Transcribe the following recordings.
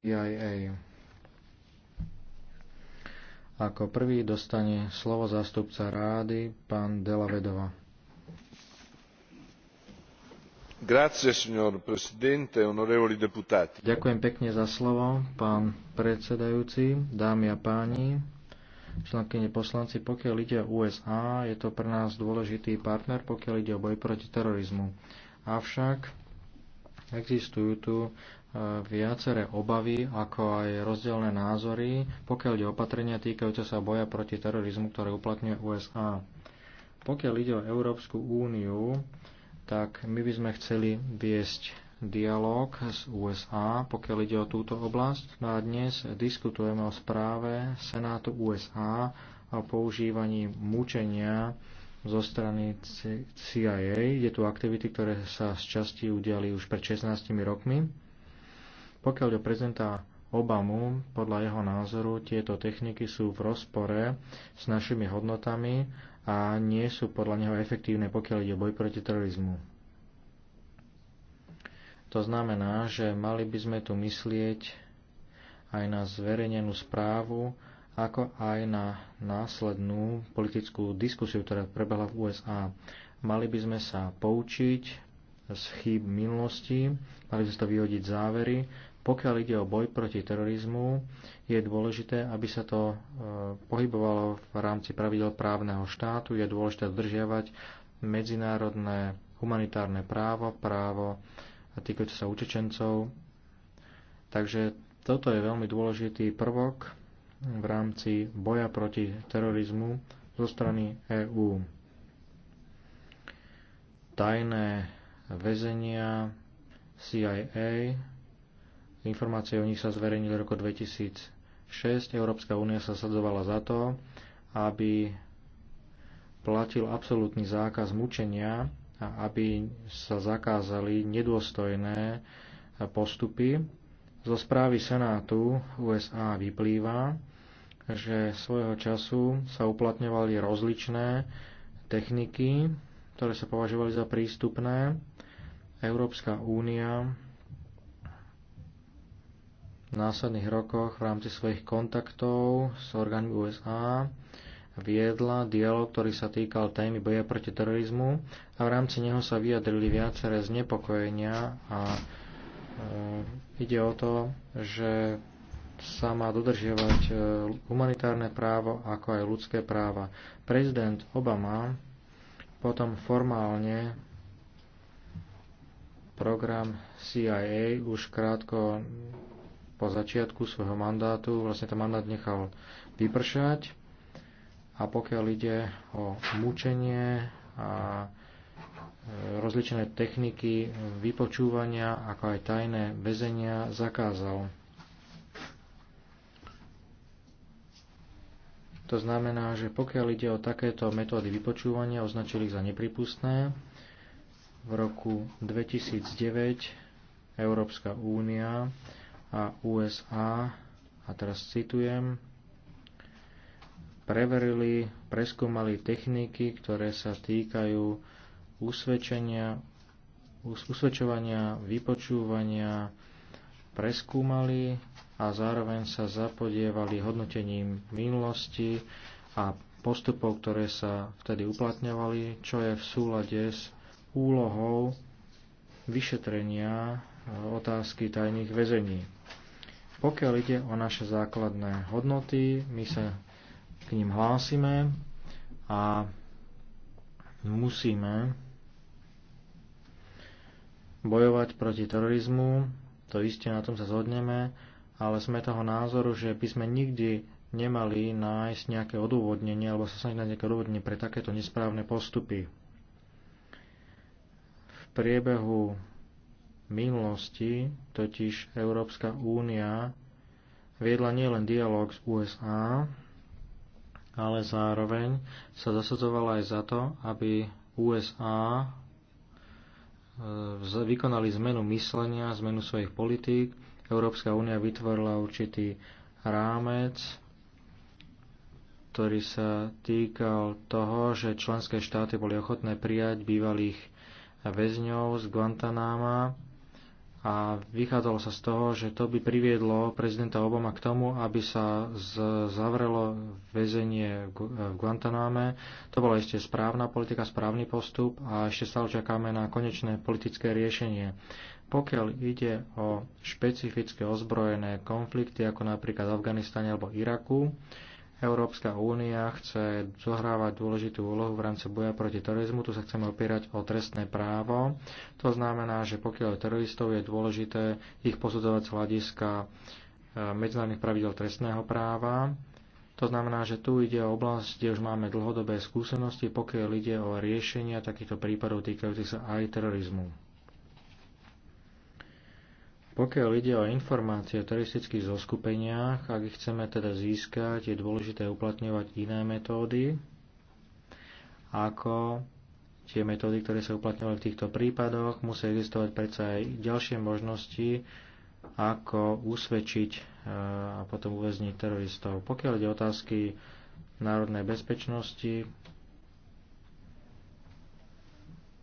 CIA. Ako prvý dostane slovo zástupca rády pán Dela Vedova. Grazie, signor presidente, onorevoli deputati. Ďakujem pekne za slovo, pán predsedajúci, dámy a páni, členkyne poslanci. Pokiaľ ide o USA, je to pre nás dôležitý partner, pokiaľ ide o boj proti terorizmu. Avšak existujú tu viaceré obavy, ako aj rozdielne názory, pokiaľ ide opatrenia týkajúce sa boja proti terorizmu, ktoré uplatňuje USA. Pokiaľ ide o Európsku úniu, tak my by sme chceli viesť dialog s USA, pokiaľ ide o túto oblasť. No a dnes diskutujeme o správe Senátu USA o používaní mučenia zo strany CIA. Je tu aktivity, ktoré sa z časti udiali už pred 16 rokmi pokiaľ je prezidenta Obamu, podľa jeho názoru, tieto techniky sú v rozpore s našimi hodnotami a nie sú podľa neho efektívne, pokiaľ ide boj proti terorizmu. To znamená, že mali by sme tu myslieť aj na zverejnenú správu, ako aj na následnú politickú diskusiu, ktorá prebehla v USA. Mali by sme sa poučiť z chýb minulosti, mali by sme to vyhodiť závery pokiaľ ide o boj proti terorizmu, je dôležité, aby sa to e, pohybovalo v rámci pravidel právneho štátu, je dôležité dodržiavať medzinárodné humanitárne právo, právo týkajúce sa utečencov. Takže toto je veľmi dôležitý prvok v rámci boja proti terorizmu zo strany EÚ. Tajné väzenia CIA Informácie o nich sa zverejnili v roku 2006. Európska únia sa sadzovala za to, aby platil absolútny zákaz mučenia a aby sa zakázali nedôstojné postupy. Zo správy Senátu USA vyplýva, že svojho času sa uplatňovali rozličné techniky, ktoré sa považovali za prístupné. Európska únia v následných rokoch v rámci svojich kontaktov s orgánmi USA viedla dialog, ktorý sa týkal témy boja proti terorizmu a v rámci neho sa vyjadrili viaceré znepokojenia a e, ide o to, že sa má dodržiavať e, humanitárne právo ako aj ľudské práva. Prezident Obama potom formálne program CIA už krátko po začiatku svojho mandátu vlastne ten mandát nechal vypršať a pokiaľ ide o mučenie a e, rozličné techniky vypočúvania, ako aj tajné väzenia zakázal. To znamená, že pokiaľ ide o takéto metódy vypočúvania, označili ich za nepripustné. V roku 2009 Európska únia a USA, a teraz citujem, preverili, preskúmali techniky, ktoré sa týkajú usvedčenia, usvedčovania, vypočúvania, preskúmali a zároveň sa zapodievali hodnotením minulosti a postupov, ktoré sa vtedy uplatňovali, čo je v súlade s úlohou vyšetrenia otázky tajných väzení. Pokiaľ ide o naše základné hodnoty, my sa k ním hlásime a musíme bojovať proti terorizmu, to isté na tom sa zhodneme, ale sme toho názoru, že by sme nikdy nemali nájsť nejaké odôvodnenie alebo sa snažiť nájsť nejaké odôvodnenie pre takéto nesprávne postupy. V priebehu minulosti totiž Európska únia viedla nielen dialog s USA, ale zároveň sa zasadzovala aj za to, aby USA e, vykonali zmenu myslenia, zmenu svojich politík. Európska únia vytvorila určitý rámec, ktorý sa týkal toho, že členské štáty boli ochotné prijať bývalých väzňov z Guantanáma a vychádzalo sa z toho, že to by priviedlo prezidenta Obama k tomu, aby sa z, zavrelo väzenie v Guantaname. To bola ešte správna politika, správny postup a ešte stále čakáme na konečné politické riešenie. Pokiaľ ide o špecifické ozbrojené konflikty, ako napríklad v Afganistane alebo Iraku, Európska únia chce zohrávať dôležitú úlohu v rámci boja proti terorizmu. Tu sa chceme opierať o trestné právo. To znamená, že pokiaľ teroristov je dôležité ich posudzovať z hľadiska e, medzinárodných pravidel trestného práva. To znamená, že tu ide o oblasť, kde už máme dlhodobé skúsenosti, pokiaľ ide o riešenia takýchto prípadov týkajúcich sa aj terorizmu. Pokiaľ ide o informácie o teroristických zoskupeniach, ak ich chceme teda získať, je dôležité uplatňovať iné metódy, ako tie metódy, ktoré sa uplatňovali v týchto prípadoch. Musí existovať predsa aj ďalšie možnosti, ako usvedčiť e, a potom uväzniť teroristov. Pokiaľ ide otázky národnej bezpečnosti,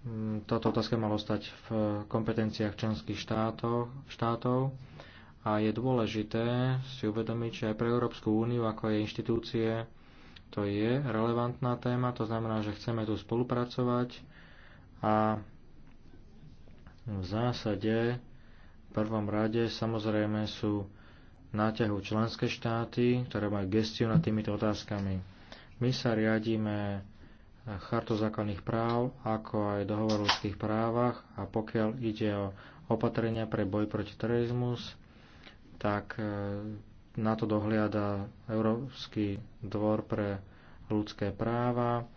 Mm, táto otázka mala ostať v kompetenciách členských štátov, štátov a je dôležité si uvedomiť, že aj pre Európsku úniu ako jej inštitúcie to je relevantná téma, to znamená, že chceme tu spolupracovať a v zásade v prvom rade samozrejme sú náťahu členské štáty, ktoré majú gestiu nad týmito otázkami. My sa riadíme chartu základných práv, ako aj dohovor o ľudských právach a pokiaľ ide o opatrenia pre boj proti terorizmus, tak e, na to dohliada Európsky dvor pre ľudské práva.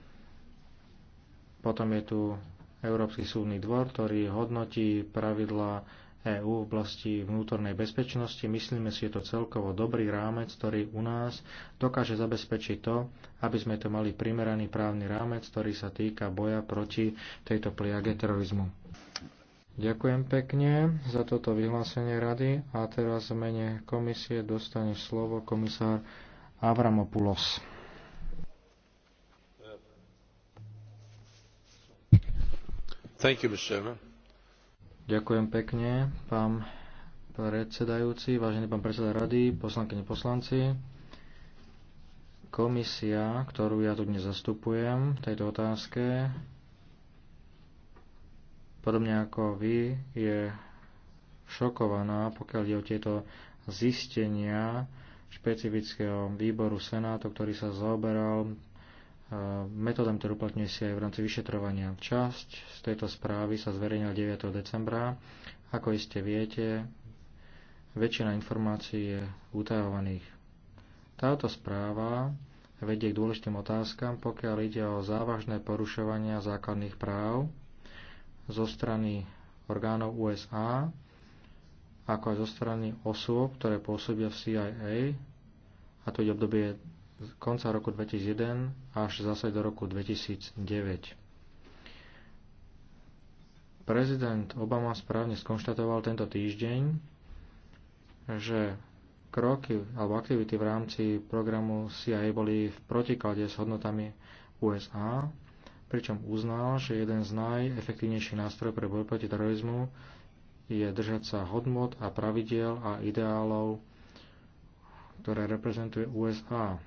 Potom je tu Európsky súdny dvor, ktorý hodnotí pravidla EÚ v oblasti vnútornej bezpečnosti. Myslíme si, je to celkovo dobrý rámec, ktorý u nás dokáže zabezpečiť to, aby sme to mali primeraný právny rámec, ktorý sa týka boja proti tejto pliage terorizmu. Ďakujem pekne za toto vyhlásenie rady a teraz v mene komisie dostane slovo komisár Avramopoulos. Thank you, Mr. Chairman. Ďakujem pekne, pán predsedajúci, vážený pán predseda rady, poslankyne poslanci. Komisia, ktorú ja tu dnes zastupujem v tejto otázke, podobne ako vy, je šokovaná, pokiaľ je o tieto zistenia špecifického výboru Senátu, ktorý sa zaoberal metodám, ktoré uplatňuje si aj v rámci vyšetrovania. Časť z tejto správy sa zverejnila 9. decembra. Ako iste viete, väčšina informácií je utajovaných. Táto správa vedie k dôležitým otázkam, pokiaľ ide o závažné porušovania základných práv zo strany orgánov USA, ako aj zo strany osôb, ktoré pôsobia v CIA, a to je obdobie z konca roku 2001 až zase do roku 2009. Prezident Obama správne skonštatoval tento týždeň, že kroky alebo aktivity v rámci programu CIA boli v protiklade s hodnotami USA, pričom uznal, že jeden z najefektívnejších nástrojov pre boj proti terorizmu je držať sa hodnot a pravidiel a ideálov, ktoré reprezentuje USA.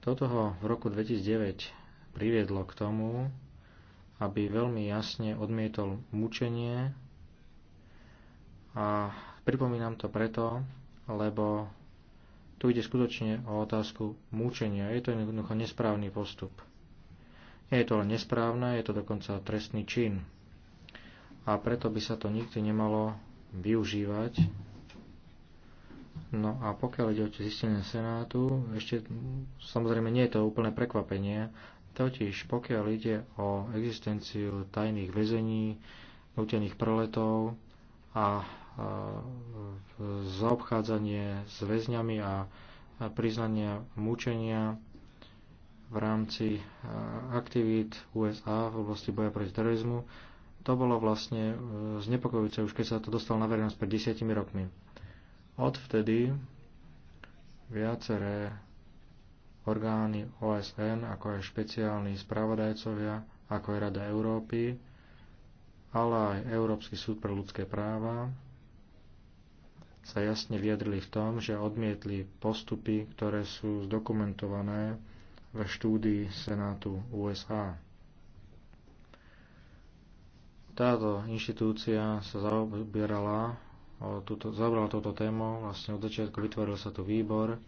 Toto ho v roku 2009 priviedlo k tomu, aby veľmi jasne odmietol mučenie a pripomínam to preto, lebo tu ide skutočne o otázku mučenia. Je to jednoducho nesprávny postup. Nie je to len nesprávne, je to dokonca trestný čin. A preto by sa to nikdy nemalo využívať No a pokiaľ ide o zistenie Senátu, ešte samozrejme nie je to úplné prekvapenie, totiž pokiaľ ide o existenciu tajných väzení, nutených preletov a zaobchádzanie s väzňami a priznania mučenia v rámci aktivít USA v oblasti boja proti terorizmu. To bolo vlastne e, znepokojujúce už keď sa to dostalo na verejnosť pred desiatimi rokmi. Odvtedy viaceré orgány OSN, ako aj špeciálni spravodajcovia, ako aj Rada Európy, ale aj Európsky súd pre ľudské práva, sa jasne vyjadrili v tom, že odmietli postupy, ktoré sú zdokumentované ve štúdii Senátu USA. Táto inštitúcia sa zaoberala túto, zabral touto tému, Vlastne od začiatku vytvoril sa tu výbor, e,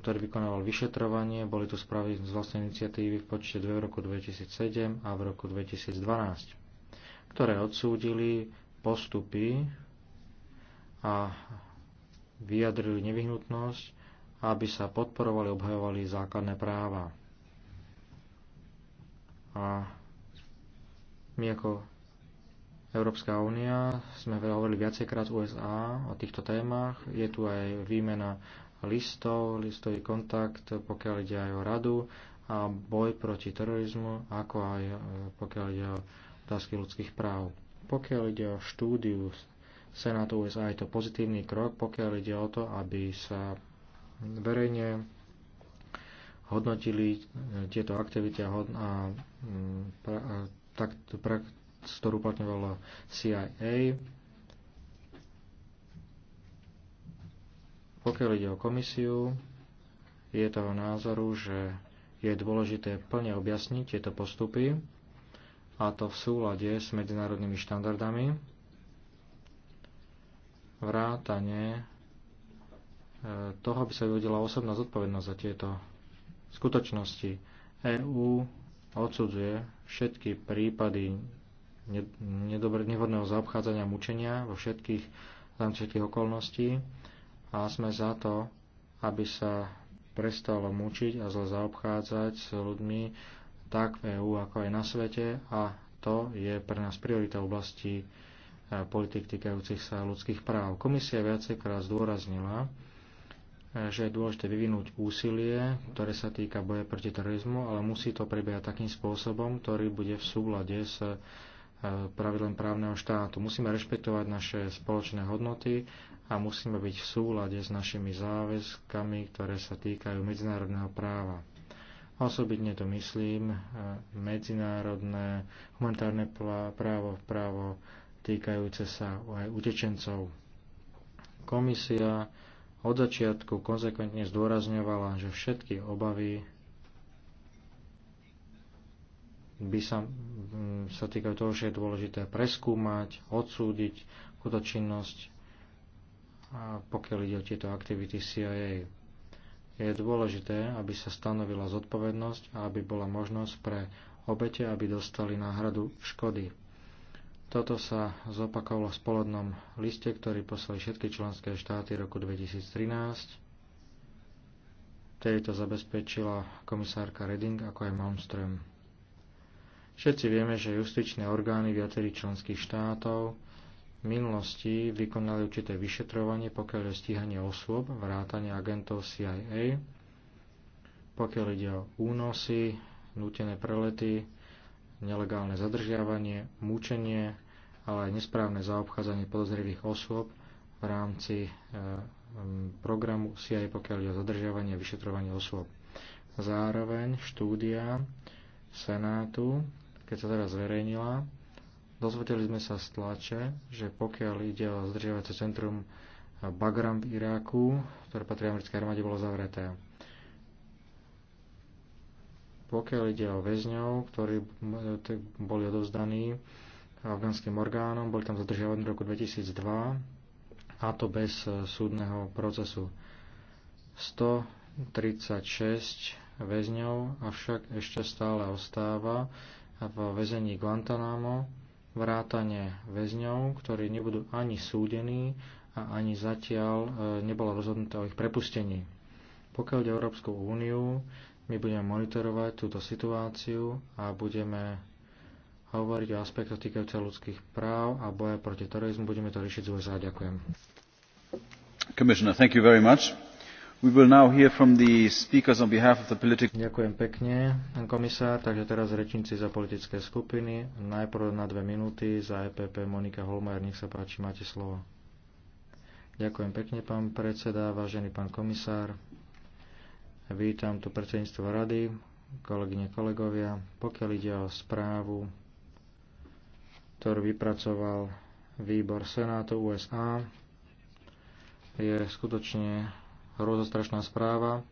ktorý vykonával vyšetrovanie. Boli tu spravy z vlastnej iniciatívy v počte 2 v roku 2007 a v roku 2012, ktoré odsúdili postupy a vyjadrili nevyhnutnosť, aby sa podporovali, obhajovali základné práva. A my ako Európska únia, sme hovorili viacejkrát USA o týchto témach. Je tu aj výmena listov, listový kontakt, pokiaľ ide aj o radu a boj proti terorizmu, ako aj e, pokiaľ ide o otázky ľudských práv. Pokiaľ ide o štúdiu Senátu USA, je to pozitívny krok, pokiaľ ide o to, aby sa verejne hodnotili e, tieto aktivity a, a, a tak, pra, ktorú uplatňovala CIA. Pokiaľ ide o komisiu, je toho názoru, že je dôležité plne objasniť tieto postupy, a to v súlade s medzinárodnými štandardami, vrátane e, toho, aby sa vyvodila osobná zodpovednosť za tieto skutočnosti. EÚ odsudzuje všetky prípady nedobre, nevhodného zaobchádzania mučenia vo všetkých, tam všetkých okolností a sme za to, aby sa prestalo mučiť a zle zaobchádzať s ľuďmi tak v EÚ ako aj na svete a to je pre nás priorita v oblasti e, politik týkajúcich sa ľudských práv. Komisia viacejkrát zdôraznila, e, že je dôležité vyvinúť úsilie, ktoré sa týka boja proti terorizmu, ale musí to prebiehať takým spôsobom, ktorý bude v súlade s pravidlom právneho štátu. Musíme rešpektovať naše spoločné hodnoty a musíme byť v súlade s našimi záväzkami, ktoré sa týkajú medzinárodného práva. Osobitne to myslím e, medzinárodné humanitárne právo, právo týkajúce sa aj utečencov. Komisia od začiatku konzekventne zdôrazňovala, že všetky obavy by sa, mm, sa týka toho, že je dôležité preskúmať, odsúdiť skutočinnosť, pokiaľ ide o tieto aktivity CIA. Je dôležité, aby sa stanovila zodpovednosť a aby bola možnosť pre obete, aby dostali náhradu škody. Toto sa zopakovalo v spolodnom liste, ktorý poslali všetky členské štáty roku 2013. Tejto zabezpečila komisárka Reding ako aj Malmström. Všetci vieme, že justičné orgány viacerých členských štátov v minulosti vykonali určité vyšetrovanie, pokiaľ je stíhanie osôb, vrátanie agentov CIA, pokiaľ ide o únosy, nútené prelety, nelegálne zadržiavanie, mučenie, ale aj nesprávne zaobchádzanie podozrivých osôb v rámci e, programu CIA, pokiaľ ide o zadržiavanie a vyšetrovanie osôb. Zároveň štúdia Senátu keď sa teraz zverejnila, dozvedeli sme sa z tlače, že pokiaľ ide o zdržiavace centrum Bagram v Iráku, ktoré patrí americkej armáde, bolo zavreté. Pokiaľ ide o väzňov, ktorí boli odovzdaní afgánskym orgánom, boli tam zadržiavaní v roku 2002, a to bez e, súdneho procesu. 136 väzňov avšak ešte stále ostáva v väzení Guantanamo, vrátane väzňov, ktorí nebudú ani súdení a ani zatiaľ e, nebolo rozhodnuté o ich prepustení. Pokiaľ ide Európsku úniu, my budeme monitorovať túto situáciu a budeme hovoriť o aspektoch týkajúcich ľudských práv a boja proti terorizmu. Budeme to riešiť z USA. Ďakujem. Ďakujem pekne, pán komisár. Takže teraz rečníci za politické skupiny. Najprv na dve minúty za EPP Monika Holmajer. Nech sa páči, máte slovo. Ďakujem pekne, pán predseda, vážený pán komisár. Vítam tu predsedníctvo rady, kolegyne, kolegovia. Pokiaľ ide o správu, ktorú vypracoval výbor Senátu USA, je skutočne hrozostrašná správa.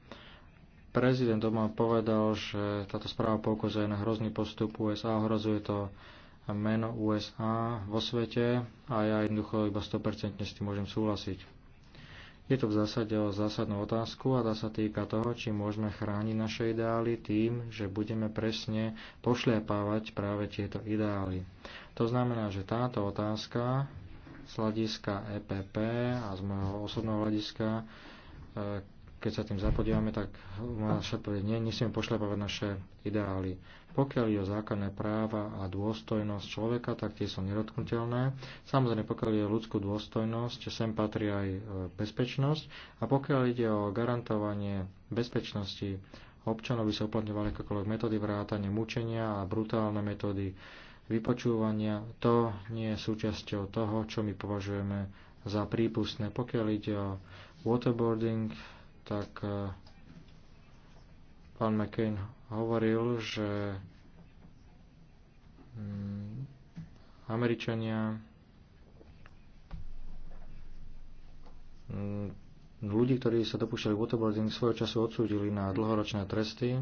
Prezident doma povedal, že táto správa poukazuje na hrozný postup USA, ohrozuje to meno USA vo svete a ja jednoducho iba 100% s tým môžem súhlasiť. Je to v zásade o zásadnú otázku a tá sa týka toho, či môžeme chrániť naše ideály tým, že budeme presne pošliapávať práve tieto ideály. To znamená, že táto otázka z hľadiska EPP a z môjho osobného hľadiska E, keď sa tým zapodívame, tak naša odpoveď nie, nesmieme pošľapovať naše ideály. Pokiaľ je o základné práva a dôstojnosť človeka, tak tie sú nedotknutelné. Samozrejme, pokiaľ je o ľudskú dôstojnosť, sem patrí aj e, bezpečnosť. A pokiaľ ide o garantovanie bezpečnosti občanov, by sa uplatňovali akékoľvek metódy vrátane mučenia a brutálne metódy vypočúvania. To nie je súčasťou toho, čo my považujeme za prípustné. Pokiaľ ide o waterboarding, tak e, pán McCain hovoril, že mm, Američania mm, ľudí, ktorí sa dopúšťali waterboarding, svojho času odsúdili na dlhoročné tresty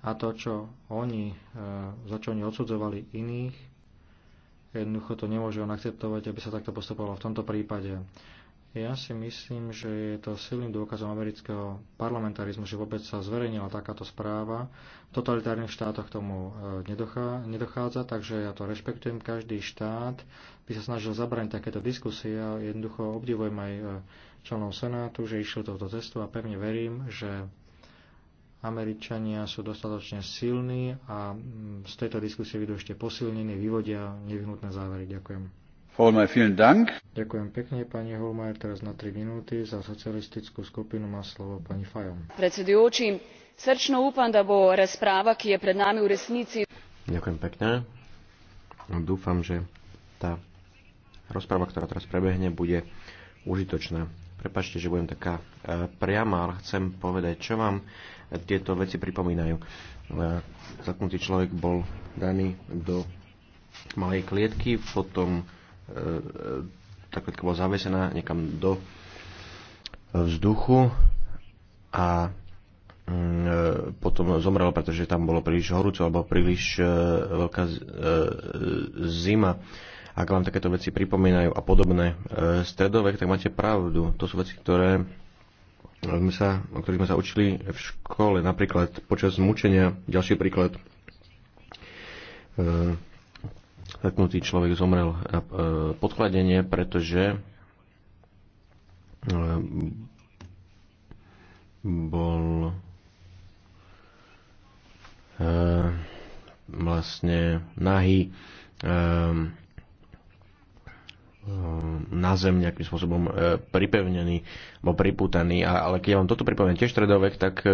a to, čo oni, e, za čo oni odsudzovali iných, jednoducho to nemôžu on akceptovať, aby sa takto postupovalo v tomto prípade. Ja si myslím, že je to silným dôkazom amerického parlamentarizmu, že vôbec sa zverejnila takáto správa. V totalitárnych štátoch tomu e, nedochádza, takže ja to rešpektujem. Každý štát by sa snažil zabrať takéto diskusie a jednoducho obdivujem aj e, členov Senátu, že išiel touto cestu a pevne verím, že Američania sú dostatočne silní a mm, z tejto diskusie vydú ešte posilnení, vyvodia nevyhnutné závery. Ďakujem. Holmeier, vielen Dank. Ďakujem pekne, pani Holmeier. Teraz na 3 minúty za socialistickú skupinu má slovo pani Fajon. Predsedujúci, srčno úpam, da bo rozpráva, ki je pred nami v resnici. Ďakujem pekne. No, dúfam, že tá rozpráva, ktorá teraz prebehne, bude užitočná. Prepačte, že budem taká e, priama, ale chcem povedať, čo vám tieto veci pripomínajú. E, Zaknutý človek bol daný do malej klietky, potom E, e, takletka bola zavesená niekam do e, vzduchu a mm, potom zomrela, pretože tam bolo príliš horúco alebo príliš veľká zima. Ak vám takéto veci pripomínajú a podobné stredovek, tak máte pravdu. To sú veci, ktoré sme sa, o ktorých sme sa učili v škole. Napríklad počas mučenia, ďalší príklad, Zatknutý človek zomrel na e, podkladenie, pretože e, bol e, vlastne nahý Ehm, na zem nejakým spôsobom e, pripevnený alebo priputaný. Ale keď ja vám toto pripomínam tiež stredovek, tak e,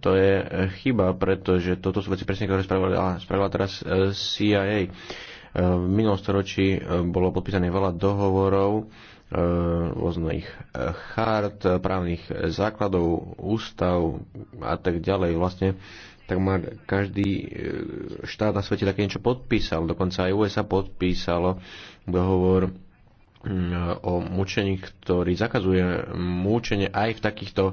to je chyba, pretože toto sú veci presne, ktoré spravila, spravila teraz e, CIA. V minulom storočí bolo podpísané veľa dohovorov, rôznych chart, právnych základov, ústav a tak ďalej. Vlastne tak má každý e, štát na svete také niečo podpísal. Dokonca aj USA podpísalo dohovor mm, o mučení, ktorý zakazuje mučenie aj v takýchto e,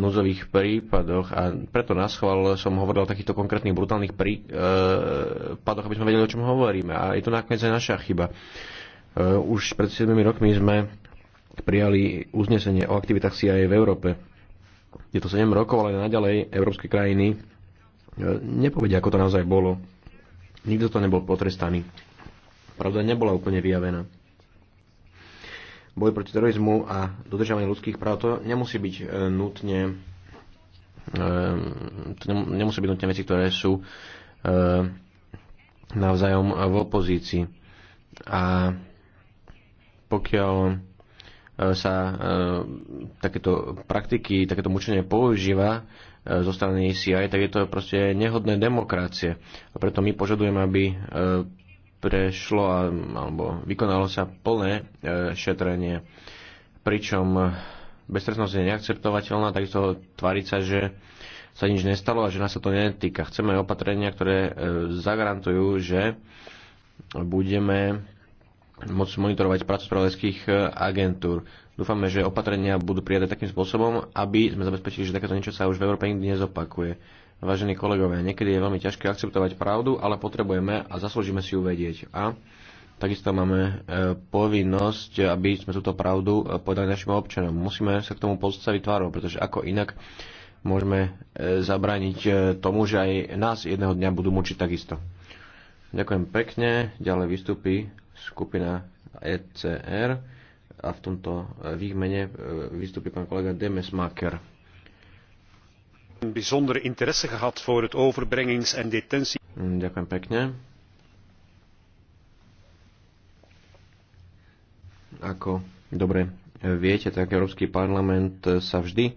núdzových prípadoch a preto na schvál som hovoril o takýchto konkrétnych brutálnych prípadoch, e, aby sme vedeli, o čom hovoríme. A je to nakoniec aj naša chyba. E, už pred 7 rokmi sme prijali uznesenie o aktivitách CIA v Európe. Je to 7 rokov, ale naďalej európske krajiny nepovedia, ako to naozaj bolo. Nikto to nebol potrestaný. Pravda nebola úplne vyjavená. Boj proti terorizmu a dodržovanie ľudských práv to nemusí byť e, nutne e, to nemusí byť nutne veci, ktoré sú e, navzájom v opozícii. A pokiaľ sa takéto praktiky, takéto mučenie používa, E, zo strany ECI, tak je to proste nehodné demokracie. A preto my požadujeme, aby e, prešlo alebo vykonalo sa plné e, šetrenie. Pričom bezstresnosť je neakceptovateľná, takisto tváriť sa, že sa nič nestalo a že nás sa to netýka. Chceme opatrenia, ktoré zagarantujú, že budeme môcť monitorovať prácu spravodajských agentúr. Dúfame, že opatrenia budú prijaté takým spôsobom, aby sme zabezpečili, že takéto niečo sa už v Európe nikdy nezopakuje. Vážení kolegovia, niekedy je veľmi ťažké akceptovať pravdu, ale potrebujeme a zaslúžime si ju vedieť. A takisto máme e, povinnosť, aby sme túto pravdu podali e, povedali našim občanom. Musíme sa k tomu postaviť tvárou, pretože ako inak môžeme e, zabrániť e, tomu, že aj nás jedného dňa budú mučiť takisto. Ďakujem pekne. Ďalej vystupí skupina ECR a v tomto eh, výmene eh, vystúpi pán kolega Demesmaker. Bijzondere interesse gehad voor het overbrengings- en detentie. Mm, ďakujem pekne. Ako dobre eh, viete, tak Európsky parlament sa vždy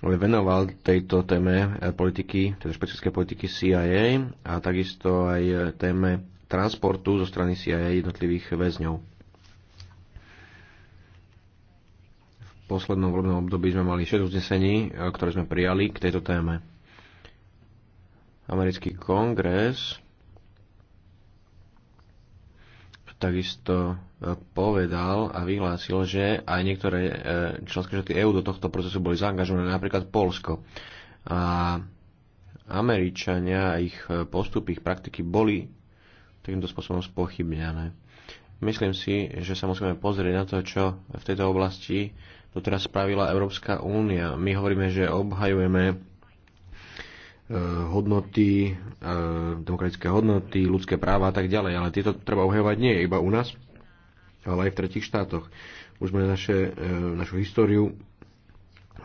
venoval tejto téme politiky, teda špecifické politiky CIA a takisto aj téme transportu zo strany CIA jednotlivých väzňov. poslednom volebnom období sme mali 6 uznesení, e, ktoré sme prijali k tejto téme. Americký kongres takisto e, povedal a vyhlásil, že aj niektoré e, členské štáty EÚ do tohto procesu boli zaangažované, napríklad Polsko. A Američania a ich postupy, ich praktiky boli takýmto spôsobom spochybňané. Myslím si, že sa musíme pozrieť na to, čo v tejto oblasti to teraz spravila Európska únia. My hovoríme, že obhajujeme e, hodnoty, e, demokratické hodnoty, ľudské práva a tak ďalej, ale tieto treba obhajovať nie iba u nás, ale aj v tretich štátoch. Už sme naše, e, našu históriu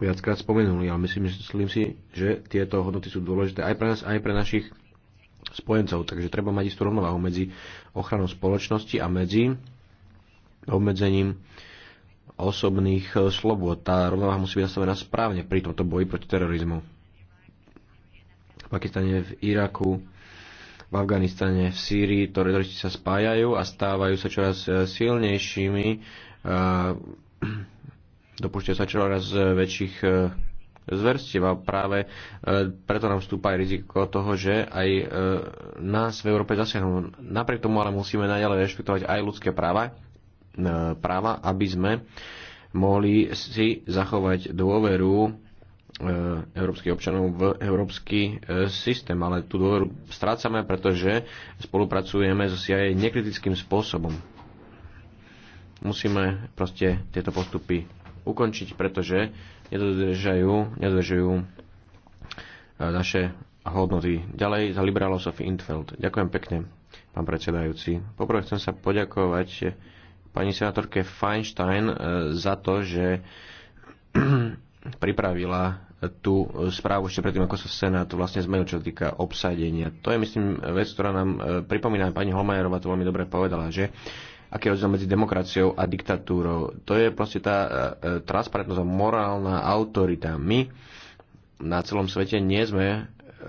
viackrát spomenuli, ale myslím, myslím si, že tieto hodnoty sú dôležité aj pre nás, aj pre našich spojencov. Takže treba mať istú rovnováhu medzi ochranou spoločnosti a medzi obmedzením osobných e, slobôd. Tá rovnováha musí byť nastavená správne pri tomto boji proti terorizmu. V Pakistane, v Iraku, v Afganistane, v Sýrii teroristi sa spájajú a stávajú sa čoraz e, silnejšími, e, dopúšťajú sa čoraz väčších zverstiev a práve preto nám vstúpa aj riziko toho, že aj nás v Európe zasiahnu. Napriek tomu ale musíme naďalej rešpektovať aj ľudské práva, E, práva, aby sme mohli si zachovať dôveru e, európskych občanov v európsky e, systém, ale tú dôveru strácame, pretože spolupracujeme so CIA nekritickým spôsobom. Musíme proste tieto postupy ukončiť, pretože nedodržajú, nedodržajú naše hodnoty. Ďalej za liberálov Sophie Intfeld. Ďakujem pekne, pán predsedajúci. Poprvé chcem sa poďakovať pani senátorke Feinstein e, za to, že pripravila tú správu ešte predtým, ako sa Senát vlastne zmenil, čo týka obsadenia. To je, myslím, vec, ktorá nám e, pripomína, pani Holmajerová to veľmi dobre povedala, že aký je rozdiel medzi demokraciou a diktatúrou. To je proste tá e, transparentnosť a morálna autorita. My na celom svete nie sme E,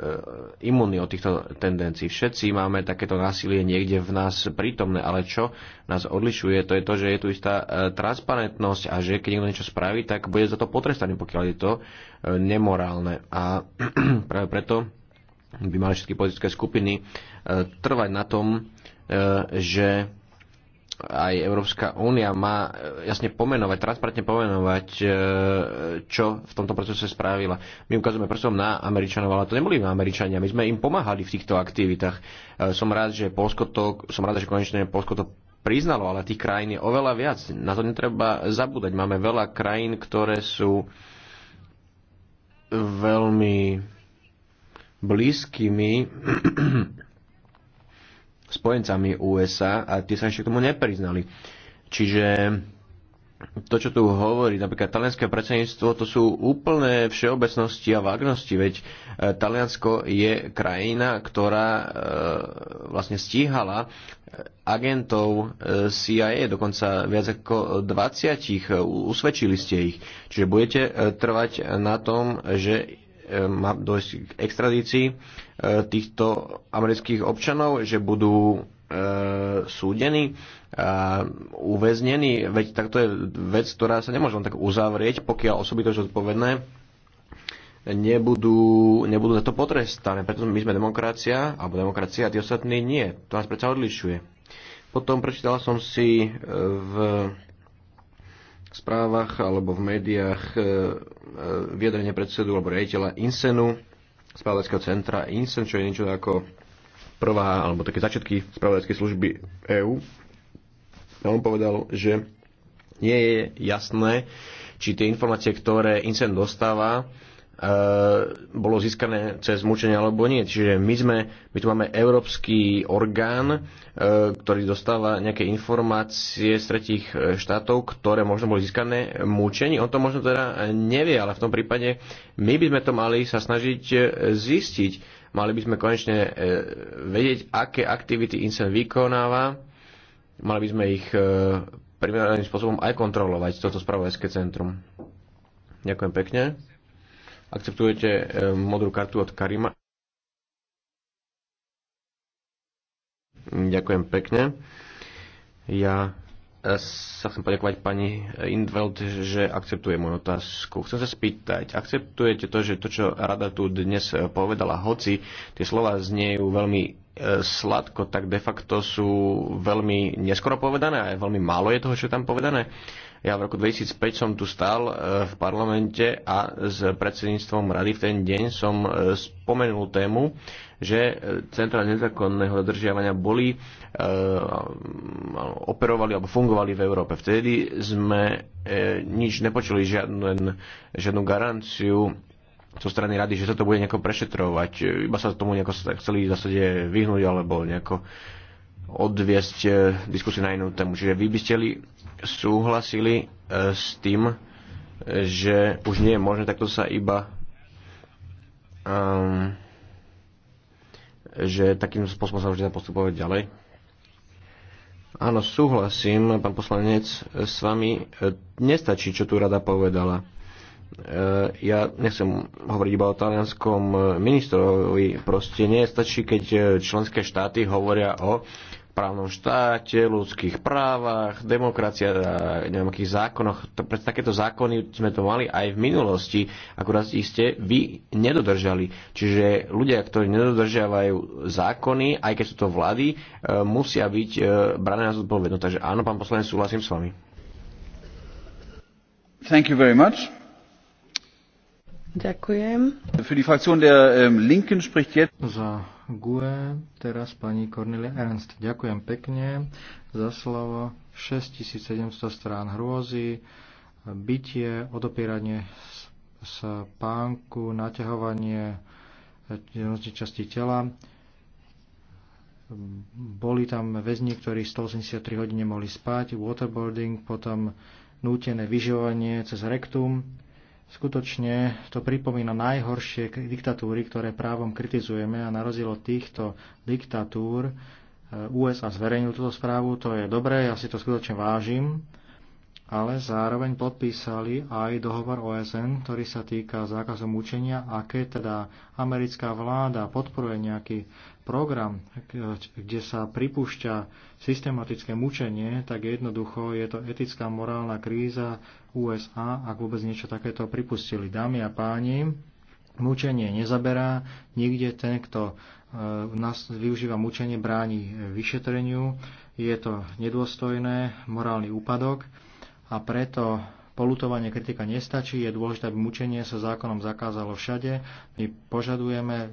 imunní od týchto tendencií. Všetci máme takéto násilie niekde v nás prítomné, ale čo nás odlišuje, to je to, že je tu istá e, transparentnosť a že keď niekto niečo spraví, tak bude za to potrestaný, pokiaľ je to e, nemorálne. A práve preto by mali všetky politické skupiny trvať na tom, že aj Európska únia má e, jasne pomenovať, transparentne pomenovať, e, čo v tomto procese spravila. My ukazujeme prstom na Američanov, ale to neboli Američania, my sme im pomáhali v týchto aktivitách. E, som rád, že Polsko to, som rád, že konečne Polsko to priznalo, ale tých krajín je oveľa viac. Na to netreba zabúdať. Máme veľa krajín, ktoré sú veľmi blízkymi spojencami USA a tie sa ešte k tomu nepriznali. Čiže to, čo tu hovorí napríklad talianské predsedníctvo, to sú úplné všeobecnosti a vágnosti, veď e, Taliansko je krajina, ktorá e, vlastne stíhala e, agentov e, CIA, dokonca viac ako 20, usvedčili ste ich. Čiže budete trvať na tom, že má dojsť k extradícii e, týchto amerických občanov, že budú e, súdení a e, uväznení. Veď takto je vec, ktorá sa nemôže len tak uzavrieť, pokiaľ osoby to zodpovedné nebudú, nebudú za to potrestané. Preto my sme demokracia, alebo demokracia a tí ostatní nie. To nás predsa odlišuje. Potom prečítal som si v správach alebo v médiách e, e, vyjadrenie predsedu alebo rejiteľa Insenu, spravodajského centra Insen, čo je niečo ako prvá alebo také začiatky spravodajskej služby EÚ. A on povedal, že nie je jasné, či tie informácie, ktoré Insen dostáva, E, bolo získané cez mučenie alebo nie. Čiže my sme, my tu máme európsky orgán, e, ktorý dostáva nejaké informácie z tretich e, štátov, ktoré možno boli získané mučení. On to možno teda nevie, ale v tom prípade my by sme to mali sa snažiť zistiť. Mali by sme konečne vedieť, aké aktivity INSEN vykonáva. Mali by sme ich primeraným spôsobom aj kontrolovať, toto spravodajské centrum. Ďakujem pekne. Akceptujete e, modrú kartu od Karima? Ďakujem pekne. Ja e, sa chcem poďakovať pani Indveld, že akceptuje moju otázku. Chcem sa spýtať, akceptujete to, že to, čo rada tu dnes e, povedala, hoci tie slova zniejú veľmi sladko, tak de facto sú veľmi neskoro povedané a veľmi málo je toho, čo je tam povedané. Ja v roku 2005 som tu stál eh, v parlamente a s predsedníctvom rady v ten deň som eh, spomenul tému, že eh, centra nezákonného dodržiavania boli, operovali alebo fungovali v Európe. Vtedy sme nič nepočuli, žiadnu, žiadnu garanciu zo strany rady, že sa to bude nejako prešetrovať. Iba sa tomu nejako chceli v zásade vyhnúť alebo nejako odviesť e, diskusiu na inú tému. Čiže vy by ste li súhlasili e, s tým, e, že už nie je možné takto sa iba um, že takým spôsobom sa už dá postupovať ďalej? Áno, súhlasím, pán poslanec, s vami. Nestačí, čo tu rada povedala. Ja nechcem hovoriť iba o talianskom ministrovi. Proste nestačí, keď členské štáty hovoria o právnom štáte, ľudských právach, demokracia, nejakých zákonoch. Pre takéto zákony sme to mali aj v minulosti, akurát ich ste vy nedodržali. Čiže ľudia, ktorí nedodržiavajú zákony, aj keď sú to vlády, e, musia byť e, brané na zodpovednosť. Takže áno, pán poslanec, súhlasím s vami. Thank you very much. Ďakujem. Für die Fraktion der ähm, Linken spricht jetzt... Za GUE, teraz pani Cornelia Ernst. Ďakujem pekne za slovo. 6700 strán hrôzy, bytie, odopieranie z pánku, naťahovanie e, rôznych častí tela. Boli tam väzni, ktorí 183 hodín nemohli spať, waterboarding, potom nútené vyžovanie cez rektum, Skutočne to pripomína najhoršie diktatúry, ktoré právom kritizujeme a na rozdiel od týchto diktatúr e, USA zverejnil túto správu, to je dobré, ja si to skutočne vážim, ale zároveň podpísali aj dohovor OSN, ktorý sa týka zákazu mučenia a keď teda americká vláda podporuje nejaký program, kde sa pripúšťa systematické mučenie, tak jednoducho je to etická morálna kríza USA, ak vôbec niečo takéto pripustili. Dámy a páni, mučenie nezaberá, nikde ten, kto e, nás využíva mučenie, bráni vyšetreniu, je to nedôstojné, morálny úpadok a preto polutovanie kritika nestačí. Je dôležité, aby mučenie sa zákonom zakázalo všade. My požadujeme e,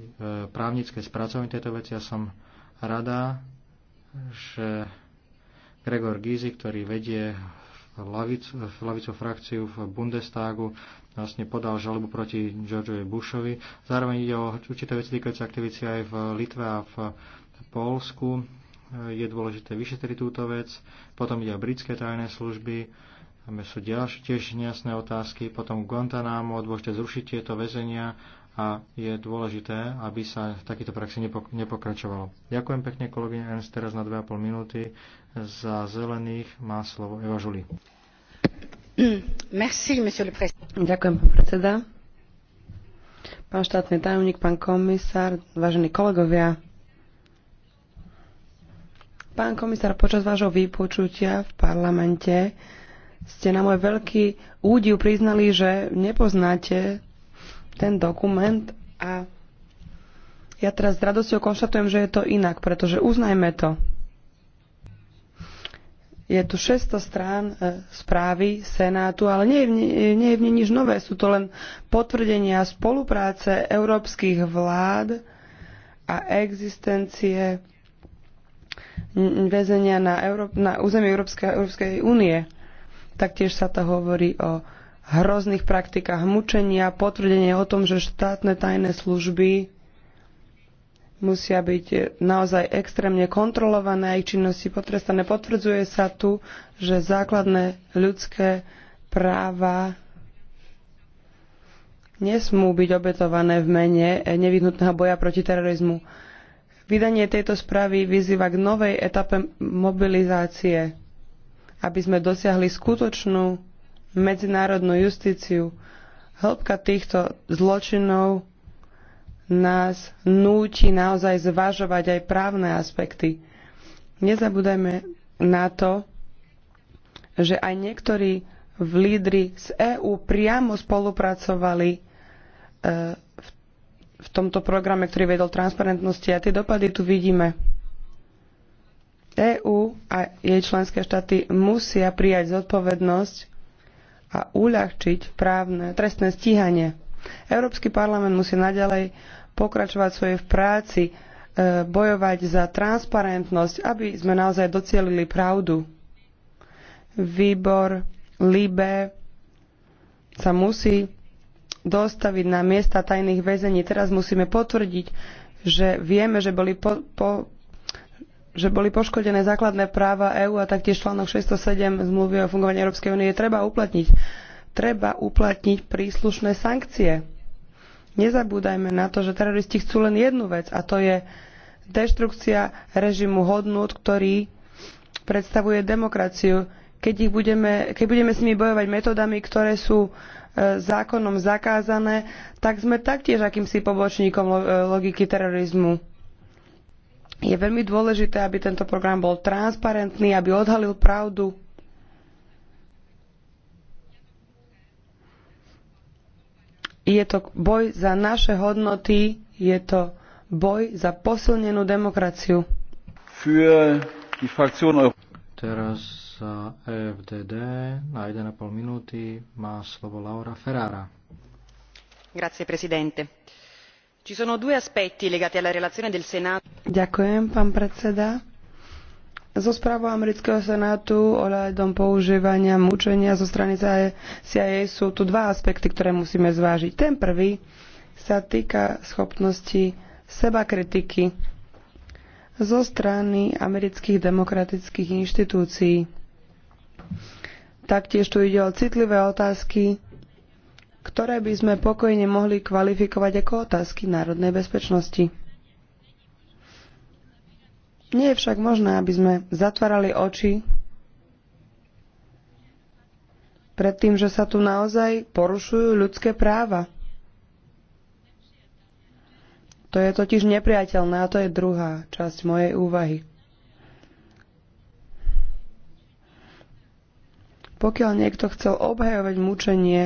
právnické spracovanie tejto veci. Ja som rada, že Gregor Gizi, ktorý vedie lavicu frakciu v Bundestagu, vlastne podal žalobu proti Georgeovi Bushovi. Zároveň ide o určité veci týkajúce aktivície aj v Litve a v Polsku. E, je dôležité vyšetriť túto vec. Potom ide o britské tajné služby Máme sú ďalšie tiež nejasné otázky. Potom Guantanamo, dôležité zrušiť tieto väzenia a je dôležité, aby sa v takýto praxi nepokračovalo. Ďakujem pekne kolegyne Ernst teraz na 2,5 minúty. Za zelených má slovo Eva Žuli. Merci, monsieur le président. Ďakujem, pán predseda. Pán štátny tajomník, pán komisár, vážení kolegovia, Pán komisár, počas vášho vypočutia v parlamente ste na môj veľký údiv priznali, že nepoznáte ten dokument a ja teraz s radosťou konštatujem, že je to inak, pretože uznajme to. Je tu 600 strán e, správy Senátu, ale nie je, v, nie je v nej nič nové. Sú to len potvrdenia spolupráce európskych vlád a existencie väzenia na, Euró- na území Európskej, Európskej únie. Taktiež sa to hovorí o hrozných praktikách mučenia, potvrdenie o tom, že štátne tajné služby musia byť naozaj extrémne kontrolované a ich činnosti potrestané. Potvrdzuje sa tu, že základné ľudské práva nesmú byť obetované v mene nevyhnutného boja proti terorizmu. Vydanie tejto správy vyzýva k novej etape mobilizácie aby sme dosiahli skutočnú medzinárodnú justíciu. Hĺbka týchto zločinov nás núti naozaj zvažovať aj právne aspekty. Nezabúdajme na to, že aj niektorí v lídri z EÚ priamo spolupracovali e, v tomto programe, ktorý vedol transparentnosti a tie dopady tu vidíme. EÚ a jej členské štáty musia prijať zodpovednosť a uľahčiť právne trestné stíhanie. Európsky parlament musí naďalej pokračovať svojej v práci, e, bojovať za transparentnosť, aby sme naozaj docielili pravdu. Výbor Libe sa musí dostaviť na miesta tajných väzení. Teraz musíme potvrdiť, že vieme, že boli po, po, že boli poškodené základné práva EÚ a taktiež článok 607 zmluvy o fungovaní Európskej únie treba uplatniť. Treba uplatniť príslušné sankcie. Nezabúdajme na to, že teroristi chcú len jednu vec a to je deštrukcia režimu hodnôt, ktorý predstavuje demokraciu. Keď, ich budeme, keď budeme s nimi bojovať metodami, ktoré sú e, zákonom zakázané, tak sme taktiež akýmsi pobočníkom e, logiky terorizmu je veľmi dôležité, aby tento program bol transparentný, aby odhalil pravdu. Je to boj za naše hodnoty, je to boj za posilnenú demokraciu. Teraz za e na 1,5 minúty má slovo Laura Ferrara. Grazie, presidente ci sono due aspetti legati alla relazione del senato. ďakujem pán predseda. Zo správu amerického senátu ohľadom používania mučenia zo strany CIA sú tu dva aspekty, ktoré musíme zvážiť. Ten prvý sa týka schopnosti sebakritiky zo strany amerických demokratických inštitúcií. Taktiež tu ide o citlivé otázky ktoré by sme pokojne mohli kvalifikovať ako otázky národnej bezpečnosti. Nie je však možné, aby sme zatvárali oči pred tým, že sa tu naozaj porušujú ľudské práva. To je totiž nepriateľné a to je druhá časť mojej úvahy. Pokiaľ niekto chcel obhajovať mučenie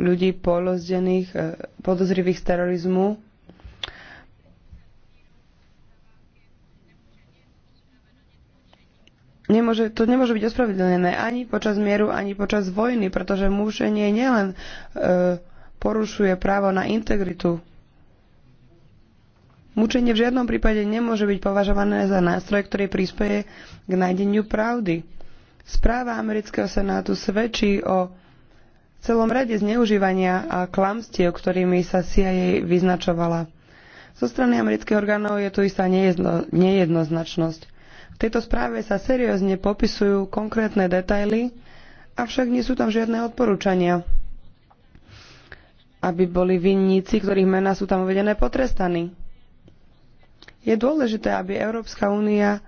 ľudí polozdených, e, podozrivých z terorizmu. Nemôže, to nemôže byť ospravedlnené ani počas mieru, ani počas vojny, pretože mušenie nielen e, porušuje právo na integritu. Mučenie v žiadnom prípade nemôže byť považované za nástroj, ktorý prispieje k nájdeniu pravdy. Správa amerického senátu svedčí o celom rade zneužívania a klamstiev, ktorými sa CIA vyznačovala. Zo strany amerických orgánov je tu istá nejedno, nejednoznačnosť. V tejto správe sa seriózne popisujú konkrétne detaily, avšak nie sú tam žiadne odporúčania, aby boli vinníci, ktorých mená sú tam uvedené, potrestaní. Je dôležité, aby Európska únia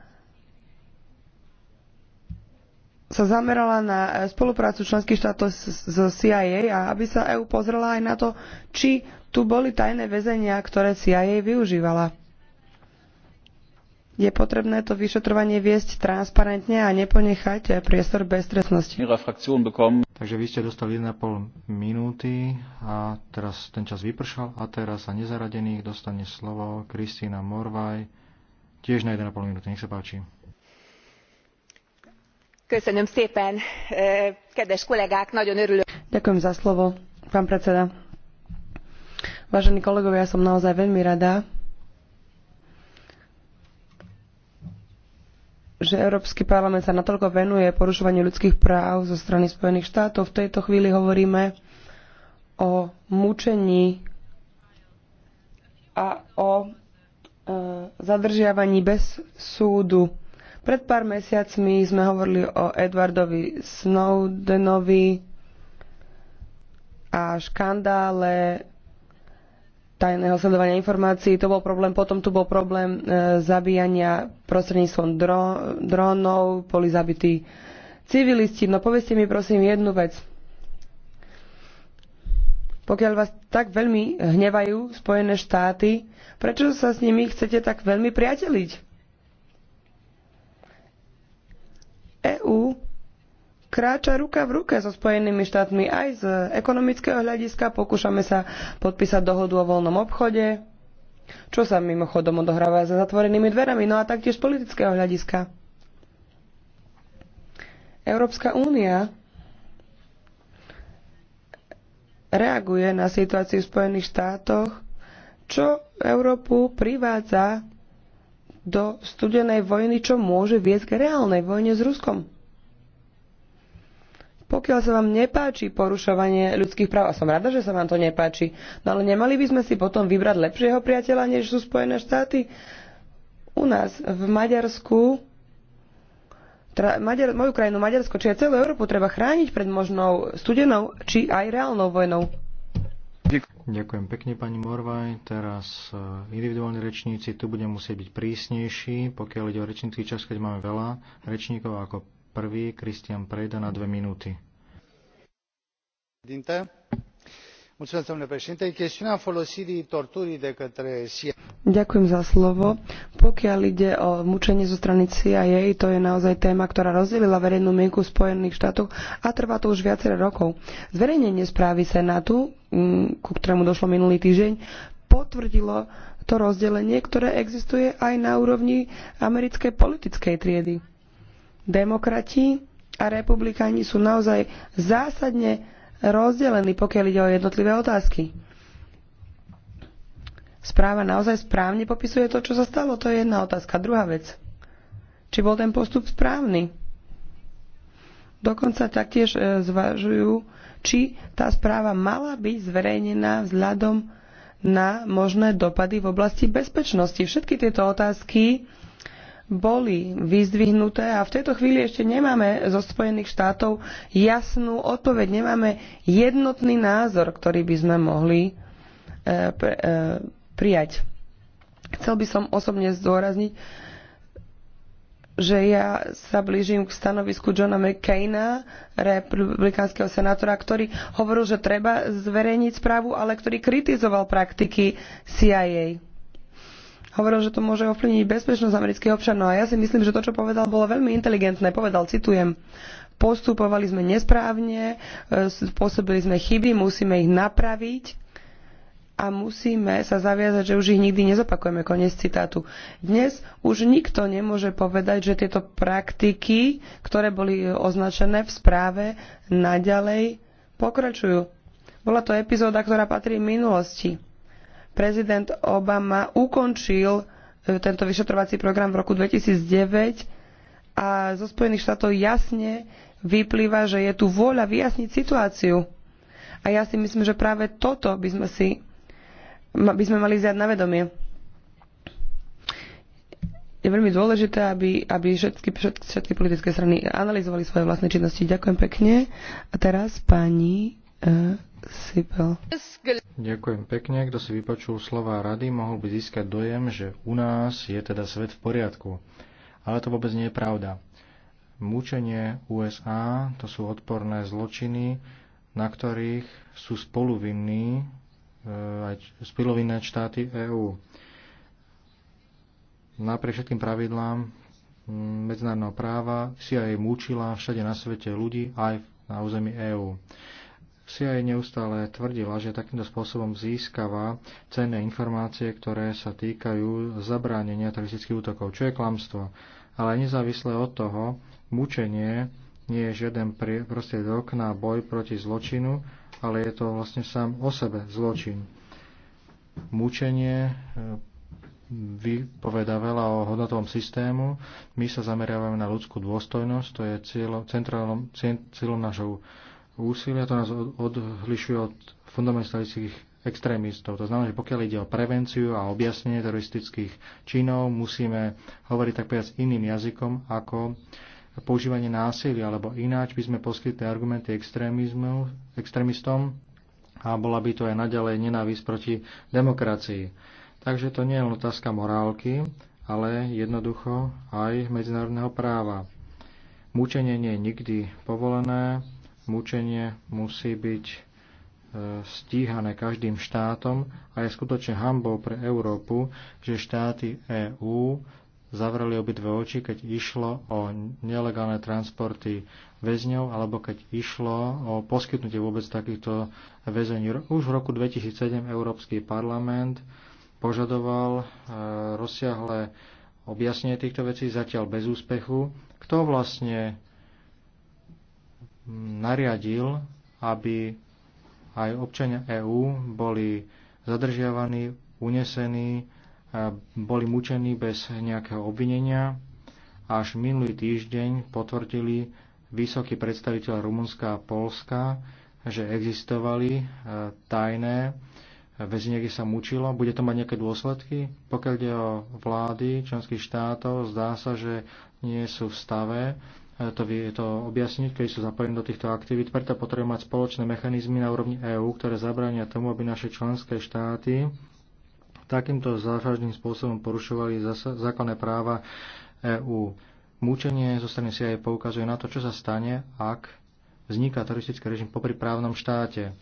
sa zamerala na e, spoluprácu členských štátov so CIA a aby sa EU pozrela aj na to, či tu boli tajné väzenia, ktoré CIA využívala. Je potrebné to vyšetrovanie viesť transparentne a neponechať e, priestor bez trestnosti. Takže vy ste dostali 1,5 minúty a teraz ten čas vypršal a teraz sa nezaradených dostane slovo Kristýna Morvaj tiež na 1,5 minúty. Nech sa páči. Ďakujem za slovo, pán predseda. Vážení kolegovia, ja som naozaj veľmi rada, že Európsky parlament sa natoľko venuje porušovaniu ľudských práv zo strany Spojených štátov. V tejto chvíli hovoríme o mučení a o e, zadržiavaní bez súdu. Pred pár mesiacmi sme hovorili o Edwardovi Snowdenovi a škandále tajného sledovania informácií. To bol problém. Potom tu bol problém e, zabíjania prostredníctvom dro, dronov. Boli zabití civilisti. No povedzte mi prosím jednu vec. Pokiaľ vás tak veľmi hnevajú Spojené štáty, prečo sa s nimi chcete tak veľmi priateliť? EÚ kráča ruka v ruke so Spojenými štátmi aj z ekonomického hľadiska. Pokúšame sa podpísať dohodu o voľnom obchode, čo sa mimochodom odohráva za zatvorenými dverami, no a taktiež z politického hľadiska. Európska únia reaguje na situáciu v Spojených štátoch, čo Európu privádza do studenej vojny, čo môže viesť k reálnej vojne s Ruskom. Pokiaľ sa vám nepáči porušovanie ľudských práv, a som rada, že sa vám to nepáči, no ale nemali by sme si potom vybrať lepšieho priateľa, než sú Spojené štáty? U nás v Maďarsku teda Maďar, moju krajinu Maďarsko, či aj celú Európu treba chrániť pred možnou studenou, či aj reálnou vojnou. Ďakujem pekne, pani Morvaj. Teraz e, individuálni rečníci, tu budem musieť byť prísnejší, pokiaľ ide o rečnícky čas, keď máme veľa rečníkov, ako prvý Kristian Prejda na dve minúty chestiunea folosirii torturii de către cia. pokiaľ ide o mučenie zo strany cia to je naozaj téma ktorá rozdelila verejnú mienku v spojených štátoch a trvá to už viacero rokov. zverejnenie správy senátu mm, ku ktorému došlo minulý týždeň potvrdilo to rozdelenie ktoré existuje aj na úrovni americkej politickej triedy. demokrati a republikáni sú naozaj zásadne rozdelený, pokiaľ ide o jednotlivé otázky. Správa naozaj správne popisuje to, čo sa stalo. To je jedna otázka. Druhá vec. Či bol ten postup správny? Dokonca taktiež e, zvažujú, či tá správa mala byť zverejnená vzhľadom na možné dopady v oblasti bezpečnosti. Všetky tieto otázky boli vyzdvihnuté a v tejto chvíli ešte nemáme zo Spojených štátov jasnú odpoveď, nemáme jednotný názor, ktorý by sme mohli e, pre, e, prijať. Chcel by som osobne zdôrazniť, že ja sa blížim k stanovisku Johna McCaina, republikánskeho senátora, ktorý hovoril, že treba zverejniť správu, ale ktorý kritizoval praktiky CIA hovoril, že to môže ovplyvniť bezpečnosť amerických občanov. A ja si myslím, že to, čo povedal, bolo veľmi inteligentné. Povedal, citujem, postupovali sme nesprávne, e, spôsobili sme chyby, musíme ich napraviť a musíme sa zaviazať, že už ich nikdy nezopakujeme. Konec citátu. Dnes už nikto nemôže povedať, že tieto praktiky, ktoré boli e, označené v správe, naďalej pokračujú. Bola to epizóda, ktorá patrí minulosti prezident Obama ukončil e, tento vyšetrovací program v roku 2009 a zo Spojených štátov jasne vyplýva, že je tu vôľa vyjasniť situáciu. A ja si myslím, že práve toto by sme si by sme mali zjať na vedomie. Je veľmi dôležité, aby, aby všetky, všetky, všetky politické strany analyzovali svoje vlastné činnosti. Ďakujem pekne. A teraz pani uh, Ďakujem pekne. Kto si vypočul slova rady, mohol by získať dojem, že u nás je teda svet v poriadku. Ale to vôbec nie je pravda. Múčenie USA to sú odporné zločiny, na ktorých sú spoluvinní eh, aj spolovinné štáty EÚ. Napriek všetkým pravidlám mm, medzinárodného práva si aj múčila všade na svete ľudí aj na území EÚ si aj neustále tvrdila, že takýmto spôsobom získava cenné informácie, ktoré sa týkajú zabránenia teroristických útokov, čo je klamstvo. Ale nezávisle od toho, mučenie nie je žiaden prostriedok na boj proti zločinu, ale je to vlastne sám o sebe zločin. Mučenie e, vypoveda veľa o hodnotovom systému. My sa zameriavame na ľudskú dôstojnosť, to je cieľom, centrálom, nášho úsilia, to nás odlišuje od fundamentalistických extrémistov. To znamená, že pokiaľ ide o prevenciu a objasnenie teroristických činov, musíme hovoriť tak povedať iným jazykom ako používanie násilia, alebo ináč by sme poskytli argumenty extrémistom a bola by to aj naďalej nenávisť proti demokracii. Takže to nie je len otázka morálky, ale jednoducho aj medzinárodného práva. Mučenie nie je nikdy povolené, mučenie musí byť e, stíhané každým štátom a je skutočne hambou pre Európu, že štáty EÚ zavreli obidve oči, keď išlo o nelegálne transporty väzňov alebo keď išlo o poskytnutie vôbec takýchto väzení. Už v roku 2007 Európsky parlament požadoval e, rozsiahle objasnenie týchto vecí, zatiaľ bez úspechu. Kto vlastne nariadil, aby aj občania EÚ boli zadržiavaní, unesení, e, boli mučení bez nejakého obvinenia. Až minulý týždeň potvrdili vysoký predstaviteľ Rumunska a Polska, že existovali e, tajné väzenie, kde sa mučilo. Bude to mať nejaké dôsledky? Pokiaľ ide o vlády členských štátov, zdá sa, že nie sú v stave E, to, to objasniť, keď sú zapojení do týchto aktivít. Preto potrebujeme mať spoločné mechanizmy na úrovni EÚ, ktoré zabránia tomu, aby naše členské štáty takýmto závažným spôsobom porušovali zákonné práva EÚ. Múčenie zo strany CIA poukazuje na to, čo sa stane, ak vzniká teroristický režim popri právnom štáte.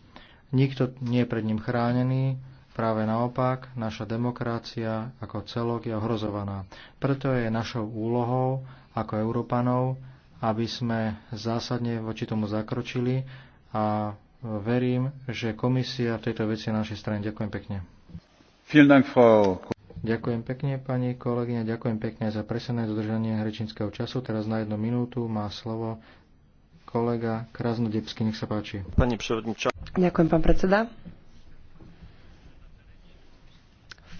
Nikto nie je pred ním chránený, Práve naopak, naša demokracia ako celok je ohrozovaná. Preto je našou úlohou ako Európanov aby sme zásadne voči tomu zakročili a verím, že komisia v tejto veci je na našej strane. Ďakujem pekne. Ďakujem pekne, pani kolegyňa, ďakujem pekne za presené dodržanie hrečinského času. Teraz na jednu minútu má slovo kolega Krasnodebský. Nech sa páči. Pani prevodniča. Ďakujem, pán predseda.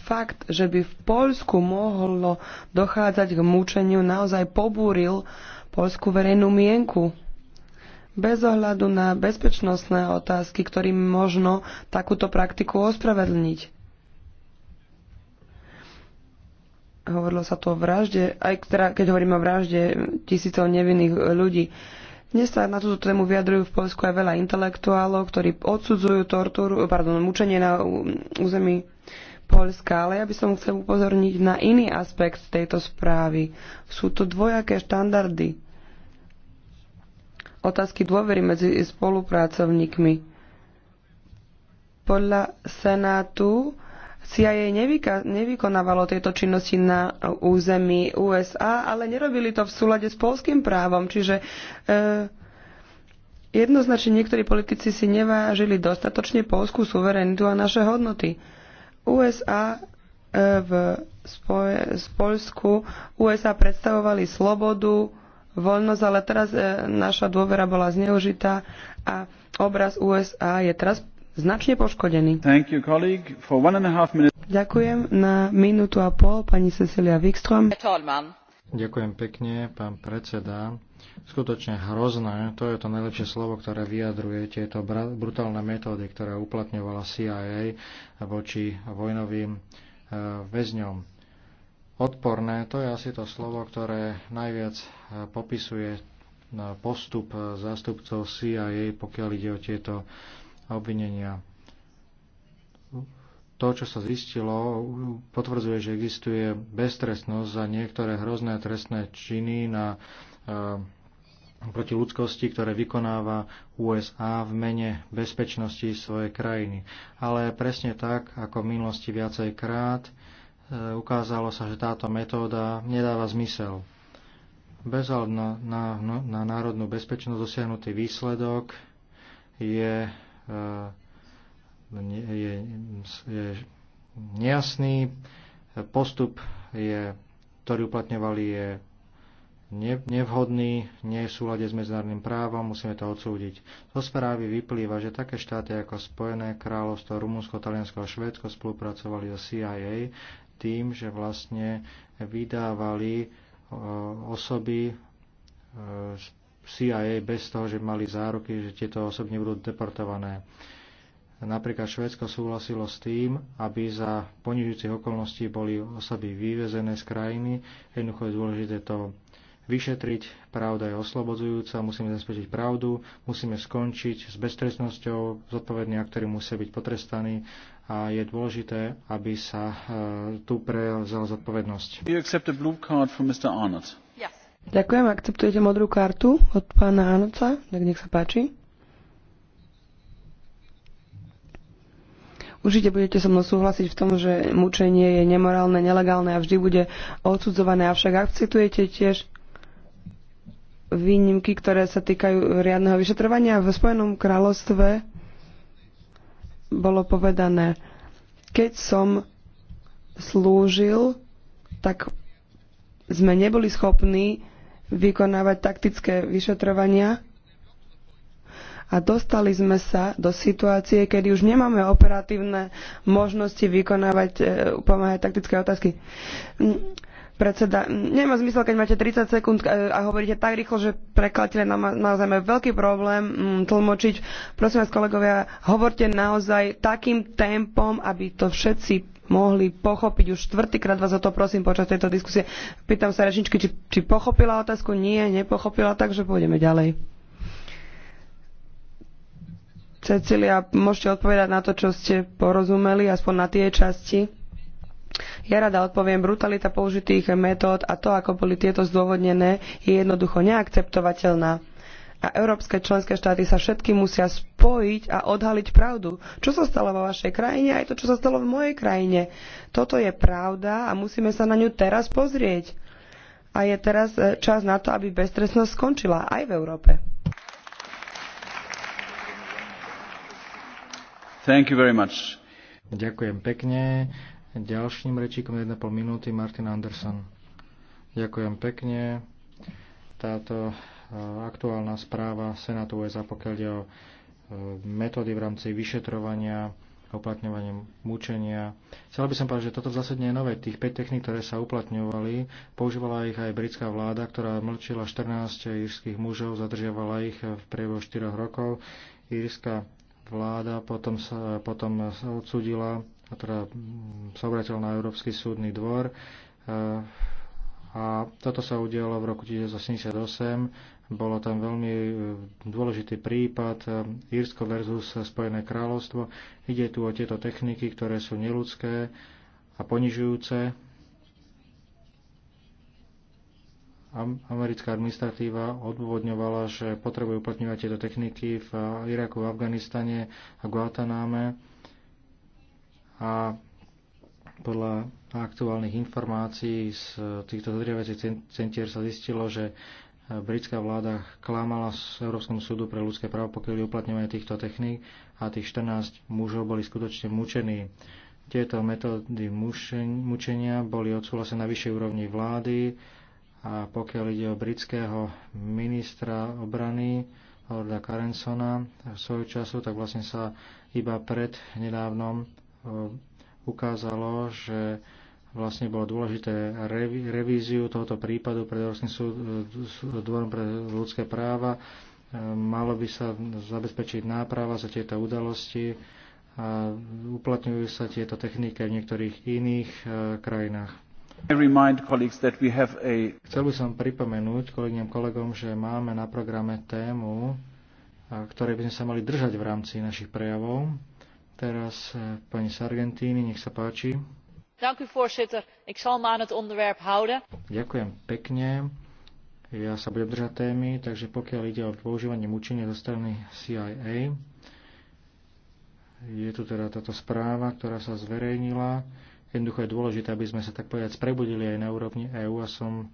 Fakt, že by v Poľsku mohlo dochádzať k mučeniu, naozaj pobúril polskú verejnú mienku. Bez ohľadu na bezpečnostné otázky, ktorým možno takúto praktiku ospravedlniť. Hovorilo sa tu o vražde, aj teda, keď hovoríme o vražde tisícov nevinných ľudí. Dnes sa na túto tému vyjadrujú v Polsku aj veľa intelektuálov, ktorí odsudzujú tortúru, pardon, mučenie na území Polska, ale ja by som chcel upozorniť na iný aspekt tejto správy. Sú to dvojaké štandardy. Otázky dôvery medzi spolupracovníkmi. Podľa Senátu CIA nevyka- nevykonávalo tieto činnosti na území USA, ale nerobili to v súlade s polským právom, čiže e, jednoznačne niektorí politici si nevážili dostatočne polskú suverenitu a naše hodnoty. USA e, v z Polsku USA predstavovali slobodu, voľnosť, ale teraz e, naša dôvera bola zneužitá a obraz USA je teraz značne poškodený. Thank you, colleague. For one and a half minute... Ďakujem na minútu a pol pani Cecilia Wikström. Ďakujem pekne, pán predseda skutočne hrozné. To je to najlepšie slovo, ktoré vyjadruje tieto brutálne metódy, ktoré uplatňovala CIA voči vojnovým eh, väzňom. Odporné, to je asi to slovo, ktoré najviac eh, popisuje eh, postup zástupcov CIA, pokiaľ ide o tieto obvinenia. To, čo sa zistilo, potvrdzuje, že existuje beztrestnosť za niektoré hrozné trestné činy na proti ľudskosti, ktoré vykonáva USA v mene bezpečnosti svojej krajiny. Ale presne tak, ako v minulosti viacej krát, e, ukázalo sa, že táto metóda nedáva zmysel. Bez na, na, na národnú bezpečnosť dosiahnutý výsledok je, e, je, je nejasný. Postup, je, ktorý uplatňovali, je nevhodný, nie je v súlade s medzinárodným právom, musíme to odsúdiť. Zo správy vyplýva, že také štáty ako Spojené kráľovstvo, Rumunsko, Taliansko a Švédsko spolupracovali so CIA tým, že vlastne vydávali e, osoby e, CIA bez toho, že mali záruky, že tieto osoby nebudú deportované. Napríklad Švédsko súhlasilo s tým, aby za ponižujúcich okolností boli osoby vyvezené z krajiny. Jednoducho je dôležité to vyšetriť, pravda je oslobodzujúca, musíme zabezpečiť pravdu, musíme skončiť s beztrestnosťou, zodpovední aktéry musia byť potrestaní a je dôležité, aby sa e, tu prevzala zodpovednosť. Yes. Ďakujem, akceptujete modrú kartu od pána Arnoca, tak nech sa páči. Určite budete so mnou súhlasiť v tom, že mučenie je nemorálne, nelegálne a vždy bude odsudzované. Avšak akceptujete tiež výnimky, ktoré sa týkajú riadneho vyšetrovania. V Spojenom kráľovstve bolo povedané, keď som slúžil, tak sme neboli schopní vykonávať taktické vyšetrovania a dostali sme sa do situácie, kedy už nemáme operatívne možnosti vykonávať, e, pomáhať taktické otázky. Predseda, nemá zmysel, keď máte 30 sekúnd e, a hovoríte tak rýchlo, že prekladateľ nám naozaj veľký problém mm, tlmočiť. Prosím vás, kolegovia, hovorte naozaj takým tempom, aby to všetci mohli pochopiť. Už štvrtýkrát vás o to prosím počas tejto diskusie. Pýtam sa rečničky, či, či pochopila otázku. Nie, nepochopila, takže pôjdeme ďalej. Cecilia, môžete odpovedať na to, čo ste porozumeli, aspoň na tie časti. Ja rada odpoviem, brutalita použitých metód a to, ako boli tieto zdôvodnené, je jednoducho neakceptovateľná a európske členské štáty sa všetky musia spojiť a odhaliť pravdu. Čo sa stalo vo vašej krajine aj to, čo sa stalo v mojej krajine. Toto je pravda a musíme sa na ňu teraz pozrieť. A je teraz e, čas na to, aby beztrestnosť skončila aj v Európe. Thank you very much. Ďakujem pekne. Ďalším rečíkom 1,5 minúty Martin Anderson. Ďakujem pekne. Táto e, aktuálna správa Senátu USA, pokiaľ ide o e, metódy v rámci vyšetrovania, uplatňovania mučenia. Chcel by som povedať, že toto zásade nie je nové. Tých 5 techník, ktoré sa uplatňovali, používala ich aj britská vláda, ktorá mlčila 14 írskych mužov, zadržiavala ich v priebehu 4 rokov. Írska vláda potom, sa, potom odsudila a teda mm, sa na Európsky súdny dvor. E, a toto sa udialo v roku 1988. Bolo tam veľmi e, dôležitý prípad e, Írsko versus Spojené kráľovstvo. Ide tu o tieto techniky, ktoré sú neludské a ponižujúce. Americká administratíva odôvodňovala, že potrebujú uplatňovať tieto techniky v Iraku, v Afganistane a Guantaname a podľa aktuálnych informácií z týchto zadriavacích centier sa zistilo, že britská vláda klamala s Európskom súdu pre ľudské právo, pokiaľ uplatňovanie týchto techník a tých 14 mužov boli skutočne mučení. Tieto metódy mučenia boli odsúhlasené na vyššej úrovni vlády a pokiaľ ide o britského ministra obrany Lorda Carensona svojho času, tak vlastne sa iba pred nedávnom Ehm, ukázalo, že vlastne bolo dôležité revíziu tohoto prípadu pred Európskym e, dvorom pre ľudské práva. Ehm, malo by sa zabezpečiť náprava za tieto udalosti a uplatňujú sa tieto techniky v niektorých iných e, krajinách. Chcel by som pripomenúť kolegyňam kolegom, že máme na programe tému, ktorej by sme sa mali držať v rámci našich prejavov. Teraz eh, pani Sargentini, nech sa páči. Ďakujem pekne. Ja sa budem držať témy, takže pokiaľ ide o používanie mučenia zo strany CIA, je tu teda táto správa, ktorá sa zverejnila. Jednoducho je dôležité, aby sme sa tak povedať prebudili aj na úrovni EÚ a som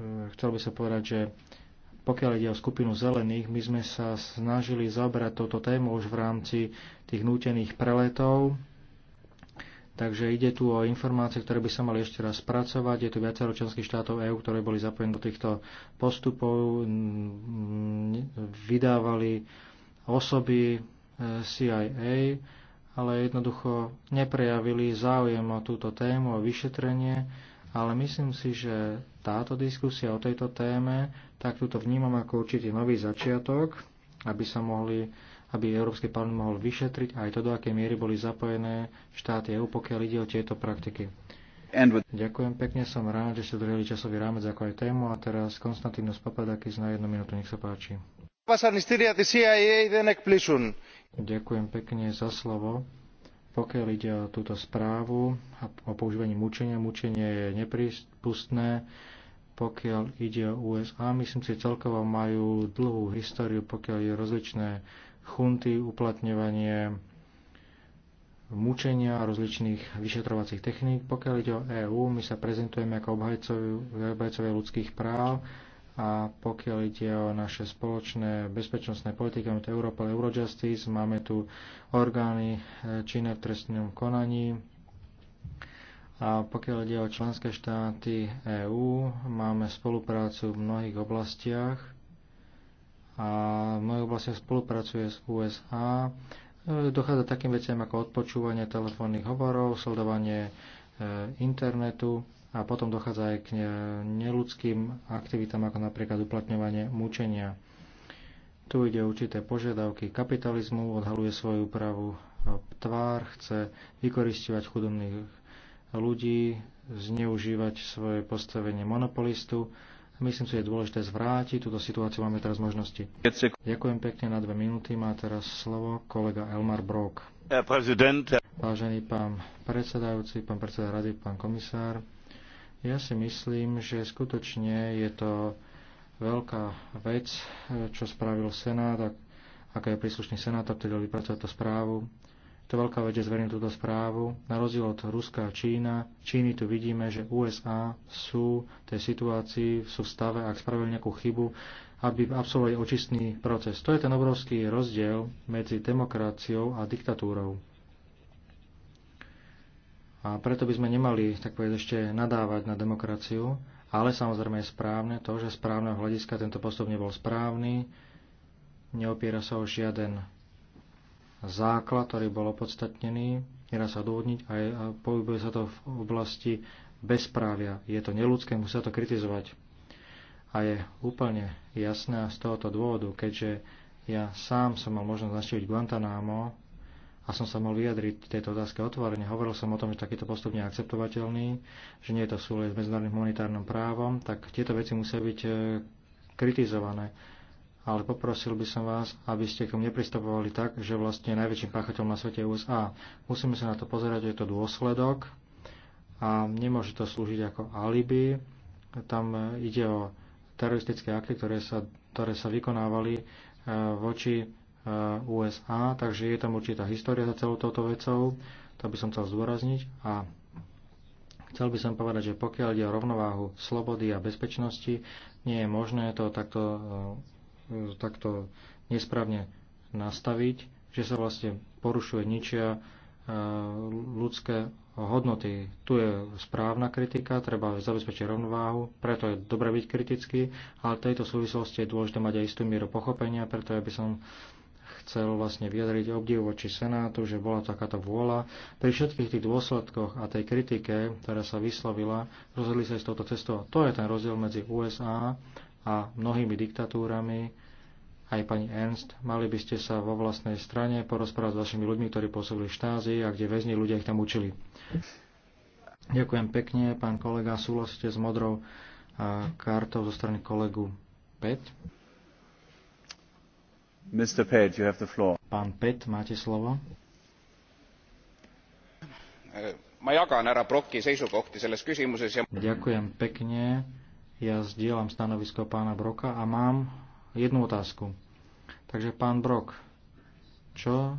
eh, chcel by sa povedať, že pokiaľ ide o skupinu zelených, my sme sa snažili zabrať toto tému už v rámci tých nútených preletov. Takže ide tu o informácie, ktoré by sa mali ešte raz spracovať. Je tu viacero členských štátov EÚ, ktoré boli zapojené do týchto postupov. Vydávali osoby e, CIA, ale jednoducho neprejavili záujem o túto tému, o vyšetrenie. Ale myslím si, že táto diskusia o tejto téme tak túto vnímam ako určite nový začiatok, aby sa mohli aby Európsky parlament mohol vyšetriť aj to, do akej miery boli zapojené štáty EU, pokiaľ ide o tieto praktiky. Ďakujem pekne, som rád, že ste držali časový rámec ako aj tému a teraz Konstantinos Papadakis na jednu minútu, nech sa páči. Ďakujem pekne za slovo. Pokiaľ ide o túto správu a o používaní mučenia, mučenie je neprípustné pokiaľ ide o USA. Myslím si, celkovo majú dlhú históriu, pokiaľ je rozličné chunty, uplatňovanie mučenia a rozličných vyšetrovacích techník. Pokiaľ ide o EÚ, my sa prezentujeme ako obhajcovia ľudských práv a pokiaľ ide o naše spoločné bezpečnostné politiky, máme tu Europol, Eurojustice, máme tu orgány e, činné v trestnom konaní, a pokiaľ ide o členské štáty EÚ, máme spoluprácu v mnohých oblastiach a v mnohých oblastiach spolupracuje s USA. E, dochádza takým veciam ako odpočúvanie telefónnych hovorov, sledovanie e, internetu a potom dochádza aj k neludským aktivitám ako napríklad uplatňovanie mučenia. Tu ide určité požiadavky kapitalizmu, odhaluje svoju pravú e, tvár, chce vykoristovať chudobných ľudí zneužívať svoje postavenie monopolistu. Myslím si, že je dôležité zvrátiť túto situáciu. Máme teraz možnosti. Ďakujem pekne na dve minúty. Má teraz slovo kolega Elmar Brok. Vážený pán predsedajúci, pán predseda rady, pán komisár, ja si myslím, že skutočne je to veľká vec, čo spravil Senát, a aká je príslušný senátor, ktorý vypracoval tú správu to veľká vec, že túto správu. Na rozdiel od Ruska a Čína, Číny tu vidíme, že USA sú v tej situácii, sú v stave, ak spravili nejakú chybu, aby absolvovali očistný proces. To je ten obrovský rozdiel medzi demokraciou a diktatúrou. A preto by sme nemali, tak povedať, ešte nadávať na demokraciu, ale samozrejme je správne to, že správneho hľadiska tento postup nebol správny, neopiera sa o žiaden základ, ktorý bol opodstatnený, nedá sa odôvodniť a, a pohybuje sa to v oblasti bezprávia. Je to neludské, musia to kritizovať. A je úplne jasné z tohoto dôvodu, keďže ja sám som mal možnosť naštíviť Guantanamo a som sa mal vyjadriť tejto otázke otvorene. Hovoril som o tom, že takýto postup nie je akceptovateľný, že nie je to v s medzinárodným humanitárnym právom, tak tieto veci musia byť e, kritizované ale poprosil by som vás, aby ste k tomu nepristupovali tak, že vlastne najväčším páchateľom na svete je USA. Musíme sa na to pozerať, je to dôsledok a nemôže to slúžiť ako alibi. Tam e, ide o teroristické akty, ktoré sa, ktoré sa vykonávali e, voči e, USA, takže je tam určitá história za celou touto vecou, to by som chcel zdôrazniť a Chcel by som povedať, že pokiaľ ide o rovnováhu slobody a bezpečnosti, nie je možné to takto takto nesprávne nastaviť, že sa vlastne porušuje ničia e, ľudské hodnoty. Tu je správna kritika, treba zabezpečiť rovnováhu, preto je dobre byť kritický, ale v tejto súvislosti je dôležité mať aj istú mieru pochopenia, preto ja by som chcel vlastne vyjadriť obdiv voči Senátu, že bola takáto vôľa. Pri všetkých tých dôsledkoch a tej kritike, ktorá sa vyslovila, rozhodli sa aj s touto cestou. To je ten rozdiel medzi USA a mnohými diktatúrami, aj pani Ernst, mali by ste sa vo vlastnej strane porozprávať s vašimi ľuďmi, ktorí pôsobili v štázii a kde väzni ľudia ich tam učili. Ďakujem pekne, pán kolega, súhlasíte s modrou kartou zo strany kolegu 5. Mr. Pett, you have the floor. Pán Pett, máte slovo. Ma jagan Brocki seisukohti selles küsimuses ja... Ďakujem pekne. Ja zdieľam stanovisko pána Broka a mám jednu otázku. Takže pán Brok, čo,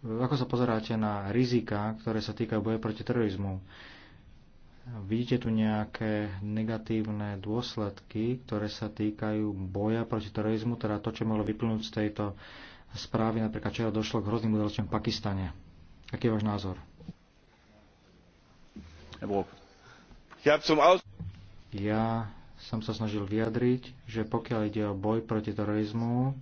ako sa pozeráte na rizika, ktoré sa týkajú boja proti terorizmu? Vidíte tu nejaké negatívne dôsledky, ktoré sa týkajú boja proti terorizmu, teda to, čo mohlo vyplnúť z tejto správy, napríklad čo došlo k hrozným udalostiam v Pakistane. Aký je váš názor? Ja som sa snažil vyjadriť, že pokiaľ ide o boj proti terorizmu,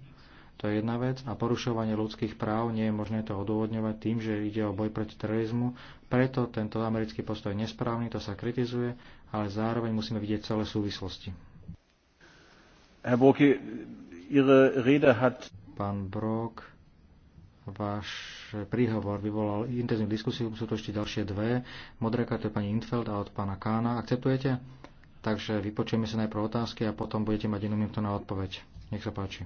to je jedna vec, a porušovanie ľudských práv nie je možné to odôvodňovať tým, že ide o boj proti terorizmu, preto tento americký postoj je nesprávny, to sa kritizuje, ale zároveň musíme vidieť celé súvislosti. Herr Burke, Ihre Rede hat... Pán Brok, váš príhovor vyvolal intenzívnu diskusiu, sú to ešte ďalšie dve. Modré karty pani Infeld a od pána Kána. Akceptujete? Takže vypočujeme sa najprv otázky a potom budete mať jednu minútu na odpoveď. Nech sa páči.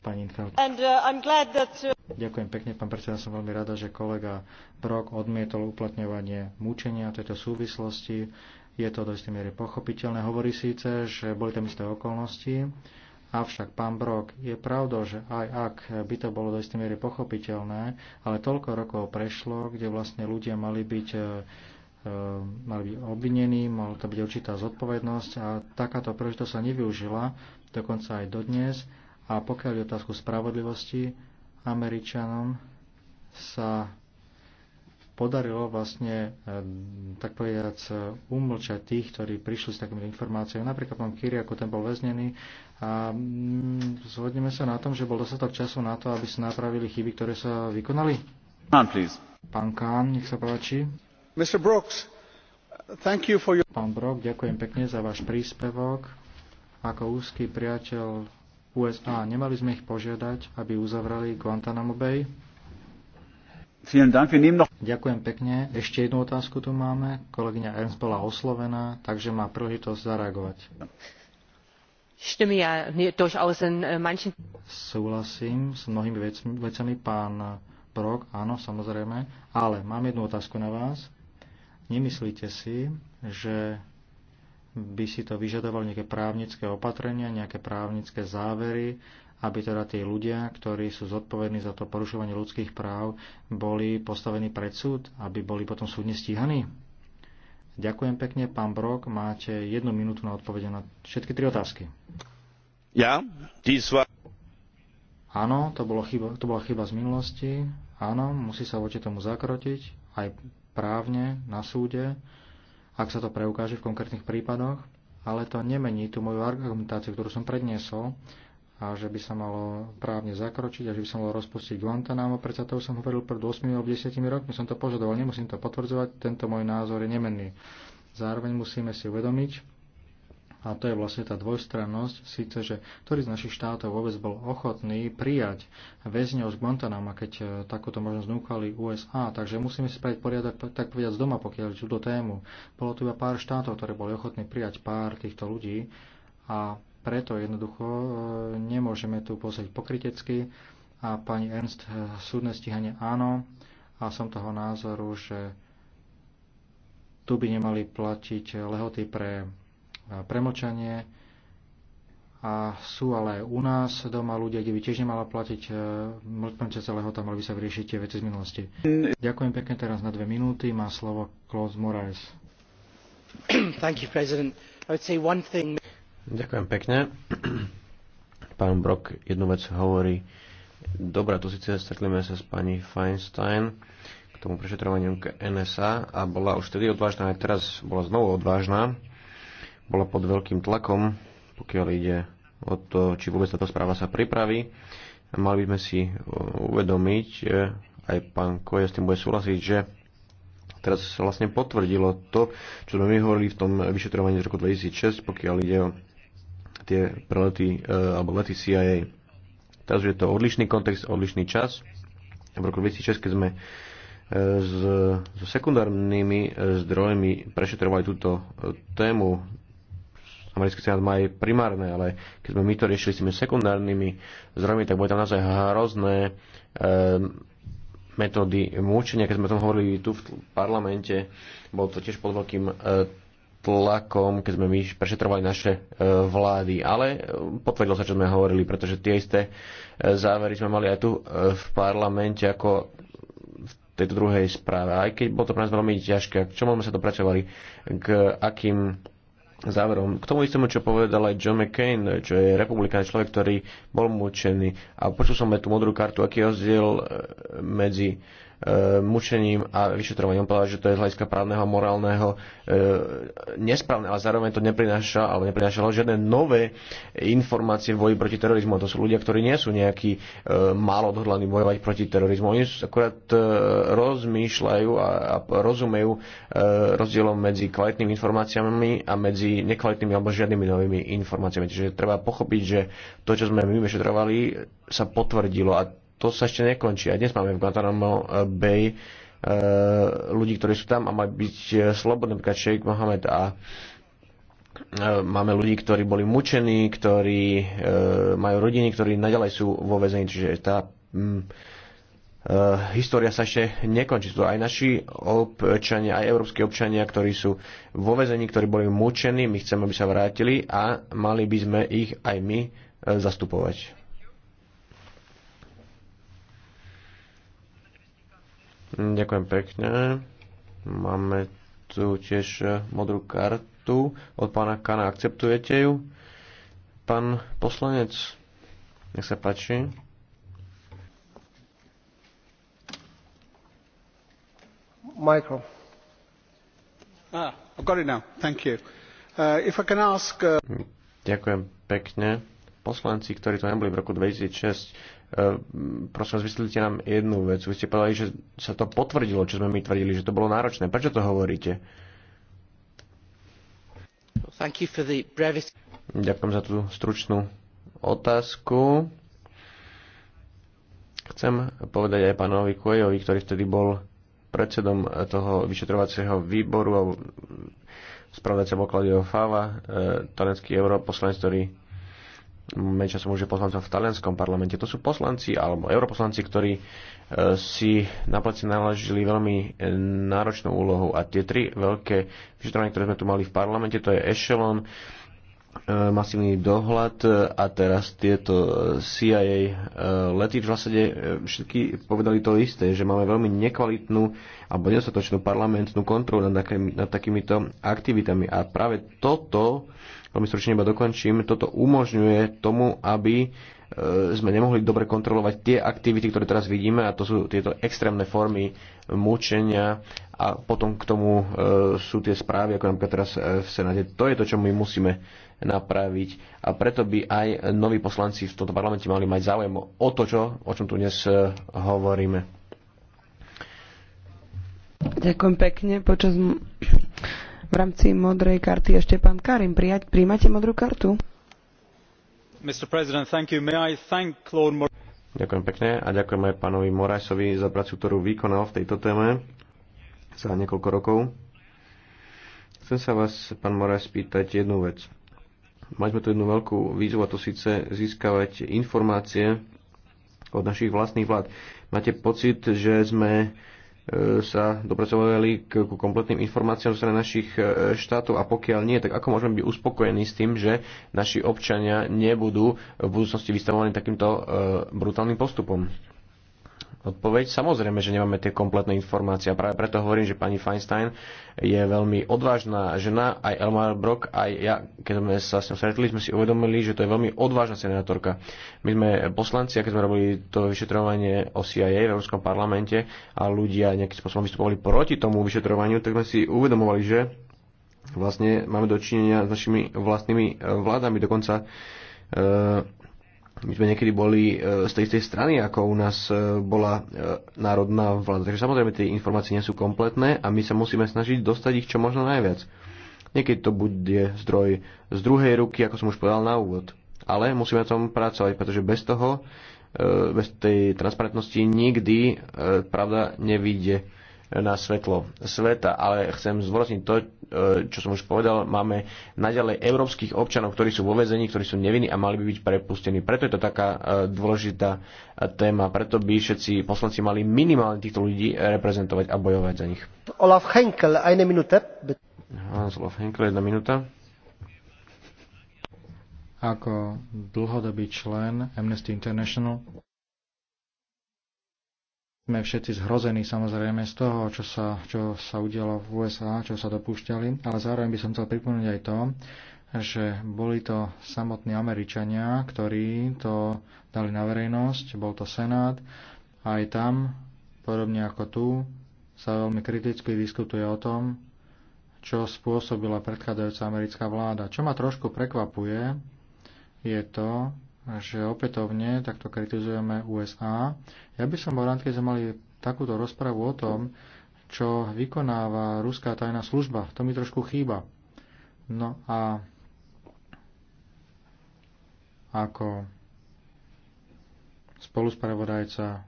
Pani Infeld. Uh, uh- Ďakujem pekne, pán predseda. Som veľmi rada, že kolega Brok odmietol uplatňovanie mučenia tejto súvislosti. Je to do istej miery pochopiteľné. Hovorí síce, že boli tam isté okolnosti, Avšak, pán Brok, je pravdou, že aj ak by to bolo do istej miery pochopiteľné, ale toľko rokov prešlo, kde vlastne ľudia mali byť eh, E, mal byť obvinený, mal to byť určitá zodpovednosť a takáto príležitosť sa nevyužila, dokonca aj dodnes. A pokiaľ je otázku spravodlivosti, Američanom sa podarilo vlastne, e, tak povediac, umlčať tých, ktorí prišli s takými informáciami. Napríklad pán ako ten bol väznený a mm, zhodneme sa na tom, že bol dostatok času na to, aby sa napravili chyby, ktoré sa vykonali. Pán, please. Pán Kán, nech sa páči. Pán Brok, ďakujem pekne za váš príspevok. Ako úzky priateľ USA, nemali sme ich požiadať, aby uzavrali Guantanamo Bay? Ďakujem pekne. Ešte jednu otázku tu máme. Kolegyňa Ernst bola oslovená, takže má príležitosť zareagovať. Äh, Súhlasím s mnohými vecami, pán Brok, áno, samozrejme, ale mám jednu otázku na vás. Nemyslíte si, že by si to vyžadovalo nejaké právnické opatrenia, nejaké právnické závery, aby teda tí ľudia, ktorí sú zodpovední za to porušovanie ľudských práv, boli postavení pred súd, aby boli potom súdne stíhaní? Ďakujem pekne, pán Brok, máte jednu minútu na odpovede na všetky tri otázky. Ja? Ty sva... Áno, to, bolo chyba, to bola chyba z minulosti. Áno, musí sa voči tomu zakrotiť. Aj právne na súde, ak sa to preukáže v konkrétnych prípadoch, ale to nemení tú moju argumentáciu, ktorú som predniesol, a že by sa malo právne zakročiť a že by sa malo rozpustiť Guantanamo. Predsa to som hovoril pred 8 alebo 10 rokmi, som to požadoval, nemusím to potvrdzovať, tento môj názor je nemenný. Zároveň musíme si uvedomiť, a to je vlastne tá dvojstrannosť, síce, že ktorý z našich štátov vôbec bol ochotný prijať väzňov z Guantanama, keď e, takúto možnosť núkali USA. Takže musíme si spraviť poriadok, tak povedať, z doma, pokiaľ túto tému. Bolo tu iba pár štátov, ktoré boli ochotní prijať pár týchto ľudí a preto jednoducho e, nemôžeme tu pozrieť pokrytecky. A pani Ernst, e, súdne stíhanie áno. A som toho názoru, že tu by nemali platiť lehoty pre premočanie. a sú ale u nás doma ľudia, kde by tiež nemala platiť celého e, tam mali by sa vyriešiť tie veci z minulosti. Ďakujem pekne teraz na dve minúty. Má slovo Klaus Moraes. Thank you, President. I would say one thing... Ďakujem pekne. Pán Brok jednu vec hovorí. Dobre, tu síce stretlíme sa s pani Feinstein k tomu prešetrovaniu k NSA a bola už vtedy odvážna, aj teraz bola znovu odvážna bola pod veľkým tlakom, pokiaľ ide o to, či vôbec táto správa sa pripraví. Mali by sme si e, uvedomiť, e, aj pán Koja s tým bude súhlasiť, že teraz sa vlastne potvrdilo to, čo sme my hovorili v tom vyšetrovaní z roku 2006, pokiaľ ide o tie prelety e, alebo lety CIA. Teraz je to odlišný kontext, odlišný čas. V roku 2006, keď sme so sekundárnymi zdrojmi prešetrovali túto tému americký senát má aj primárne, ale keď sme my to riešili s tými sekundárnymi zdrojmi, tak boli tam naozaj hrozné e, metódy mučenia. Keď sme o tom hovorili tu v parlamente, bolo to tiež pod veľkým e, tlakom, keď sme my prešetrovali naše e, vlády. Ale e, potvrdilo sa, čo sme hovorili, pretože tie isté e, závery sme mali aj tu e, v parlamente ako v tejto druhej správe. Aj keď bolo to pre nás veľmi ťažké, k čomu sme sa dopracovali, k akým záverom. K tomu istému, čo povedal aj John McCain, čo je republikán človek, ktorý bol mučený. A počul som aj tú modrú kartu, aký je rozdiel e, medzi E, mučením a vyšetrovaním. On povedal, že to je z hľadiska právneho a morálneho e, nesprávne, ale zároveň to neprináša alebo neprinášalo žiadne nové informácie v boji proti terorizmu. A to sú ľudia, ktorí nie sú nejakí e, málo odhodlaní bojovať proti terorizmu. Oni akurát rozmýšľajú a, a rozumejú rozdielom medzi kvalitnými informáciami a medzi nekvalitnými alebo žiadnymi novými informáciami. Čiže treba pochopiť, že to, čo sme my vyšetrovali, sa potvrdilo a to sa ešte nekončí. A dnes máme v Guantanamo eh, Bay eh, ľudí, ktorí sú tam a majú byť eh, slobodní, napríklad Sheikh Mohamed a máme ľudí, ktorí boli mučení, ktorí majú rodiny, ktorí nadalej sú vo väzení, čiže tá hm, história sa ešte nekončí. Sú aj naši občania, aj európsky občania, ktorí sú vo väzení, ktorí boli mučení, my chceme, aby sa vrátili a mali by sme ich aj my zastupovať. Ďakujem pekne. Máme tu tiež modrú kartu od pána Kana. Akceptujete ju? Pán poslanec, nech sa páči. Michael. Ah, got it now. Thank you. Uh, if I can ask... Uh... Ďakujem pekne. Poslanci, ktorí tu neboli v roku 2006, Ehm, prosím vás, vysvetlite nám jednu vec. Vy ste povedali, že sa to potvrdilo, čo sme my tvrdili, že to bolo náročné. Prečo to hovoríte? Ďakujem za tú stručnú otázku. Chcem povedať aj pánovi Kuejovi, ktorý vtedy bol predsedom toho vyšetrovacieho výboru a spravodajca Bokladio Fava, e, eh, talianský europoslanec, ktorý menšia som už je poslancom v talianskom parlamente. To sú poslanci alebo europoslanci, ktorí e, si na pleci naložili veľmi e, náročnú úlohu. A tie tri veľké vyšetrovania, ktoré sme tu mali v parlamente, to je Echelon, e, masívny dohľad a teraz tieto CIA lety v zásade všetky povedali to isté, že máme veľmi nekvalitnú alebo nedostatočnú parlamentnú kontrolu nad, takými, nad takýmito aktivitami. A práve toto veľmi stručne iba dokončím, toto umožňuje tomu, aby e, sme nemohli dobre kontrolovať tie aktivity, ktoré teraz vidíme, a to sú tieto extrémne formy mučenia a potom k tomu e, sú tie správy, ako napríklad teraz e, v Senáte. To je to, čo my musíme napraviť a preto by aj noví poslanci v tomto parlamente mali mať záujem o to, čo, o čom tu dnes hovoríme. Ďakujem pekne. Počas v rámci modrej karty ešte pán Karim. Prijať, príjmate modrú kartu? Ďakujem pekne a ďakujem aj pánovi Morajsovi za prácu, ktorú vykonal v tejto téme za niekoľko rokov. Chcem sa vás, pán Moraj, spýtať jednu vec. Mali sme tu jednu veľkú výzvu a to síce získavať informácie od našich vlastných vlád. Máte pocit, že sme E, sa dopracovali k, kompletným informáciám zo strany našich e, štátov a pokiaľ nie, tak ako môžeme byť uspokojení s tým, že naši občania nebudú v budúcnosti vystavovaní takýmto e, brutálnym postupom? odpoveď. Samozrejme, že nemáme tie kompletné informácie a práve preto hovorím, že pani Feinstein je veľmi odvážna žena, aj Elmar Brock, aj ja, keď sme sa s ňou stretli, sme si uvedomili, že to je veľmi odvážna senátorka. My sme poslanci, keď sme robili to vyšetrovanie o CIA v Európskom parlamente a ľudia nejakým spôsobom vystupovali proti tomu vyšetrovaniu, tak sme si uvedomovali, že vlastne máme dočinenia s našimi vlastnými eh, vládami, dokonca eh, my sme niekedy boli e, z tej istej strany, ako u nás e, bola e, národná vláda. Takže samozrejme tie informácie nie sú kompletné a my sa musíme snažiť dostať ich čo možno najviac. Niekedy to bude zdroj z druhej ruky, ako som už povedal na úvod. Ale musíme na tom pracovať, pretože bez toho, bez tej transparentnosti nikdy pravda nevíde na svetlo sveta. Ale chcem zvorazniť to, E, čo som už povedal, máme naďalej európskych občanov, ktorí sú vo vezení, ktorí sú nevinní a mali by byť prepustení. Preto je to taká e, dôležitá e, téma, preto by všetci poslanci mali minimálne týchto ľudí reprezentovať a bojovať za nich. Olaf Henkel, eine minúte. Hans Olaf Henkel, jedna minúta. Ako dlhodobý člen Amnesty International sme všetci zhrození samozrejme z toho, čo sa, čo sa udialo v USA, čo sa dopúšťali, ale zároveň by som chcel pripomenúť aj to, že boli to samotní Američania, ktorí to dali na verejnosť, bol to Senát, a aj tam, podobne ako tu, sa veľmi kriticky diskutuje o tom, čo spôsobila predchádzajúca americká vláda. Čo ma trošku prekvapuje, je to, že opätovne takto kritizujeme USA. Ja by som bol rád, keď sme mali takúto rozpravu o tom, čo vykonáva ruská tajná služba. To mi trošku chýba. No a ako spoluspravodajca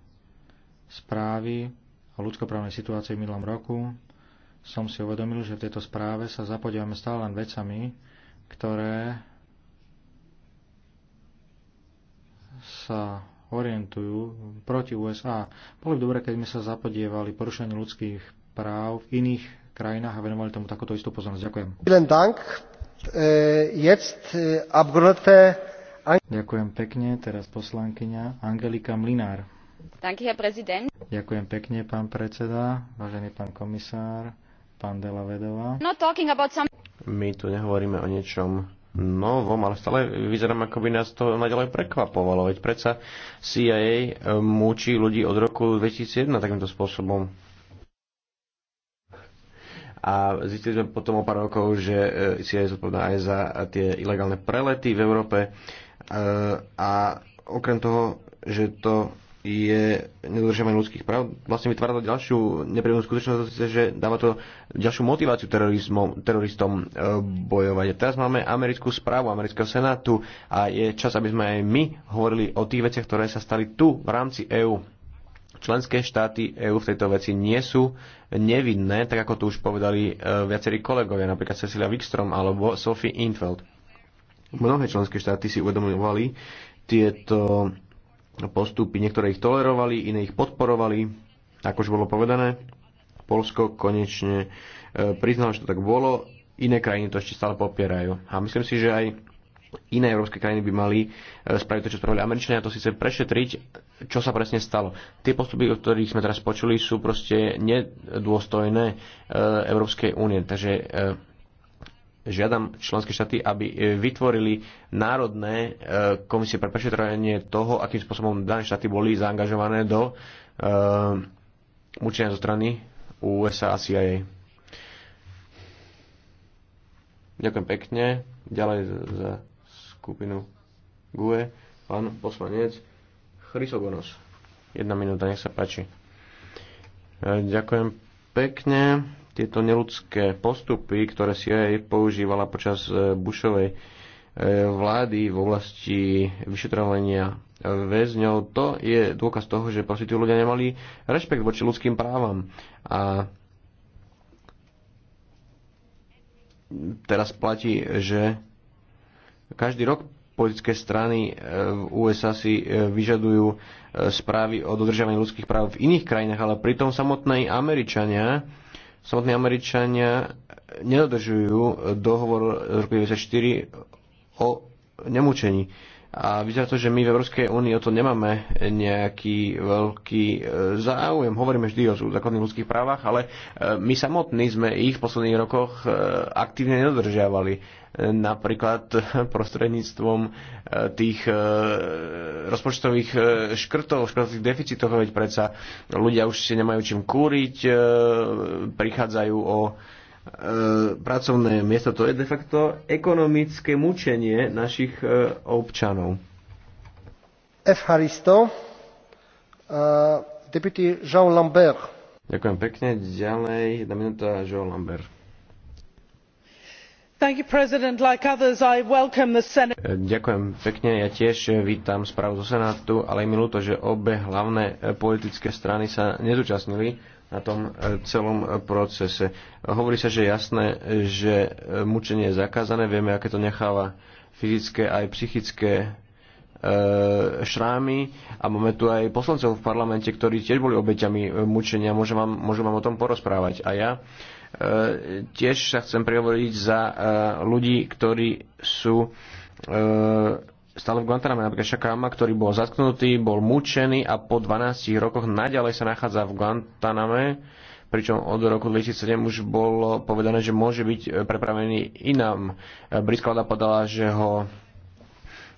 správy o ľudskoprávnej situácii v minulom roku som si uvedomil, že v tejto správe sa zapodívame stále len vecami, ktoré sa orientujú proti USA. Bolo by dobre, keď sme sa zapodievali porušenie ľudských práv v iných krajinách a venovali tomu takúto istú pozornosť. Ďakujem. Äh, äh, Ďakujem pekne. Teraz poslankyňa Angelika Mlinár. Ďakujem pekne, pán predseda, vážený pán komisár, pán Dela Vedova. My tu nehovoríme o niečom vom, ale stále vyzerám, ako by nás to naďalej prekvapovalo. Veď predsa CIA eh, múči ľudí od roku 2001 takýmto spôsobom. A zistili sme potom o pár rokov, že eh, CIA je zodpovedná aj za tie ilegálne prelety v Európe. Eh, a okrem toho, že to je nedodržiavanie ľudských práv, vlastne vytvára to ďalšiu nepríjemnú skutočnosť, že dáva to ďalšiu motiváciu teroristom e, bojovať. A teraz máme americkú správu, amerického senátu a je čas, aby sme aj my hovorili o tých veciach, ktoré sa stali tu v rámci EÚ členské štáty EÚ v tejto veci nie sú nevinné, tak ako tu už povedali e, viacerí kolegovia, napríklad Cecilia Wikstrom alebo Sophie Infeld. Mnohé členské štáty si uvedomovali tieto postupy. Niektoré ich tolerovali, iné ich podporovali, ako už bolo povedané. Polsko konečne e, priznalo, že to tak bolo, iné krajiny to ešte stále popierajú. A myslím si, že aj iné európske krajiny by mali e, spraviť to, čo spravili Američania, to síce prešetriť, čo sa presne stalo. Tie postupy, o ktorých sme teraz počuli, sú proste nedôstojné e, Európskej únie. Takže žiadam členské štáty, aby e, vytvorili národné e, komisie pre prešetrovanie toho, akým spôsobom dané štáty boli zaangažované do mučenia e, zo strany USA a CIA. Ďakujem pekne. Ďalej za skupinu GUE pán poslanec Chrysogonos. Jedna minúta, nech sa páči. Ďakujem pekne tieto neludské postupy, ktoré e aj používala počas e, Bushovej e, vlády v oblasti vyšetrovania väzňov, to je dôkaz toho, že proste tí ľudia nemali rešpekt voči ľudským právam. A teraz platí, že každý rok politické strany v USA si vyžadujú správy o dodržiavaní ľudských práv v iných krajinách, ale pritom samotné Američania samotní Američania nedodržujú dohovor z roku 1994 o nemúčení. A vyzerá to, že my v Európskej únii o to nemáme nejaký veľký e, záujem. Hovoríme vždy o základných ľudských právach, ale e, my samotní sme ich v posledných rokoch e, aktívne nedodržiavali. Napríklad prostredníctvom tých rozpočtových škrtov, škrtových deficitov, veď predsa ľudia už si nemajú čím kúriť, prichádzajú o e, pracovné miesto. To je de facto ekonomické mučenie našich e, občanov. uh, deputy Jean Lambert. Ďakujem pekne. Ďalej, jedna minúta, Jean Lambert. Thank You, President. like others, I welcome the Senate. E, ďakujem pekne. Ja tiež vítam správu zo Senátu, ale je mi ľúto, že obe hlavné e, politické strany sa nezúčastnili na tom e, celom e, procese. Hovorí sa, že je jasné, že e, mučenie je zakázané, vieme, aké to necháva fyzické aj psychické šrámy a máme tu aj poslancov v parlamente, ktorí tiež boli obeťami mučenia, môžem vám, môžem vám o tom porozprávať. A ja tiež sa chcem prihovoriť za ľudí, ktorí sú stále v Guantaname. Napríklad Šakama, ktorý bol zatknutý, bol mučený a po 12 rokoch naďalej sa nachádza v Guantaname, pričom od roku 2007 už bolo povedané, že môže byť eh, prepravený inám. Eh, britská vláda podala, že ho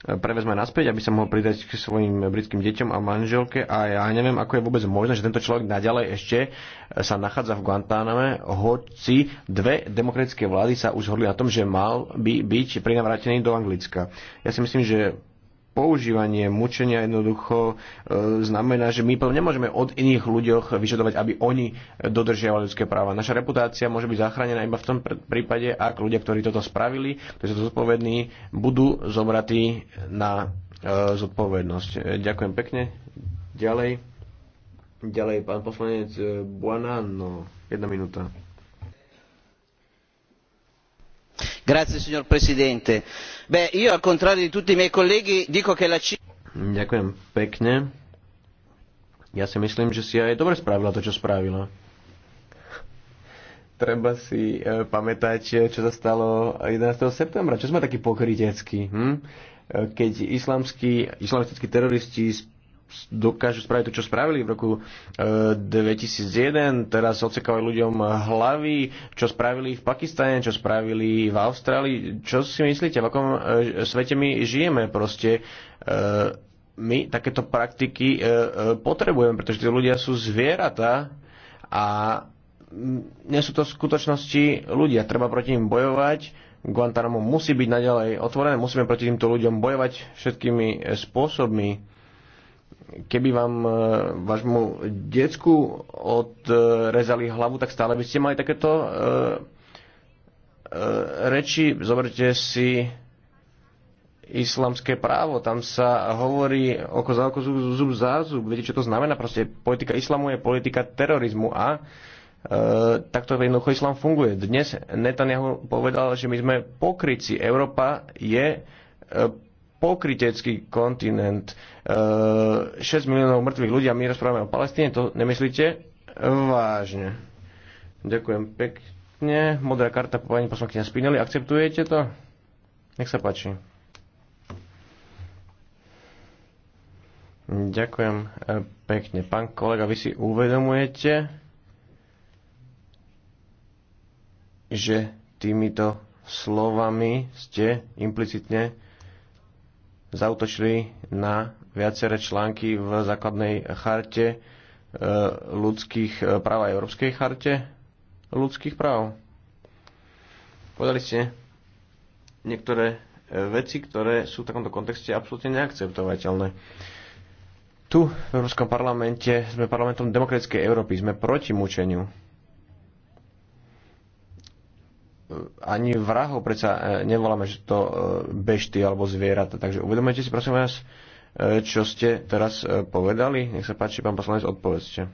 prevezme naspäť, aby sa mohol pridať k svojim britským deťom a manželke a ja neviem, ako je vôbec možné, že tento človek naďalej ešte sa nachádza v Guantáname, hoci dve demokratické vlády sa už zhodli na tom, že mal by byť prinavrátený do Anglicka. Ja si myslím, že používanie mučenia jednoducho e, znamená, že my potom nemôžeme od iných ľuďoch vyžadovať, aby oni dodržiavali ľudské práva. Naša reputácia môže byť zachránená iba v tom prípade, ak ľudia, ktorí toto spravili, ktorí sú zodpovední, budú zobratí na e, zodpovednosť. E, ďakujem pekne. Ďalej. Ďalej pán poslanec Buanano. Jedna minúta signor presidente onorevoli colleghi al contrario di tutti i miei colleghi dico che la cina. ja si myslím že si aj dobre spravila to čo spravila treba si e, pamätať, e, čo sa stalo 11. septembra. Čo sme takí pokrytecký? Hm? E, keď islamskí, islamistickí teroristi dokážu spraviť to, čo spravili v roku 2001, e, teraz odsekávajú ľuďom hlavy, čo spravili v Pakistane, čo spravili v Austrálii. Čo si myslíte, v akom e, svete my žijeme proste? E, my takéto praktiky potrebujeme, pretože tí ľudia sú zvieratá a nie sú to v skutočnosti ľudia. Treba proti nim bojovať, Guantanamo musí byť naďalej otvorené, musíme proti týmto ľuďom bojovať všetkými spôsobmi keby vám e, vášmu decku odrezali hlavu, tak stále by ste mali takéto e, e, reči. Zoberte si islamské právo, tam sa hovorí oko za oko, zub, zub za zub. Viete, čo to znamená? Proste politika islamu je politika terorizmu a e, takto jednoducho islam funguje. Dnes Netanyahu povedal, že my sme pokryci. Európa je e, pokrytecký kontinent. 6 e, miliónov mŕtvych ľudí a my rozprávame o Palestíne, to nemyslíte vážne. Ďakujem pekne. Modrá karta po pani poslankyňa Spinelli. Akceptujete to? Nech sa páči. Ďakujem e, pekne. Pán kolega, vy si uvedomujete, že týmito slovami ste implicitne zautočili na viaceré články v základnej charte e, ľudských e, práv a Európskej charte ľudských práv. Podali ste niektoré e, veci, ktoré sú v takomto kontexte absolútne neakceptovateľné. Tu v Európskom parlamente sme parlamentom demokratickej Európy, sme proti mučeniu E, ani vrahov predsa e, nevoláme, že to e, bešty alebo zvieratá. Takže uvedomujete si prosím vás, čo ste teraz povedali? Nech sa páči, pán poslanec, odpovedzte.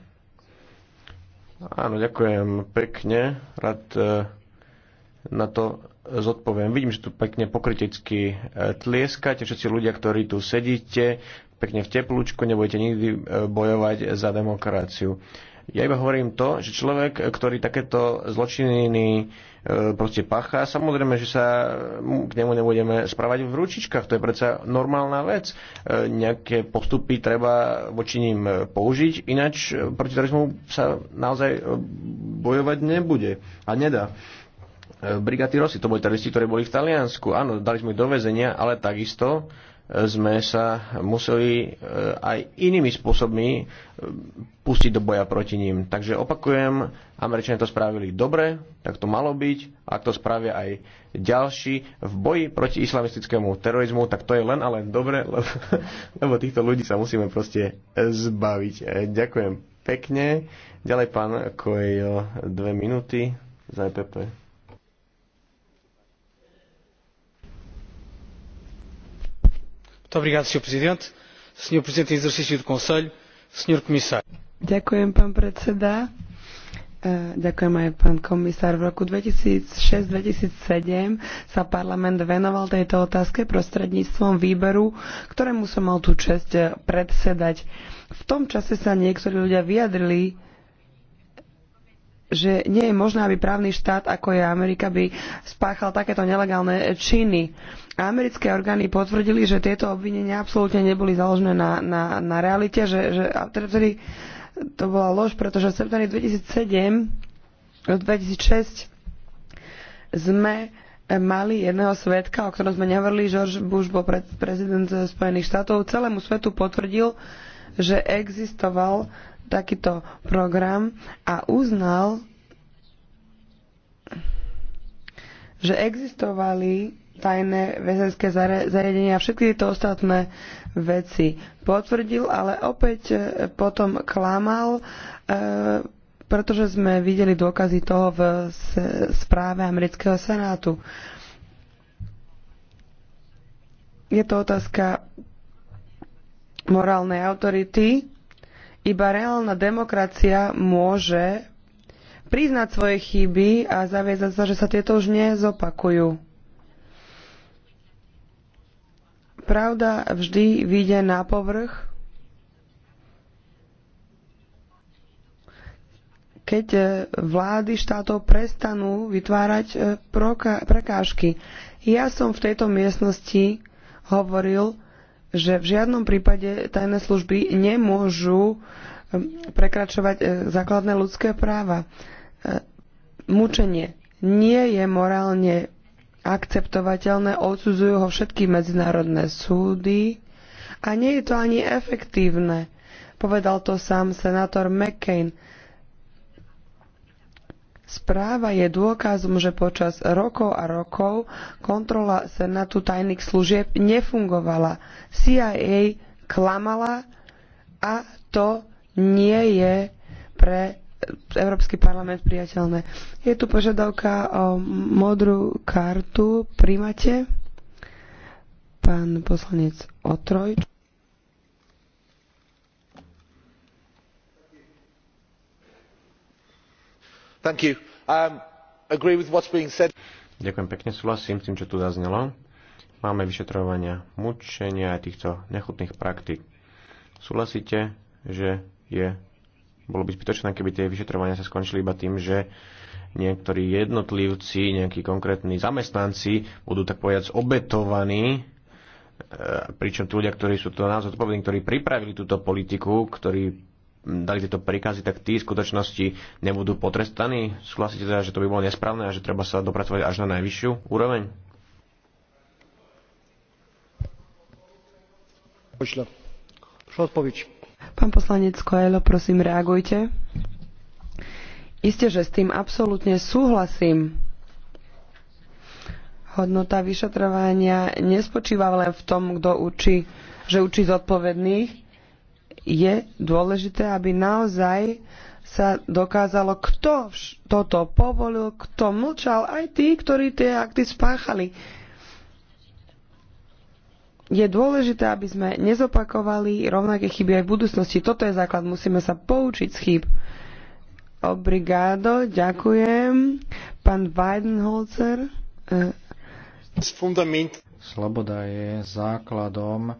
Áno, ďakujem pekne. Rád na to zodpoviem. Vidím, že tu pekne pokritecky tlieskate, všetci ľudia, ktorí tu sedíte, pekne v teplúčku, nebudete nikdy bojovať za demokraciu. Ja iba hovorím to, že človek, ktorý takéto zločiny e, proste pacha, samozrejme, že sa k nemu nebudeme správať v ručičkách. To je predsa normálna vec. E, nejaké postupy treba voči ním použiť, ináč proti terorizmu sa naozaj e, bojovať nebude a nedá Brigati Rossi, to boli teroristi, ktorí boli v Taliansku. Áno, dali sme ich do väzenia, ale takisto sme sa museli eh, aj inými spôsobmi eh, pustiť do boja proti ním. Takže opakujem, Američania to spravili dobre, tak to malo byť, ak to spravia aj ďalší v boji proti islamistickému terorizmu, tak to je len a len dobre, lebo, lebo týchto ľudí sa musíme proste zbaviť. Eh, ďakujem pekne. Ďalej pán Kojo, dve minúty za EPP. Obrigado, Presidente. Sr. Presidente em exercício do Conselho, Sr. Comissário. Ďakujem, pán predseda. E, ďakujem aj pán komisár. V roku 2006-2007 sa parlament venoval tejto otázke prostredníctvom výberu, ktorému som mal tú čest e, predsedať. V tom čase sa niektorí ľudia vyjadrili že nie je možné, aby právny štát, ako je Amerika, by spáchal takéto nelegálne činy. Americké orgány potvrdili, že tieto obvinenia absolútne neboli založené na, na, na realite, že, že a teda vtedy to bola lož, pretože v septembri 2007 2006 sme mali jedného svetka, o ktorom sme nehovorili, George Bush bol prezident Spojených štátov, celému svetu potvrdil, že existoval takýto program a uznal, že existovali tajné väzenské zariadenia a všetky tieto ostatné veci potvrdil, ale opäť e, potom klamal, e, pretože sme videli dôkazy toho v správe amerického senátu. Je to otázka morálnej autority iba reálna demokracia môže priznať svoje chyby a zaviazať sa, že sa tieto už nezopakujú. Pravda vždy vyjde na povrch, keď e, vlády štátov prestanú vytvárať e, prekážky. Ja som v tejto miestnosti hovoril že v žiadnom prípade tajné služby nemôžu e, prekračovať e, základné ľudské práva. E, mučenie nie je morálne akceptovateľné, odsudzujú ho všetky medzinárodné súdy a nie je to ani efektívne. Povedal to sám senátor McCain. Správa je dôkazom, že počas rokov a rokov kontrola Senátu tajných služieb nefungovala. CIA klamala a to nie je pre Európsky parlament priateľné. Je tu požiadavka o modrú kartu. Príjmate? Pán poslanec Otroj. Um, Ďakujem pekne, súhlasím s tým, čo tu zaznelo. Máme vyšetrovania mučenia a týchto nechutných praktík. Súhlasíte, že je, bolo by zbytočné, keby tie vyšetrovania sa skončili iba tým, že niektorí jednotlivci, nejakí konkrétni zamestnanci budú tak povedať obetovaní e, pričom tí ľudia, ktorí sú to naozaj zodpovední, ktorí pripravili túto politiku, ktorí dali tieto príkazy, tak tí v skutočnosti nebudú potrestaní? Súhlasíte teda, že to by bolo nesprávne a že treba sa dopracovať až na najvyššiu úroveň? Pán poslanec Koelo, prosím, reagujte. Isté, že s tým absolútne súhlasím. Hodnota vyšetrovania nespočíva len v tom, kto učí, že učí zodpovedných, je dôležité, aby naozaj sa dokázalo, kto toto povolil, kto mlčal, aj tí, ktorí tie akty spáchali. Je dôležité, aby sme nezopakovali rovnaké chyby aj v budúcnosti. Toto je základ, musíme sa poučiť z chyb. Obrigado, ďakujem. Pán Weidenholzer. Eh. Sloboda je základom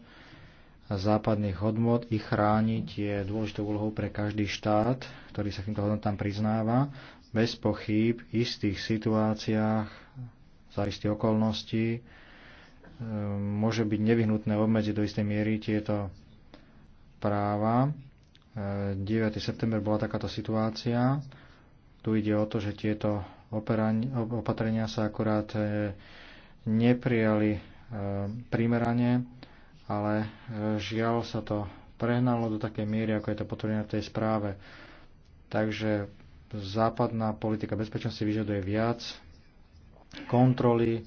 západných hodnot. Ich chrániť je dôležitou úlohou pre každý štát, ktorý sa týmto hodnotám priznáva. Bez pochyb v istých situáciách, za isté okolnosti, e, môže byť nevyhnutné obmedziť do istej miery tieto práva. 9. E, september bola takáto situácia. Tu ide o to, že tieto opatrenia sa akurát e, neprijali primerane ale e, žiaľ sa to prehnalo do takej miery, ako je to potvrdené v tej správe. Takže západná politika bezpečnosti vyžaduje viac kontroly.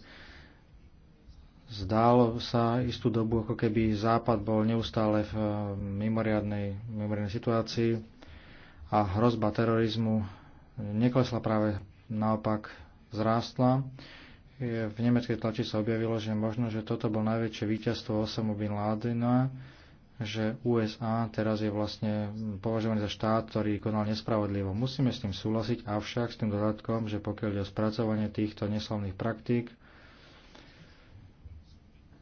Zdálo sa istú dobu, ako keby Západ bol neustále v e, mimoriadnej, mimoriadnej situácii a hrozba terorizmu neklesla práve naopak zrástla v nemeckej tlači sa objavilo, že možno, že toto bol najväčšie víťazstvo Osamu Bin Ládena, že USA teraz je vlastne považovaný za štát, ktorý konal nespravodlivo. Musíme s tým súhlasiť, avšak s tým dodatkom, že pokiaľ ide o spracovanie týchto neslovných praktík,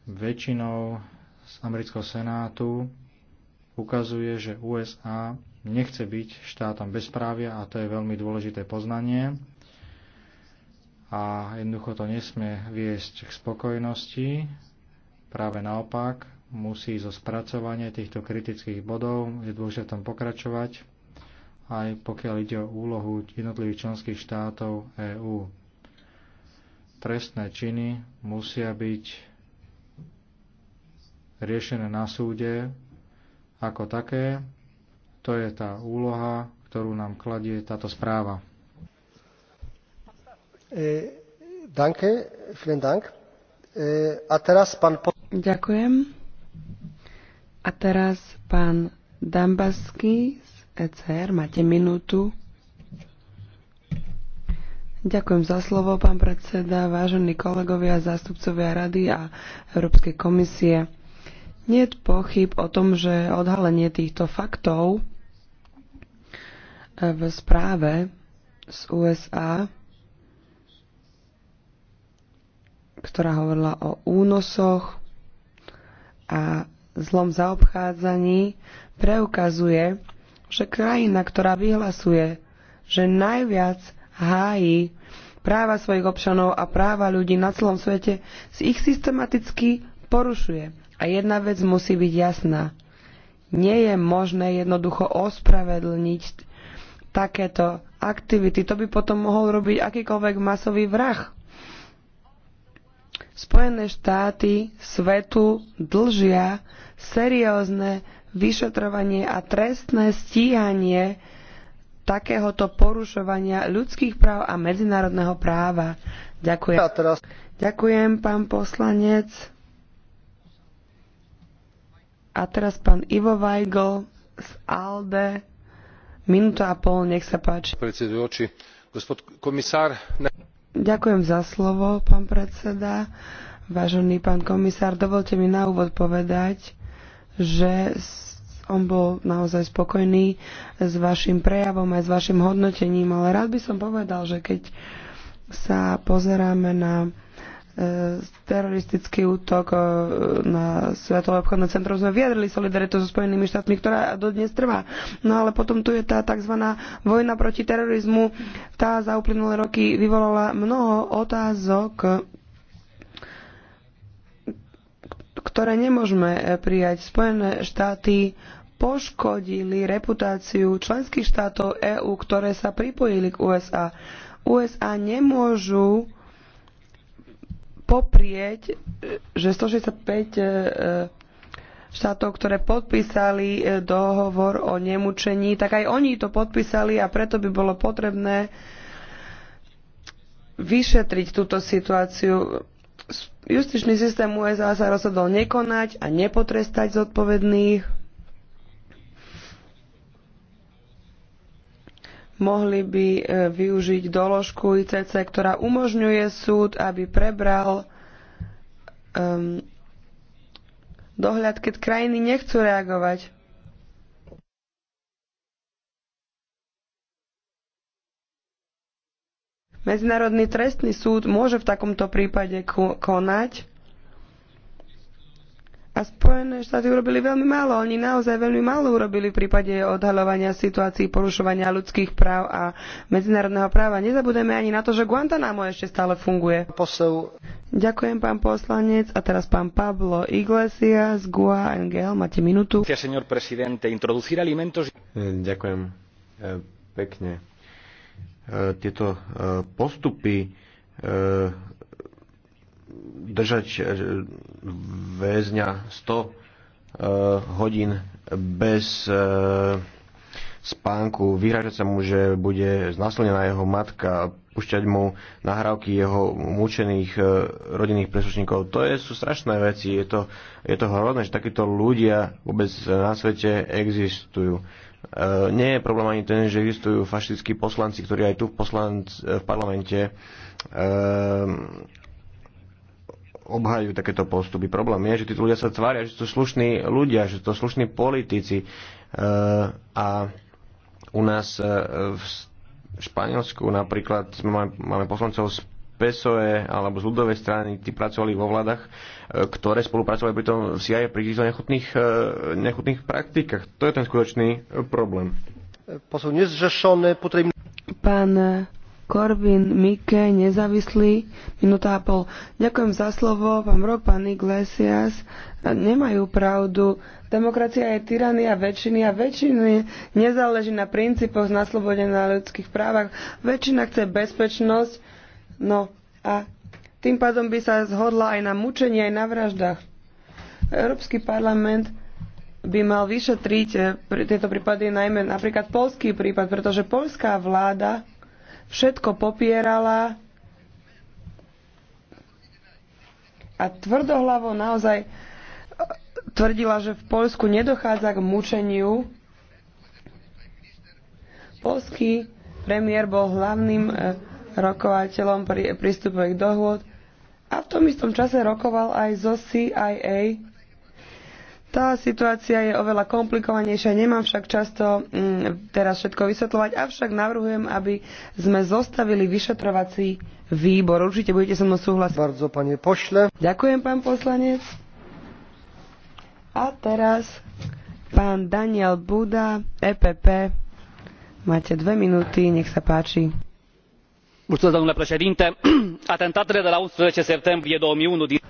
väčšinou z amerického senátu ukazuje, že USA nechce byť štátom bezprávia a to je veľmi dôležité poznanie a jednoducho to nesmie viesť k spokojnosti. Práve naopak, musí zo spracovania týchto kritických bodov je dôležité tam pokračovať, aj pokiaľ ide o úlohu jednotlivých členských štátov EÚ. Trestné činy musia byť riešené na súde ako také. To je tá úloha, ktorú nám kladie táto správa. E, e, Ďakujem. A teraz pán Dambasky z ECR, máte minútu. Ďakujem za slovo, pán predseda, vážení kolegovia, zástupcovia Rady a Európskej komisie. Nie je pochyb o tom, že odhalenie týchto faktov e, v správe z USA ktorá hovorila o únosoch a zlom zaobchádzaní, preukazuje, že krajina, ktorá vyhlasuje, že najviac hájí práva svojich občanov a práva ľudí na celom svete, si ich systematicky porušuje. A jedna vec musí byť jasná. Nie je možné jednoducho ospravedlniť takéto aktivity. To by potom mohol robiť akýkoľvek masový vrah. Spojené štáty svetu dlžia seriózne vyšetrovanie a trestné stíhanie takéhoto porušovania ľudských práv a medzinárodného práva. Ďakujem. Ďakujem, pán poslanec. A teraz pán Ivo Weigl z ALDE. Minúta a pol, nech sa páči. Predsedujúci, gospod komisár, ne... Ďakujem za slovo, pán predseda. Vážený pán komisár, dovolte mi na úvod povedať, že on bol naozaj spokojný s vašim prejavom aj s vašim hodnotením, ale rád by som povedal, že keď sa pozeráme na teroristický útok e, na Svetové obchodné centrum sme vyjadrili solidaritu so Spojenými štátmi, ktorá dodnes trvá. No ale potom tu je tá tzv. vojna proti terorizmu. Tá za uplynulé roky vyvolala mnoho otázok, ktoré nemôžeme prijať. Spojené štáty poškodili reputáciu členských štátov EÚ, ktoré sa pripojili k USA. USA nemôžu poprieť, e, že 165 e, e, štátov, ktoré podpísali dohovor o nemučení, tak aj oni to podpísali a preto by bolo potrebné vyšetriť túto situáciu. Justičný systém USA sa rozhodol nekonať a nepotrestať zodpovedných mohli by e, využiť doložku ICC, ktorá umožňuje súd, aby prebral um, dohľad, keď krajiny nechcú reagovať. Medzinárodný trestný súd môže v takomto prípade konať a Spojené štáty urobili veľmi málo. Oni naozaj veľmi málo urobili v prípade odhaľovania situácií porušovania ľudských práv a medzinárodného práva. Nezabudeme ani na to, že Guantanamo ešte stále funguje. Posel. Ďakujem, pán poslanec. A teraz pán Pablo Iglesias, Gua Engel, Máte minútu. Eh, ďakujem eh, pekne. Eh, tieto postupy držať e, väzňa 100 e, hodín bez e, spánku, vyhražať sa mu, že bude znásilnená jeho matka, pušťať mu nahrávky jeho mučených rodinných príslušníkov. To je, sú strašné veci. Je to, je to hrozné, že takíto ľudia vôbec na svete existujú. E, nie je problém ani ten, že existujú fašistickí poslanci, ktorí aj tu v, poslanc, v parlamente e, obhajujú takéto postupy. Problém je, že títo ľudia sa tvária, že sú slušní ľudia, že sú to slušní politici. Eh, a u nás eh, v Španielsku napríklad máme, máme poslancov z PSOE alebo z ľudovej strany, tí pracovali vo vládach, eh, ktoré spolupracovali pri tom v CIA pri týchto nechutných, nechutných praktikách. To je ten skutočný problém. Pán Korvin Mike, nezávislý, minúta a pol. Ďakujem za slovo, pán Rok, pán Iglesias. Nemajú pravdu. Demokracia je tyrania väčšiny a väčšiny nezáleží na princípoch, na slobode, na ľudských právach. Väčšina chce bezpečnosť, no a tým pádom by sa zhodla aj na mučení, aj na vraždách. Európsky parlament by mal vyšetriť eh, tieto prípady, najmä napríklad polský prípad, pretože polská vláda všetko popierala a tvrdohlavo naozaj e, tvrdila, že v Polsku nedochádza k mučeniu. Polský premiér bol hlavným e, rokovateľom pri prístupových dohôd a v tom istom čase rokoval aj zo CIA tá situácia je oveľa komplikovanejšia, nemám však často mm, teraz všetko vysvetľovať, avšak navrhujem, aby sme zostavili vyšetrovací výbor. Určite budete so mnou súhlasiť. Bardzo, pani pošle. Ďakujem, pán poslanec. A teraz pán Daniel Buda, EPP. Máte dve minúty, nech sa páči Mulțumesc, domnule președinte atentatele de la 11 septembrie 2001 din.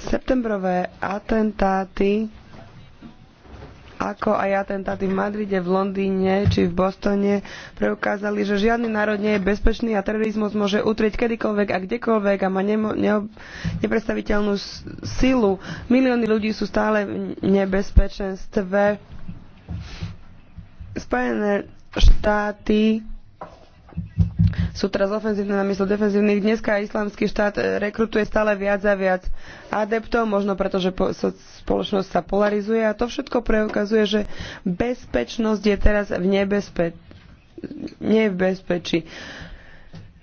Septembrové atentáty ako aj atentáty v Madride, v Londýne či v Bostone preukázali, že žiadny národ nie je bezpečný a terorizmus môže utrieť kedykoľvek a kdekoľvek a má nepredstaviteľnú silu. Milióny ľudí sú stále v nebezpečenstve. Spojené štáty sú teraz ofenzívne namiesto defenzívnych. Dneska islamský štát e, rekrutuje stále viac a viac adeptov, možno preto, že spoločnosť sa polarizuje a to všetko preukazuje, že bezpečnosť je teraz v nebezpe- bezpečí.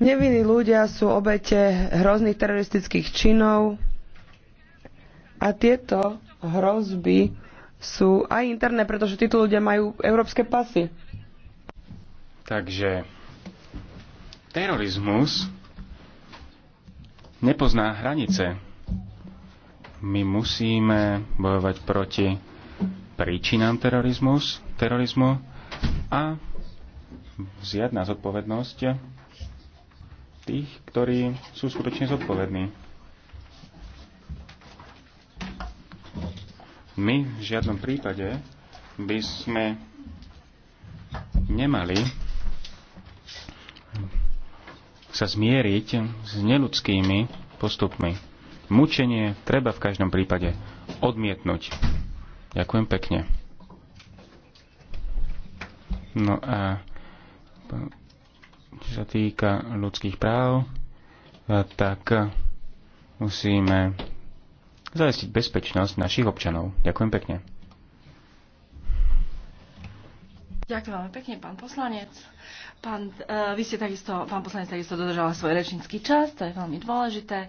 Nevinní ľudia sú obete hrozných teroristických činov a tieto hrozby sú aj interné, pretože títo ľudia majú európske pasy. Takže Terorizmus nepozná hranice. My musíme bojovať proti príčinám terorizmus, terorizmu a zjadná zodpovednosť tých, ktorí sú skutočne zodpovední. My v žiadnom prípade by sme nemali sa zmieriť s neludskými postupmi. Mučenie treba v každom prípade odmietnúť. Ďakujem pekne. No a čo sa týka ľudských práv, tak musíme zajistiť bezpečnosť našich občanov. Ďakujem pekne. Ďakujem veľmi pekne, pán poslanec. Pán, eh, vy ste takisto, pán poslanec takisto dodržala svoj rečnícky čas, to je veľmi dôležité.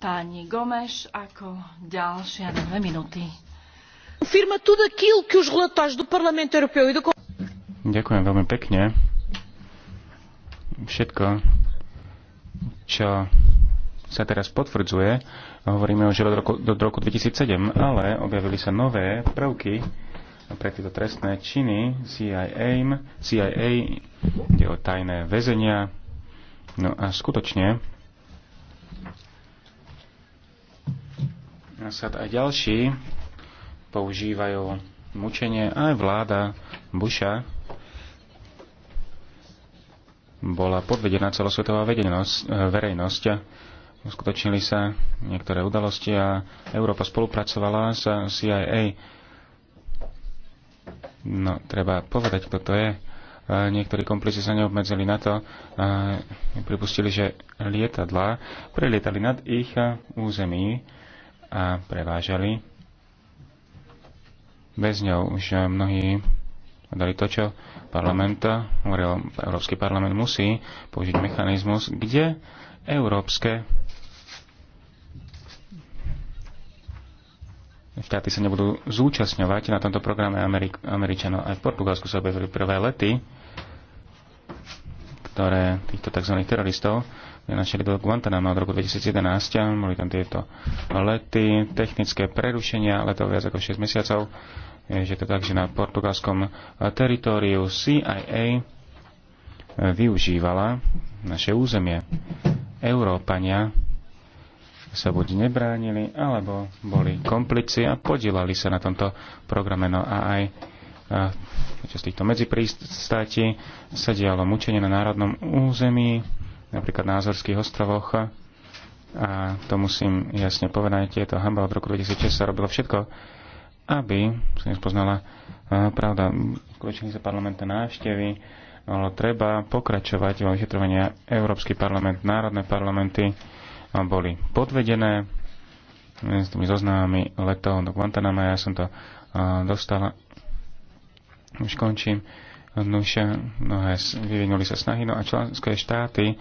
Pani Gomeš, ako ďalšia na dve minúty. Firma tudo aquilo que os relatórios do Parlamento Europeu e do... Ďakujem veľmi pekne. Všetko, čo sa teraz potvrdzuje, hovoríme už od roku, do roku 2007, ale objavili sa nové prvky, pre tieto trestné činy CIA, CIA ide o tajné väzenia. No a skutočne sa a ďalší používajú mučenie aj vláda Busha bola podvedená celosvetová verejnosť. Uskutočnili sa niektoré udalosti a Európa spolupracovala s CIA No, treba povedať, kto to je. E, niektorí komplici sa neobmedzili na to, e, pripustili, že lietadla prelietali nad ich e, území a prevážali bez ňou už mnohí dali to, čo parlament, Európsky parlament musí použiť mechanizmus, kde európske štáty sa nebudú zúčastňovať na tomto programe Amerik- Američanov. Aj v Portugalsku sa objavili prvé lety, ktoré týchto tzv. teroristov našli do Guantanama od roku 2011. Boli tam tieto lety, technické prerušenia letov viac ako 6 mesiacov. Je, že to tak, že na portugalskom teritóriu CIA využívala naše územie. Európania sa buď nebránili, alebo boli komplici a podielali sa na tomto programe. No a aj počas týchto medzipristátí sa dialo mučenie na národnom území, napríklad na Azorských ostrovoch. A to musím jasne povedať, tieto hamba od roku 2006 sa robilo všetko, aby sa nespoznala pravda. Kľúčení sa parlamentné návštevy, ale treba pokračovať vo vyšetrovania Európsky parlament, národné parlamenty, boli podvedené s tými zoznamami letov do Guantanama. Ja som to dostala. Už končím. no mnohé vyvinuli sa snahy, no a členské štáty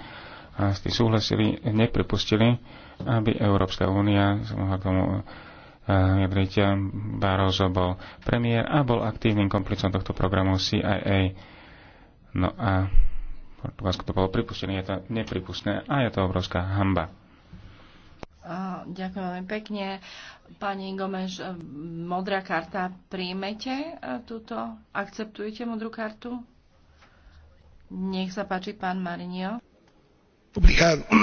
a s tým súhlasili, nepripustili, aby Európska únia mohla tomu jadriť. Barroso bol premiér a bol aktívnym komplicom tohto programu CIA. No a Portugalsko to bolo pripustené, je to nepripustné a je to obrovská hamba. Ďakujem veľmi pekne. Pani Gomeš, eh, modrá karta, príjmete eh, túto? Akceptujete modrú kartu? Nech sa páči, pán Marinio.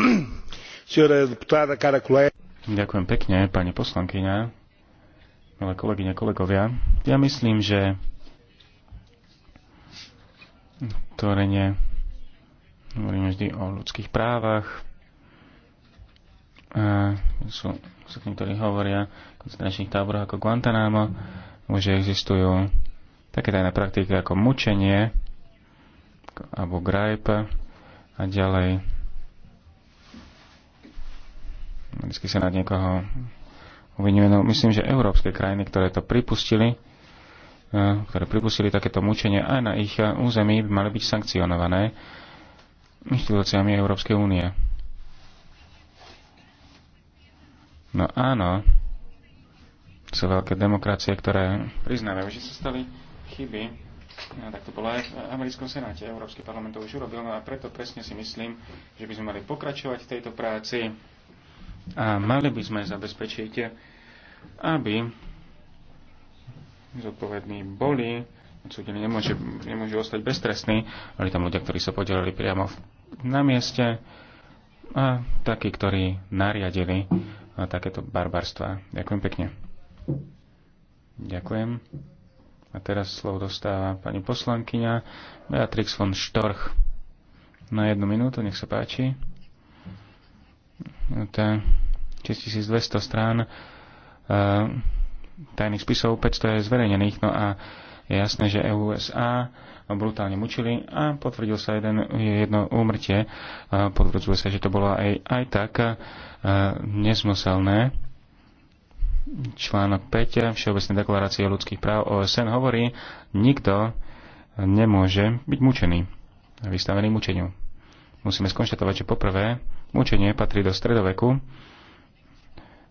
Ďakujem pekne, pani poslankyňa, milé kolegyne, kolegovia. Ja myslím, že ktoré hovoríme vždy o ľudských právach, E, sú, sú tým, ktorí hovoria v koncentračných táboroch ako Guantanamo, že existujú také tajné praktiky ako mučenie alebo grajpe a ďalej. Vždy sa nad niekoho uvinuje. No, myslím, že európske krajiny, ktoré to pripustili, e, ktoré pripustili takéto mučenie aj na ich území, by mali byť sankcionované inštitúciami Európskej únie. No áno, sú veľké demokracie, ktoré priznávajú, že sa stali chyby. No, tak to bolo aj v americkom senáte. Európsky parlament to už urobil, no a preto presne si myslím, že by sme mali pokračovať v tejto práci a mali by sme zabezpečiť, aby zodpovední boli, odsúdení nemôže, nemôžu ostať beztrestní, ale tam ľudia, ktorí sa podelili priamo na mieste a takí, ktorí nariadili takéto barbarstva. Ďakujem pekne. Ďakujem. A teraz slovo dostáva pani poslankyňa Beatrix von Storch. Na jednu minútu, nech sa páči. To je 6200 strán e, tajných spisov, 500 je zverejnených, no a je jasné, že EUSA brutálne mučili a potvrdil sa jeden, jedno úmrtie. Potvrdzuje sa, že to bolo aj, aj tak nezmyselné. Článok 5 Všeobecnej deklarácie ľudských práv OSN hovorí, nikto nemôže byť mučený, vystavený mučeniu. Musíme skonštatovať, že poprvé, mučenie patrí do stredoveku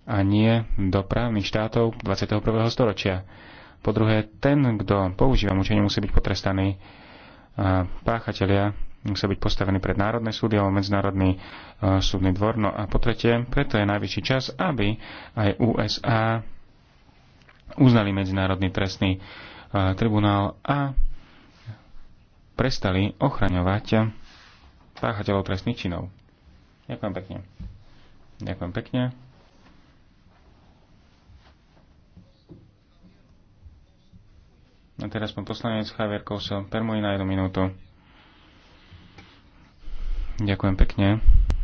a nie do právnych štátov 21. storočia po druhé, ten, kto používa mučenie, musí byť potrestaný. Páchatelia musia byť postavení pred Národné súdy alebo Medzinárodný e, súdny dvor. No a po tretie, preto je najvyšší čas, aby aj USA uznali Medzinárodný trestný e, tribunál a prestali ochraňovať páchateľov trestných činov. Ďakujem pekne. Ďakujem pekne. teraz pán poslanec Javier Kousel. Permuj na jednu minútu. Ďakujem pekne.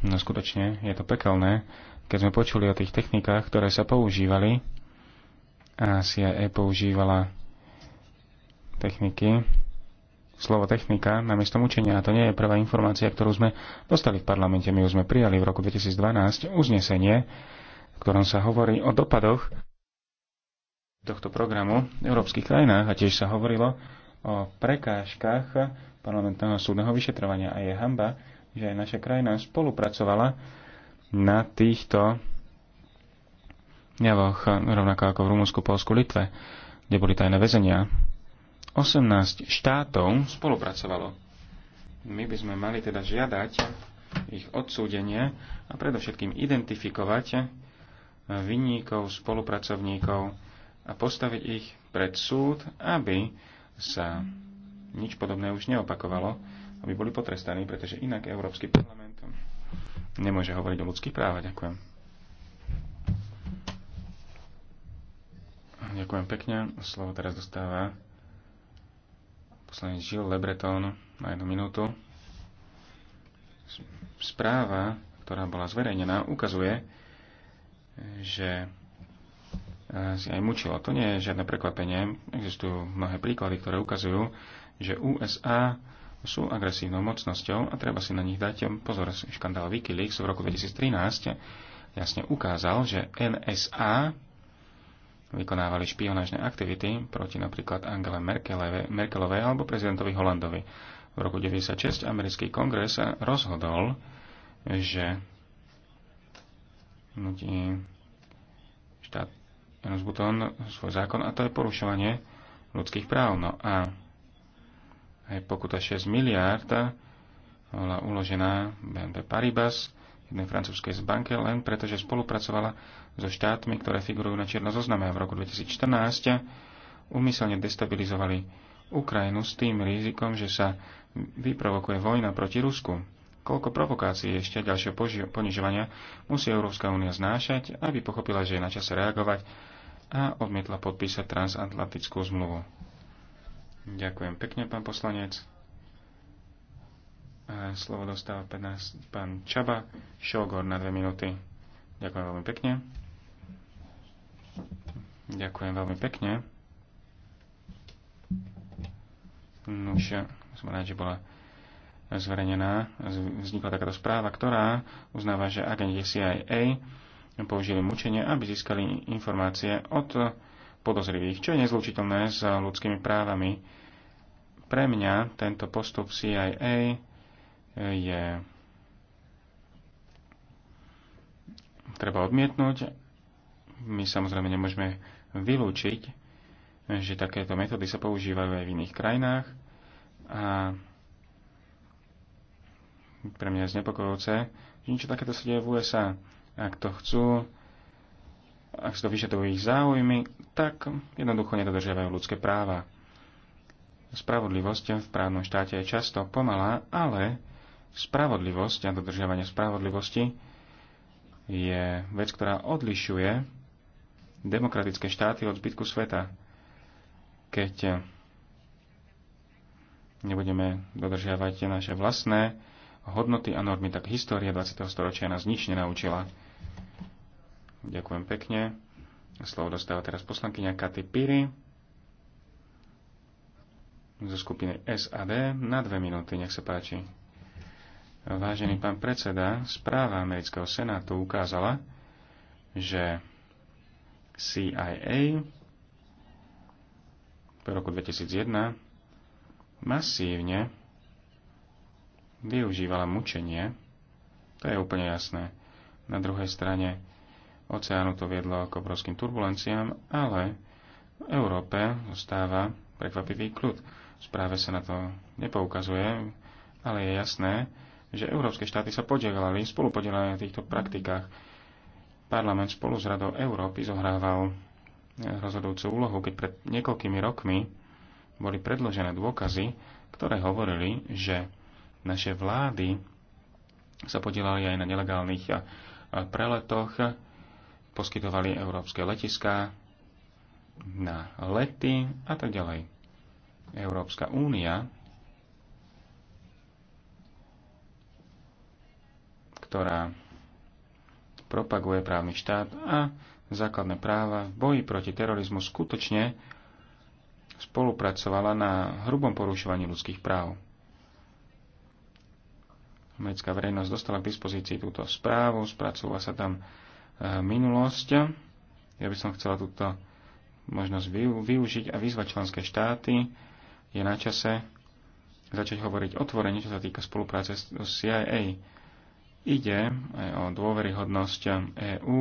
No skutočne je to pekelné, keď sme počuli o tých technikách, ktoré sa používali. A si e používala techniky, slovo technika namiesto mučenia. A to nie je prvá informácia, ktorú sme dostali v parlamente. My už sme prijali v roku 2012 uznesenie, v ktorom sa hovorí o dopadoch tohto programu v európskych krajinách a tiež sa hovorilo o prekážkach parlamentného súdneho vyšetrovania a je hamba, že aj naša krajina spolupracovala na týchto javoch, rovnako ako v Rumunsku, Polsku, Litve, kde boli tajné väzenia. 18 štátov spolupracovalo. My by sme mali teda žiadať ich odsúdenie a predovšetkým identifikovať vinníkov, spolupracovníkov, a postaviť ich pred súd, aby sa nič podobné už neopakovalo, aby boli potrestaní, pretože inak Európsky parlament nemôže hovoriť o ľudských právach. Ďakujem. Ďakujem pekne. Slovo teraz dostáva poslanec Žil Lebreton na jednu minútu. Správa, ktorá bola zverejnená, ukazuje, že Eh, si aj mučilo. To nie je žiadne prekvapenie. Existujú mnohé príklady, ktoré ukazujú, že USA sú agresívnou mocnosťou a treba si na nich dať pozor. Škandál Wikileaks v roku 2013 jasne ukázal, že NSA vykonávali špionážne aktivity proti napríklad Angele Merkelovej alebo prezidentovi Holandovi. V roku 1996 americký kongres rozhodol, že Buton svoj zákon a to je porušovanie ľudských práv. No a aj pokuta 6 miliárd bola uložená BNP Paribas, jednej francúzskej banke, len preto, že spolupracovala so štátmi, ktoré figurujú na čierno zozname v roku 2014 umyselne destabilizovali Ukrajinu s tým rizikom, že sa vyprovokuje vojna proti Rusku koľko provokácií ešte ďalšieho ponižovania musí Európska únia znášať, aby pochopila, že je na čase reagovať a odmietla podpísať transatlantickú zmluvu. Ďakujem pekne, pán poslanec. A slovo dostáva nás pán Čaba Šogor na dve minúty. Ďakujem veľmi pekne. Ďakujem veľmi pekne. Nuž, som rád, že bola zverejnená, vznikla takáto správa, ktorá uznáva, že agenti CIA použili mučenie, aby získali informácie od podozrivých, čo je nezlučiteľné s ľudskými právami. Pre mňa tento postup CIA je treba odmietnúť. My samozrejme nemôžeme vylúčiť, že takéto metódy sa používajú aj v iných krajinách a pre mňa je znepokojúce, že niečo takéto sa deje v USA. Ak to chcú, ak si to vyžadujú ich záujmy, tak jednoducho nedodržiavajú ľudské práva. Spravodlivosť v právnom štáte je často pomalá, ale spravodlivosť a dodržiavanie spravodlivosti je vec, ktorá odlišuje demokratické štáty od zbytku sveta. Keď nebudeme dodržiavať naše vlastné hodnoty a normy, tak história 20. storočia nás nič nenaučila. Ďakujem pekne. Slovo dostáva teraz poslankyňa Katy Piri zo skupiny SAD na dve minúty, nech sa páči. Vážený pán predseda, správa amerického senátu ukázala, že CIA v roku 2001 masívne využívala mučenie, to je úplne jasné. Na druhej strane oceánu to viedlo k obrovským turbulenciám, ale v Európe zostáva prekvapivý kľud. Správe sa na to nepoukazuje, ale je jasné, že európske štáty sa podielali, spolupodielali na týchto praktikách. Parlament spolu s Radou Európy zohrával rozhodujúcu úlohu, keď pred niekoľkými rokmi boli predložené dôkazy, ktoré hovorili, že naše vlády sa podielali aj na nelegálnych preletoch, poskytovali európske letiská na lety a tak ďalej. Európska únia, ktorá propaguje právny štát a základné práva v boji proti terorizmu skutočne spolupracovala na hrubom porušovaní ľudských práv. Americká verejnosť dostala k dispozícii túto správu, spracúva sa tam e, minulosť. Ja by som chcela túto možnosť využiť a vyzvať členské štáty. Je na čase začať hovoriť otvorene, čo sa týka spolupráce s CIA. Ide aj o dôveryhodnosť EÚ,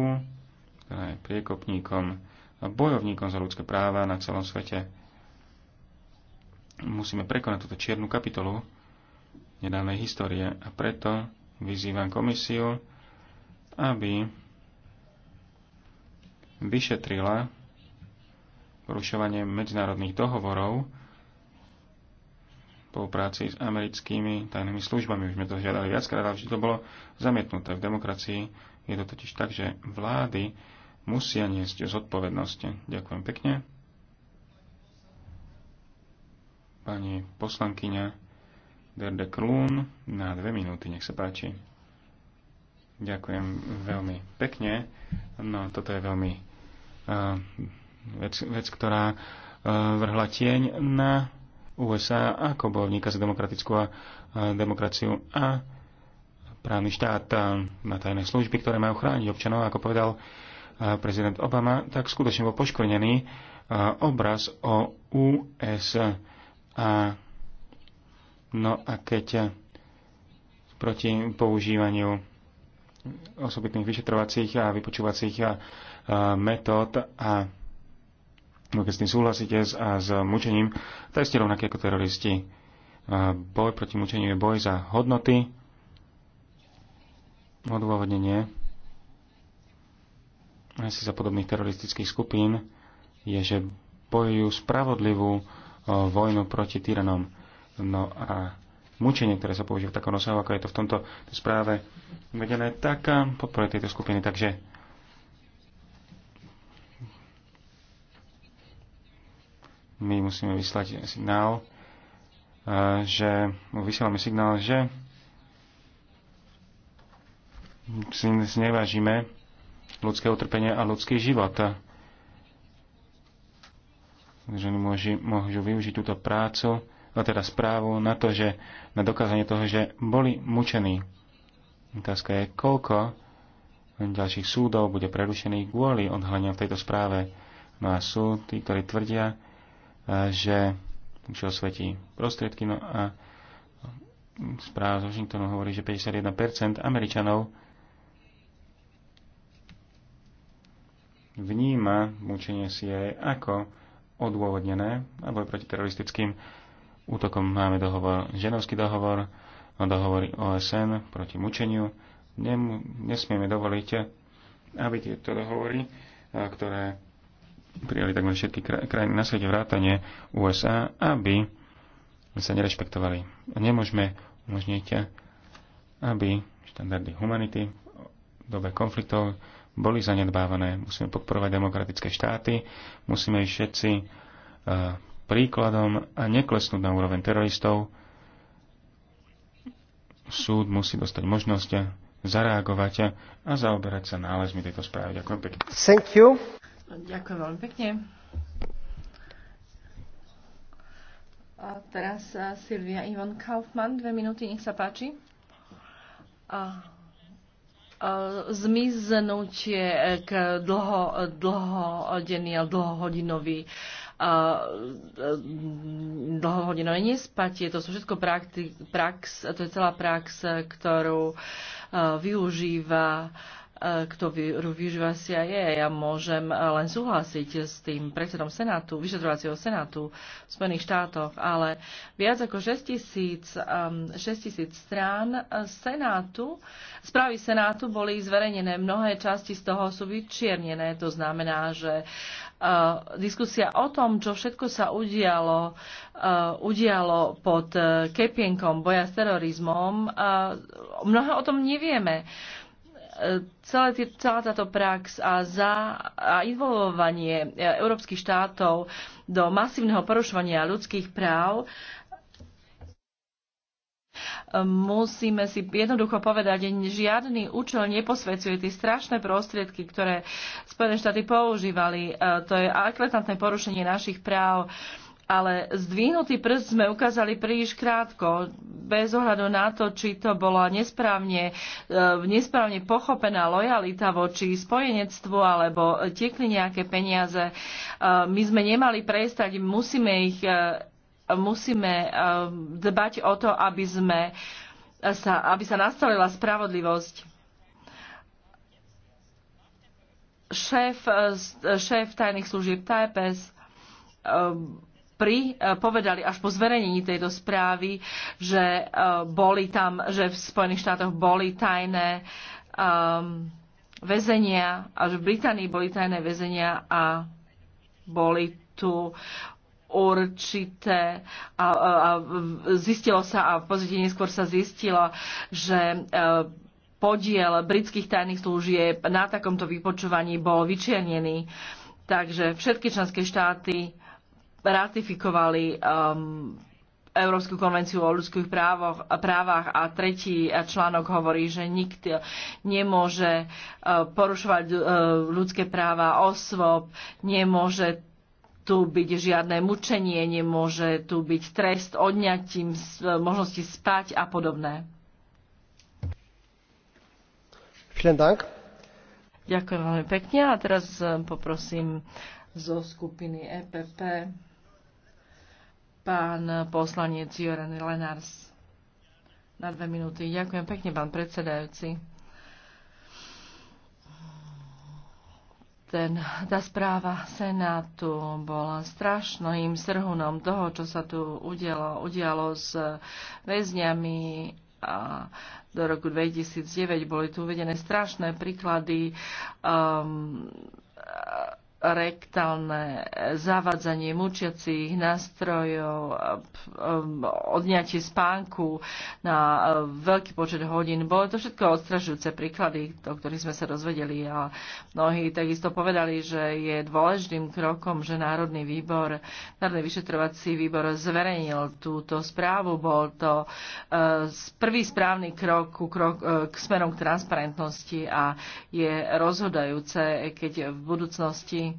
ktorá je priekopníkom a bojovníkom za ľudské práva na celom svete. Musíme prekonať túto čiernu kapitolu, nedávnej histórie. A preto vyzývam komisiu, aby vyšetrila porušovanie medzinárodných dohovorov po práci s americkými tajnými službami. Už sme to žiadali viackrát, ale vždy to bolo zamietnuté. V demokracii je to totiž tak, že vlády musia niesť zodpovednosť. Ďakujem pekne. Pani poslankyňa de Kroon na dve minúty, nech sa páči. Ďakujem veľmi pekne. No, toto je veľmi uh, vec, vec, ktorá uh, vrhla tieň na USA ako bojovníka za demokratickú a, uh, demokraciu a právny štát na tajné služby, ktoré majú chrániť občanov, ako povedal prezident Obama, tak skutočne bol poškvrnený obraz o USA a No a keď eh, proti používaniu osobitných vyšetrovacích a vypočúvacích eh, metód a no keď s tým súhlasíte a s mučením, tak ste rovnaké ako teroristi. Eh, boj proti mučeniu je boj za hodnoty, odôvodnenie asi za podobných teroristických skupín je, že bojujú spravodlivú vojnu proti tyranom No a mučenie, ktoré sa používa v takom rozsahu, ako je to v tomto správe uvedené, tak podporuje tejto skupiny. Takže my musíme vyslať signál, že vysielame signál, že si nevážime ľudské utrpenie a ľudský život. Ženy môžu využiť túto prácu teda správu na to, že na dokázanie toho, že boli mučení. Otázka je, koľko ďalších súdov bude prerušených kvôli odhalenia v tejto správe. No a sú tí, ktorí tvrdia, eh, že čo osvetí prostriedky. No a správa z Washingtonu hovorí, že 51% Američanov vníma mučenie CIA ako odôvodnené a boj proti teroristickým útokom máme dohovor, ženovský dohovor, dohovory OSN proti mučeniu. Nem, nesmieme dovoliť, aby tieto dohovory, ktoré prijali takmer všetky krajiny na svete vrátane USA, aby sa nerešpektovali. Nemôžeme umožniť, aby štandardy humanity v dobe konfliktov boli zanedbávané. Musíme podporovať demokratické štáty, musíme ich všetci uh, príkladom a neklesnúť na úroveň teroristov. Súd musí dostať možnosť zareagovať a zaoberať sa nálezmi tejto správy. Ďakujem pekne. Thank you. Ďakujem veľmi pekne. A teraz eh, Silvia Ivan Kaufmann, dve minúty, nech sa páči. A eh, zmiznutie eh, k dlho, dlhodenný a dlhohodinový dlhohodinové nespatie. To sú všetko prakti, prax, to je celá prax, ktorú využíva kto využíva CIA. Ja môžem len súhlasiť s tým predsedom Senátu, vyšetrovacieho Senátu v Spojených štátoch, ale viac ako 6 tisíc, 6 um, tisíc strán Senátu, správy Senátu boli zverejnené. Mnohé časti z toho sú vyčiernené. To znamená, že Eh, diskusia o tom, čo všetko sa udialo, eh, udialo pod eh, kepienkom boja s terorizmom, mnoho o tom nevieme. Celé, celá táto prax a, za, a involvovanie európskych štátov do masívneho porušovania ľudských práv uh, Musíme si jednoducho povedať, že žiadny účel neposvedcuje tie strašné prostriedky, ktoré Spojené štáty používali. E, to je eklatantné porušenie našich práv ale zdvihnutý prst sme ukázali príliš krátko, bez ohľadu na to, či to bola nesprávne, e, nesprávne pochopená lojalita voči spojenectvu alebo tiekli nejaké peniaze. E, my sme nemali prestať, musíme ich musíme eh, dbať o to, aby, sme sa, aby sa nastavila spravodlivosť. Šéf, eh, šéf tajných služieb TAPS eh, pri, povedali až po zverejnení tejto správy, že boli tam, že v Spojených štátoch boli tajné um, väzenia, až v Británii boli tajné väzenia a boli tu určité a, a zistilo sa a v podstate neskôr sa zistilo, že e, podiel britských tajných služieb na takomto vypočúvaní bol vyčernený. Takže všetky členské štáty ratifikovali um, Európsku konvenciu o ľudských právoch, právach a tretí článok hovorí, že nikt nemôže e, porušovať e, ľudské práva osôb, nemôže tu byť žiadne mučenie, nemôže tu byť trest odňatím e, možnosti spať a podobné. Ďakujem veľmi pekne a teraz e, poprosím zo skupiny EPP pán poslanec Joran Lenars. Na dve minúty. Ďakujem pekne, pán predsedajúci. ten, tá správa Senátu bola strašným srhunom toho, čo sa tu udialo, udialo s väzňami a do roku 2009 boli tu uvedené strašné príklady um, rektálne zavadzanie mučiacich nástrojov, eh, odňatie spánku na eh, veľký počet hodín. Bolo to všetko odstražujúce príklady, o ktorých sme sa dozvedeli a mnohí takisto povedali, že je dôležitým krokom, že Národný výbor, Národný vyšetrovací výbor zverejnil túto správu. Bol to eh, prvý správny krok, krok k smerom k transparentnosti a je rozhodajúce, keď v budúcnosti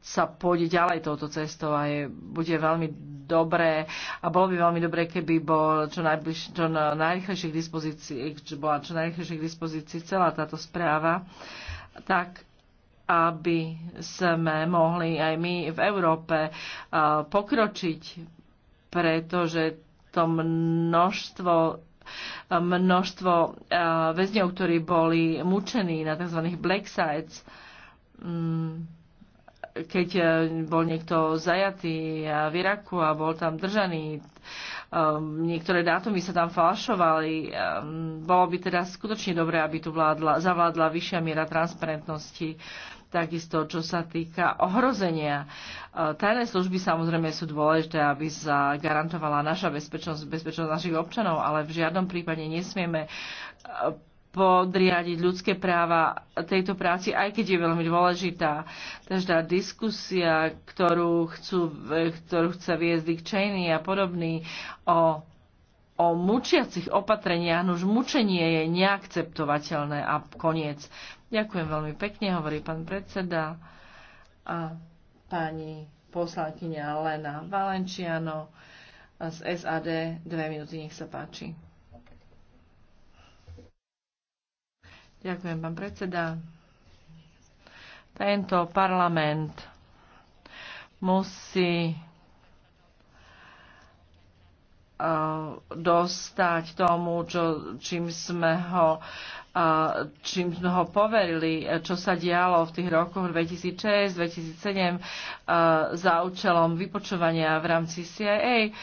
sa pôjde ďalej touto cestou a je, bude veľmi dobré a bolo by veľmi dobré, keby bol čo, najbliž, čo najrychlejšie k dispozícii, čo bola čo najrychlejšie k dispozícii celá táto správa, tak aby sme mohli aj my v Európe pokročiť, pretože to množstvo množstvo väzňov, ktorí boli mučení na tzv. black sites, mm, keď e, bol niekto zajatý v Iraku a bol tam držaný, e, niektoré dátumy sa tam falšovali. E, bolo by teda skutočne dobré, aby tu vládla, zavládla vyššia miera transparentnosti, takisto čo sa týka ohrozenia. Tajné služby samozrejme sú dôležité, aby sa garantovala naša bezpečnosť, bezpečnosť našich občanov, ale v žiadnom prípade nesmieme podriadiť ľudské práva tejto práci, aj keď je veľmi dôležitá. Každá diskusia, ktorú, chcú, ktorú chce viesť Dick Cheney a podobný o, o mučiacich opatreniach, už mučenie je neakceptovateľné a koniec. Ďakujem veľmi pekne, hovorí pán predseda a pani poslankyňa Lena Valenciano z SAD. Dve minúty, nech sa páči. Ďakujem, pán predseda. Tento parlament musí e, dostať tomu, čo, čím, sme ho, e, čím sme ho poverili, čo sa dialo v tých rokoch 2006-2007 e, za účelom vypočovania v rámci CIA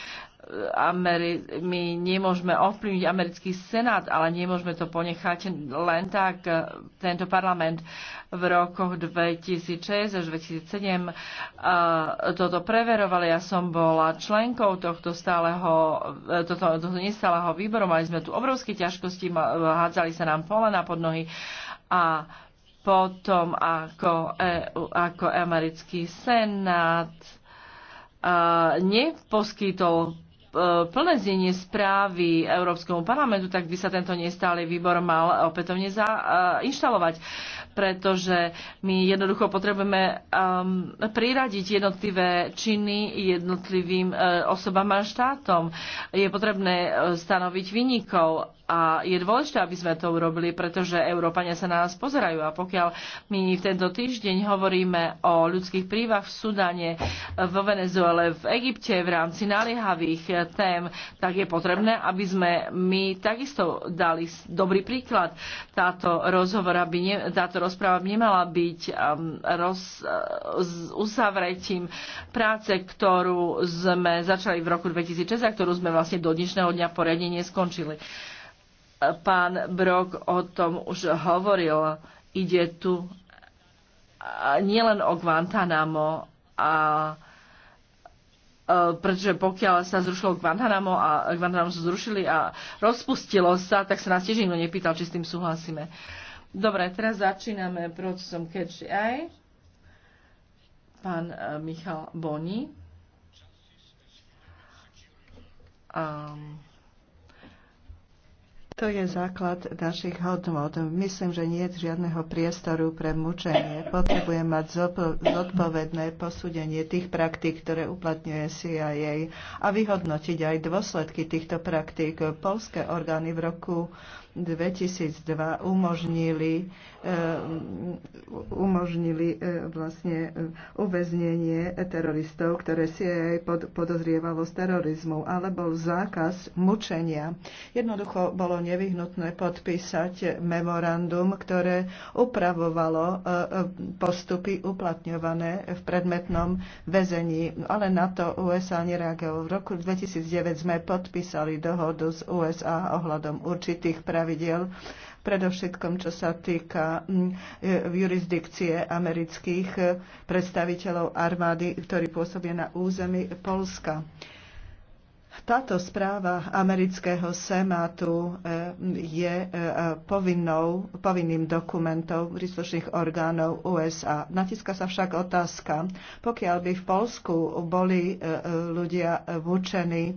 Ameri- my nemôžeme ovplyvniť americký senát, ale nemôžeme to ponechať len tak. E, tento parlament v rokoch 2006 až 2007 e, toto preveroval. Ja som bola členkou tohto stáleho, e, tohto, tohto nestáleho výboru. Mali sme tu obrovské ťažkosti, hádzali sa nám polena pod nohy a potom ako, ako americký senát neposkytol E, plné znenie správy Európskemu parlamentu, tak by sa tento nestály výbor mal opätovne zainštalovať, e, pretože my jednoducho potrebujeme um, priradiť jednotlivé činy jednotlivým uh, osobám a štátom. Je potrebné stanoviť vynikov a je dôležité, aby sme to urobili, pretože Európania sa na nás pozerajú. A pokiaľ my v tento týždeň hovoríme o ľudských prívach v Sudane, vo Venezuele, v Egypte v rámci naliehavých tém, tak je potrebné, aby sme my takisto dali dobrý príklad. Táto, rozhovor, aby ne, táto rozpráva by nemala byť um, roz, uh, s uzavretím práce, ktorú sme začali v roku 2006 a ktorú sme vlastne do dnešného dňa poriadne neskončili. Pán Brok o tom už hovoril. Ide tu nielen o Guantanamo, a, pretože pokiaľ sa zrušilo Guantanamo a Guantanamo sa zrušili a rozpustilo sa, tak sa nás tiež nikto nepýtal, či s tým súhlasíme. Dobre, teraz začíname procesom Catch aj. Pán e, Michal Boni. Um, to je základ našich hodnot. Myslím, že nie je žiadneho priestoru pre mučenie. Potrebujem mať zodpovedné posúdenie tých praktík, ktoré uplatňuje CIA a vyhodnotiť aj dôsledky týchto praktík. Polské orgány v roku 2002 umožnili, e, umožnili e, vlastne e, uväznenie teroristov, ktoré si aj podozrievalo z terorizmu, alebo zákaz mučenia. Jednoducho bolo nevyhnutné podpísať memorandum, ktoré upravovalo postupy uplatňované v predmetnom väzení, ale na to USA nereagovalo. V roku 2009 sme podpísali dohodu z USA ohľadom určitých pre pravidel, predovšetkom čo sa týka mm, e, jurisdikcie amerických e, predstaviteľov armády, ktorí pôsobia na území Polska. Táto správa amerického senátu e, je povinnou, povinným dokumentom príslušných orgánov USA. Natiska sa však otázka, pokiaľ by v Polsku boli ľudia vúčení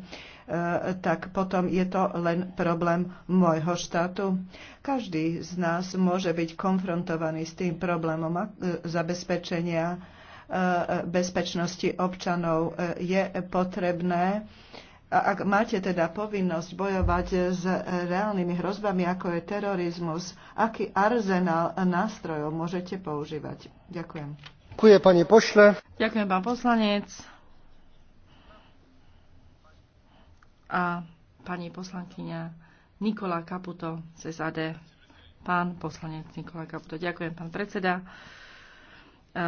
Eh, tak potom je to len problém môjho štátu. Každý z nás môže byť konfrontovaný s tým problémom eh, zabezpečenia eh, bezpečnosti občanov. Je potrebné ak máte teda povinnosť bojovať s reálnymi hrozbami, ako je terorizmus, aký arzenál nástrojov môžete používať? Ďakujem. Ďakujem, pani pošle. Ďakujem, pán poslanec. a pani poslankyňa Nikola Kaputo z SAD. Pán poslanec Nikola Kaputo. Ďakujem, pán predseda. E,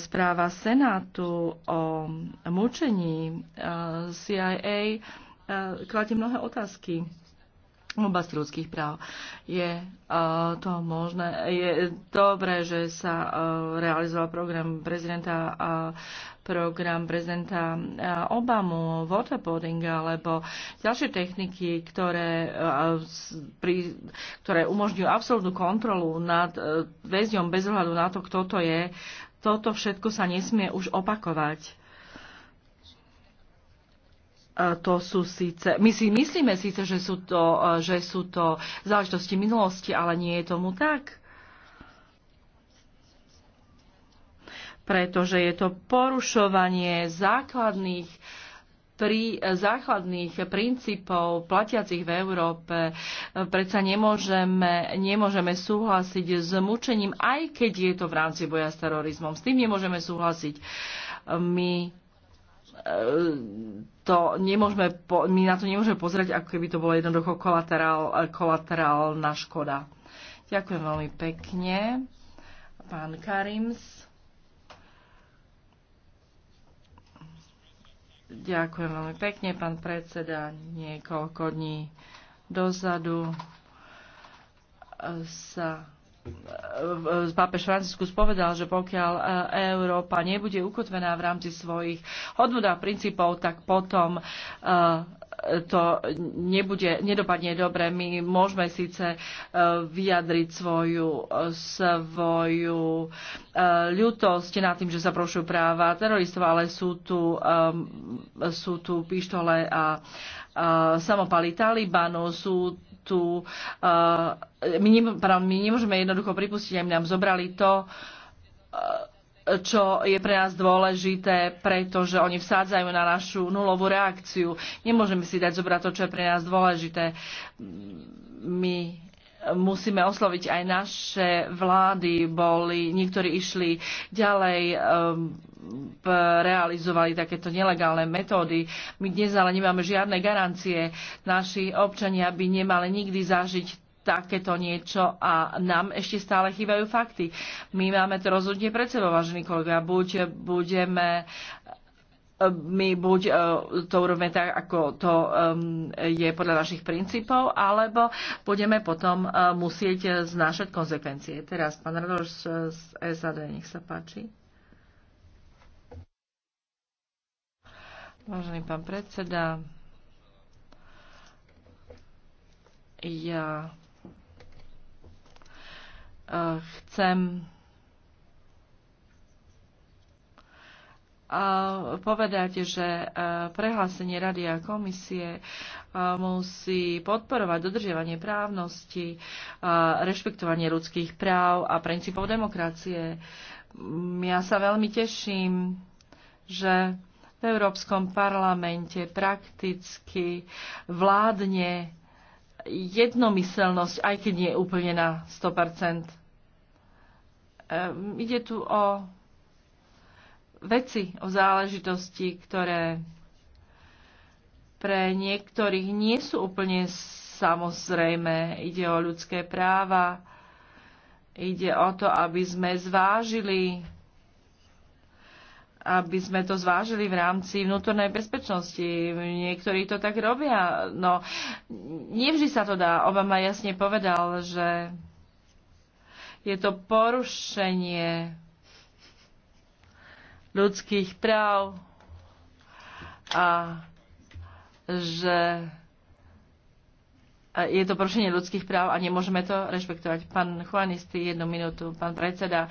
správa Senátu o mučení e, CIA e, kladie mnohé otázky oblasti ľudských práv. Je e, to možné, je dobré, že sa e, realizoval program prezidenta a e, program prezidenta Obamu, waterboarding alebo ďalšie techniky, ktoré, pri, ktoré umožňujú absolútnu kontrolu nad väzňom bez ohľadu na to, kto to je. Toto všetko sa nesmie už opakovať to sú síce, my si myslíme síce, že sú to, že sú to záležitosti minulosti, ale nie je tomu tak. Pretože je to porušovanie základných pri základných princípov platiacich v Európe predsa nemôžeme, nemôžeme súhlasiť s mučením, aj keď je to v rámci boja s terorizmom. S tým nemôžeme súhlasiť. My e, to nemôžeme, my na to nemôžeme pozrieť, ako keby to bolo jednoducho kolaterál, kolaterálna škoda. Ďakujem veľmi pekne. Pán Karims. Ďakujem veľmi pekne, pán predseda. Niekoľko dní dozadu sa pápež Franciskus povedal, že pokiaľ e, Európa nebude ukotvená v rámci svojich hodnot a princípov, tak potom e, to nebude, nedopadne dobre. My môžeme síce e, vyjadriť svoju, svoju ľutosť nad tým, že sa prošujú práva teroristov, ale sú tu, sú tu pištole a samopaly Talibanu, sú tu, eh, my, ne, my nemôžeme jednoducho pripustiť, aby nám zobrali to, eh, čo je pre nás dôležité, pretože oni vsádzajú na našu nulovú reakciu. Nemôžeme si dať zobrať to, čo je pre nás dôležité. My musíme osloviť aj naše vlády. Boli, niektorí išli ďalej, eh, realizovali takéto nelegálne metódy. My dnes ale nemáme žiadne garancie. Naši občania by nemali nikdy zažiť takéto niečo a nám ešte stále chýbajú fakty. My máme to rozhodne pred sebou, vážení kolega. Buď budeme my buď e, to urobíme tak, ako to je podľa našich princípov, alebo budeme potom e, musieť e, znášať konsekvencie. Teraz pán Radoš z SAD, nech sa páči. Vážený pán predseda, ja e, chcem e, povedať, že e, prehlásenie Rady a komisie musí podporovať dodržiavanie právnosti, rešpektovanie ľudských práv a princípov demokracie. Ja sa veľmi teším, že v Európskom parlamente prakticky vládne jednomyselnosť, aj keď nie je úplne na 100%. E, ehm, ide tu o veci, o záležitosti, ktoré pre niektorých nie sú úplne samozrejme. Ide o ľudské práva, ide o to, aby sme zvážili aby sme to zvážili v rámci vnútornej bezpečnosti. Niektorí to tak robia. No, nevždy sa to dá. Obama jasne povedal, že je to porušenie ľudských práv a že je to porušenie ľudských práv a nemôžeme to rešpektovať. Pán Juanisty, jednu minútu, pán predseda,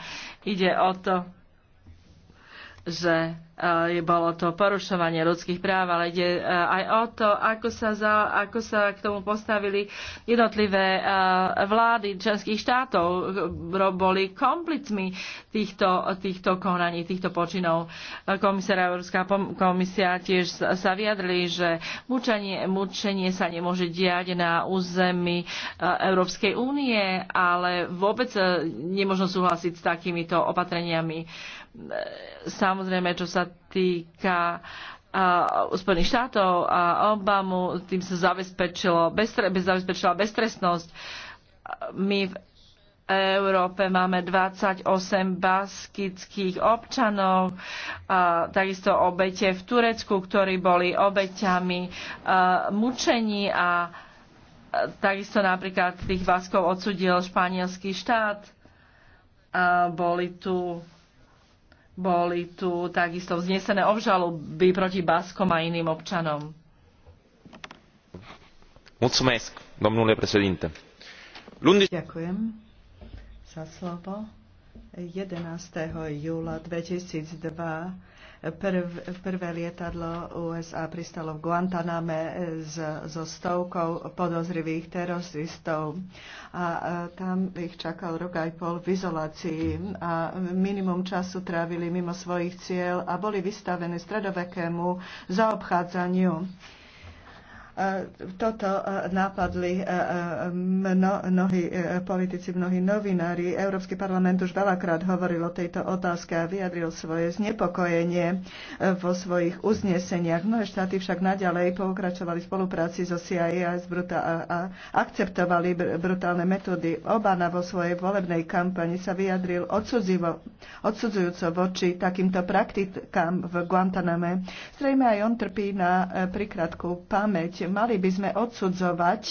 ide o to, že e, je, bolo to porušovanie ľudských práv, ale ide e, aj o to, ako sa, za, ako sa k tomu postavili jednotlivé e, vlády členských štátov. Boli komplicmi týchto, týchto konaní, týchto počinov. Komisára Európska komisia tiež sa vyjadrili, že mučenie, mučenie sa nemôže diať na území Európskej únie, ale vôbec nemôžno súhlasiť s takýmito opatreniami Samozrejme, čo sa týka Spojených štátov a Obamu, tým sa zabezpečilo, beztre, zabezpečila beztrestnosť. My v Európe máme 28 baskických občanov, a takisto obete v Turecku, ktorí boli obeťami mučení a takisto napríklad tých Baskov odsudil španielský štát. A boli tu boli tu takisto vznesené obžaloby proti Baskom a iným občanom. Mulțumesc, domnule președinte. Ďakujem za slovo. 11. júla 2002 Prv, prvé lietadlo USA pristalo v Guantaname s, so stovkou podozrivých teroristov a e, tam ich čakal rok aj pol v izolácii a minimum času trávili mimo svojich cieľ a boli vystavené stredovekému zaobchádzaniu. E, toto e, napadli e, mnohí politici, mnohí novinári. Európsky parlament už veľakrát hovoril o tejto otázke a vyjadril svoje znepokojenie vo svojich uzneseniach. Mnohé štáty však naďalej pokračovali v spolupráci so CIA a akceptovali brutálne metódy. Obana vo svojej volebnej kampani sa vyjadril odsudzivo, odsudzujúco voči takýmto praktikám v Guantaname. Zrejme aj on trpí na prikratku pamäť Mali by sme odsudzovať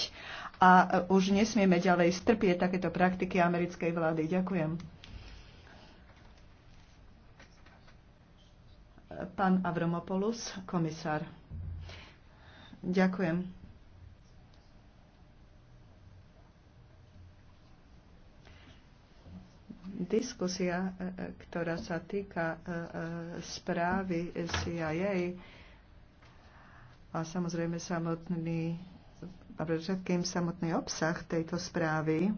a už nesmieme ďalej strpieť takéto praktiky americkej vlády. Ďakujem. Pán Avromopoulos, komisár. Ďakujem. Diskusia, e, e, ktorá sa týka e, správy CIA, a samozrejme samotný a predovšetkým samotný obsah tejto správy e,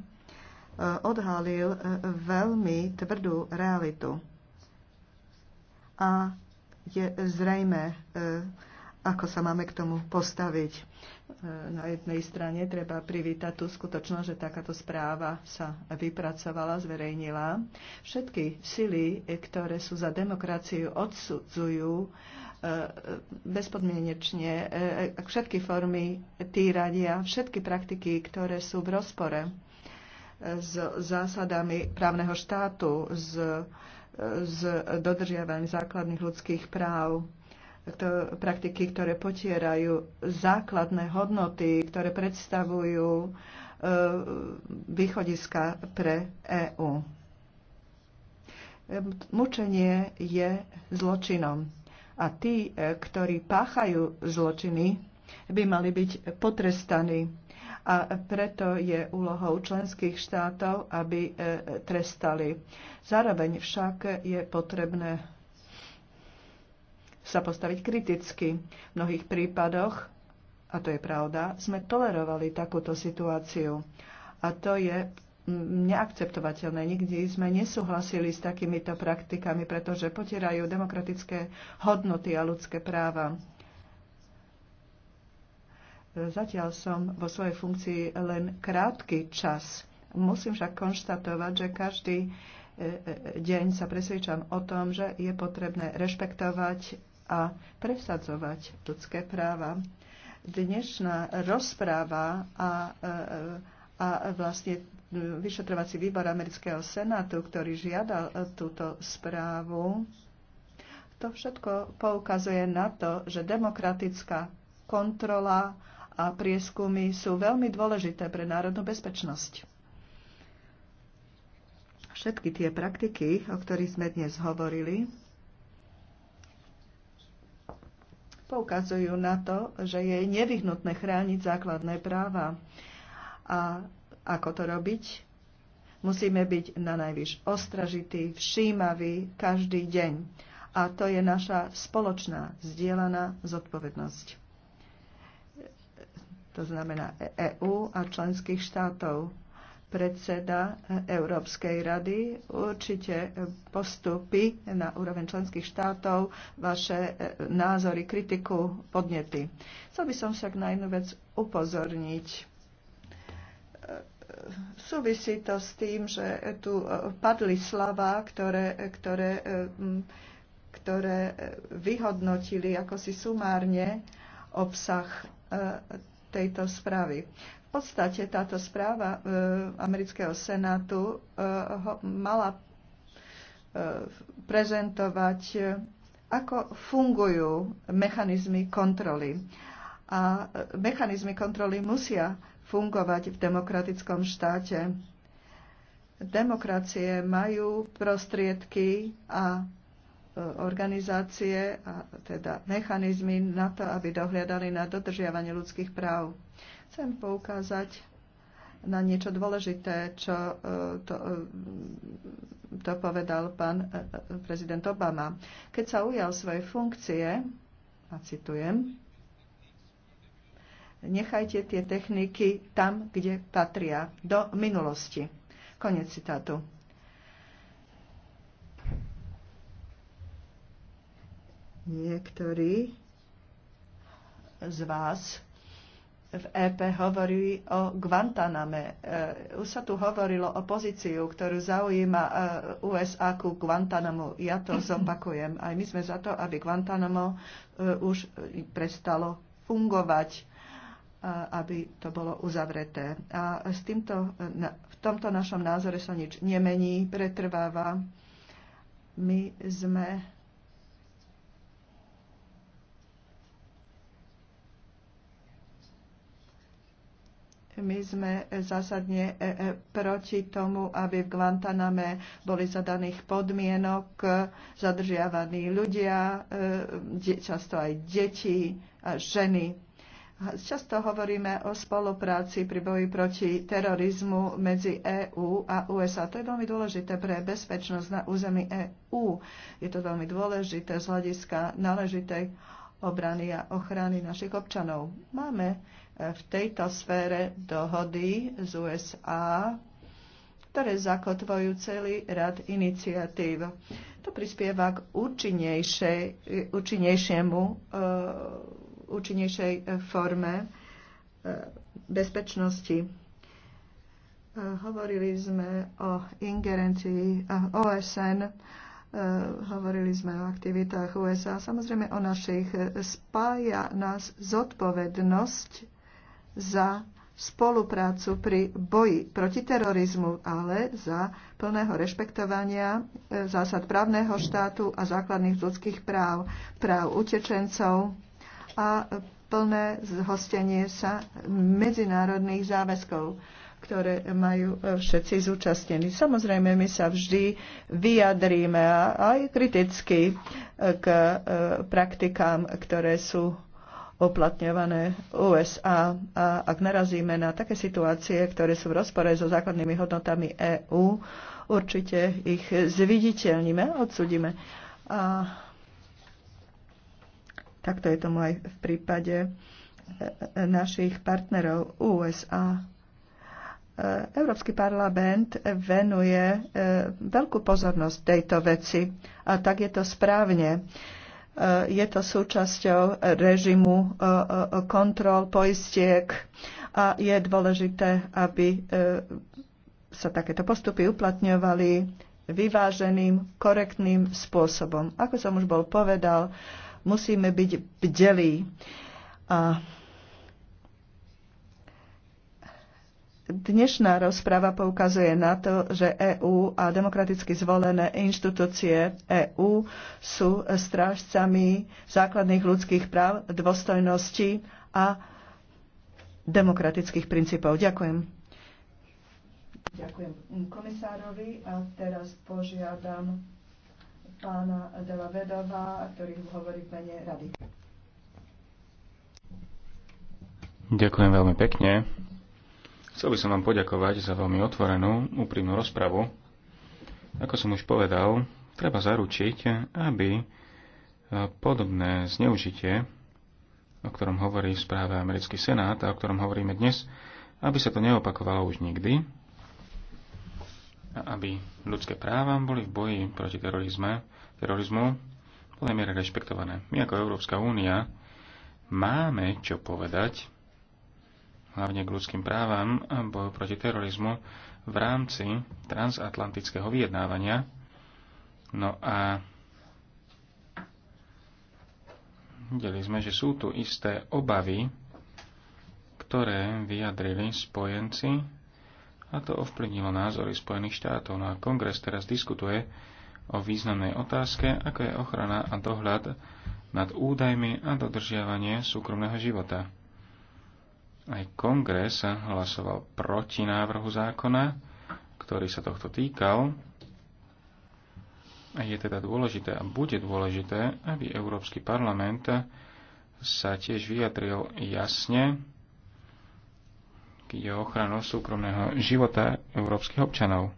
odhalil e, veľmi tvrdú realitu. A je zrejme, e, ako sa máme k tomu postaviť. Na jednej strane treba privítať tú skutočnosť, že takáto správa sa vypracovala, zverejnila. Všetky sily, ktoré sú za demokraciu, odsudzujú E, bezpodmienečne e, e, všetky formy týrania, všetky praktiky, ktoré sú v rozpore s zásadami právneho štátu, s, s dodržiavaním základných ľudských práv, to, praktiky, ktoré potierajú základné hodnoty, ktoré predstavujú e, východiska pre EÚ. Mučenie je zločinom a tí, e, ktorí páchajú zločiny, by mali byť potrestaní. A preto je úlohou členských štátov, aby e, trestali. Zároveň však je potrebné sa postaviť kriticky. V mnohých prípadoch, a to je pravda, sme tolerovali takúto situáciu. A to je neakceptovateľné. Nikdy sme nesúhlasili s takýmito praktikami, pretože potierajú demokratické hodnoty a ľudské práva. Zatiaľ som vo svojej funkcii len krátky čas. Musím však konštatovať, že každý e, e, deň sa presvedčam o tom, že je potrebné rešpektovať a presadzovať ľudské práva. Dnešná rozpráva a, e, a vlastne vyšetrovací výbor amerického senátu, ktorý žiadal e, túto správu, to všetko poukazuje na to, že demokratická kontrola a prieskumy sú veľmi dôležité pre národnú bezpečnosť. Všetky tie praktiky, o ktorých sme dnes hovorili, poukazujú na to, že je nevyhnutné chrániť základné práva. A ako to robiť? Musíme byť na najvyš ostražití, všímaví každý deň. A to je naša spoločná, zdieľaná zodpovednosť. To znamená EÚ e a členských štátov. Predseda Európskej rady určite postupy na úroveň členských štátov vaše názory, kritiku, podnety. Chcel by som však na jednu vec upozorniť súvisí to s tým, že tu e, padli slava, ktoré, e, ktoré, e, ktoré vyhodnotili ako si sumárne obsah tejto správy. V podstate táto správa amerického senátu mala prezentovať, ako fungujú mechanizmy kontroly. A mechanizmy kontroly musia fungovať v demokratickom štáte. Demokracie majú prostriedky a e, organizácie a teda mechanizmy na to, aby dohliadali na dodržiavanie ľudských práv. Chcem poukázať na niečo dôležité, čo e, to, e, to povedal pán prezident Obama. Keď sa ujal svoje funkcie, a citujem, Nechajte tie techniky tam, kde patria, do minulosti. Konec citátu. Niektorí z vás v EP hovorí o Guantaname. E, už sa tu hovorilo o pozíciu, ktorú zaujíma e, USA ku Guantanamu. Ja to zopakujem. Aj my sme za to, aby Guantanamo e, už prestalo fungovať aby to bolo uzavreté. A s týmto, v tomto našom názore sa nič nemení, pretrváva. My sme My sme zásadne e, e, proti tomu, aby v Guantaname boli zadaných podmienok zadržiavaní ľudia, e, často aj deti a ženy Často hovoríme o spolupráci pri boji proti terorizmu medzi EÚ a USA. To je veľmi dôležité pre bezpečnosť na území EÚ. Je to veľmi dôležité z hľadiska náležitej obrany a ochrany našich občanov. Máme e, v tejto sfére dohody z USA, ktoré zakotvujú celý rad iniciatív. To prispieva k účinnejšiemu e, účinnejšej e, forme e, bezpečnosti. E, hovorili sme o ingerencii OSN, hovorili sme o aktivitách USA, samozrejme o našich. Spája nás zodpovednosť za spoluprácu pri boji proti terorizmu, ale za plného rešpektovania zásad právneho štátu a základných ľudských práv, práv utečencov, a plné zhostenie sa medzinárodných záväzkov ktoré majú e, všetci zúčastnení. Samozrejme, my sa vždy vyjadríme aj kriticky e, k e, praktikám, ktoré sú uplatňované USA. A ak narazíme na také situácie, ktoré sú v rozpore so základnými hodnotami EÚ, určite ich zviditeľníme a odsudíme. A Takto je tomu aj v prípade e, e, našich partnerov USA. E, Európsky parlament venuje veľkú pozornosť tejto veci a tak je to správne. Je to súčasťou režimu kontrol, poistiek a je dôležité, aby sa takéto postupy uplatňovali vyváženým, korektným spôsobom. Ako som už bol povedal, Musíme byť bdelí. A Dnešná rozprava poukazuje na to, že EÚ a demokraticky zvolené inštitúcie EÚ sú strážcami základných ľudských práv, dôstojnosti a demokratických princípov. Ďakujem. Ďakujem komisárovi a teraz požiadam pána Dela Vedova, ktorý hovorí v mene rady. Ďakujem veľmi pekne. Chcel by som vám poďakovať za veľmi otvorenú, úprimnú rozpravu. Ako som už povedal, treba zaručiť, aby e, podobné zneužitie, o ktorom hovorí v správe Americký senát a o ktorom hovoríme dnes, aby sa to neopakovalo už nikdy, aby ľudské práva boli v boji proti terorizme, terorizmu v plnej miere rešpektované. My ako Európska únia máme čo povedať, hlavne k ľudským právam a boju proti terorizmu v rámci transatlantického vyjednávania. No a videli sme, že sú tu isté obavy, ktoré vyjadrili spojenci a to ovplyvnilo názory Spojených štátov. No a kongres teraz diskutuje o významnej otázke, ako je ochrana a dohľad nad údajmi a dodržiavanie súkromného života. Aj kongres hlasoval proti návrhu zákona, ktorý sa tohto týkal. A Je teda dôležité a bude dôležité, aby Európsky parlament sa tiež vyjadril jasne keď je ochranu súkromného života európskych občanov,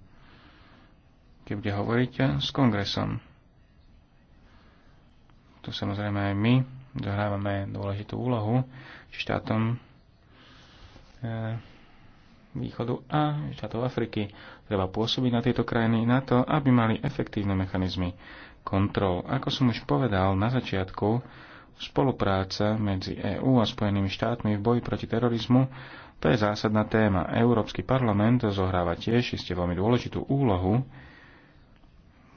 keď bude hovoriť s kongresom. Tu samozrejme aj my dohrávame dôležitú úlohu štátom e, východu a štátov Afriky. Treba pôsobiť na tieto krajiny na to, aby mali efektívne mechanizmy kontrol. Ako som už povedal na začiatku, spolupráca medzi EÚ a Spojenými štátmi v boji proti terorizmu to je zásadná téma. Európsky parlament zohráva tiež iste veľmi dôležitú úlohu,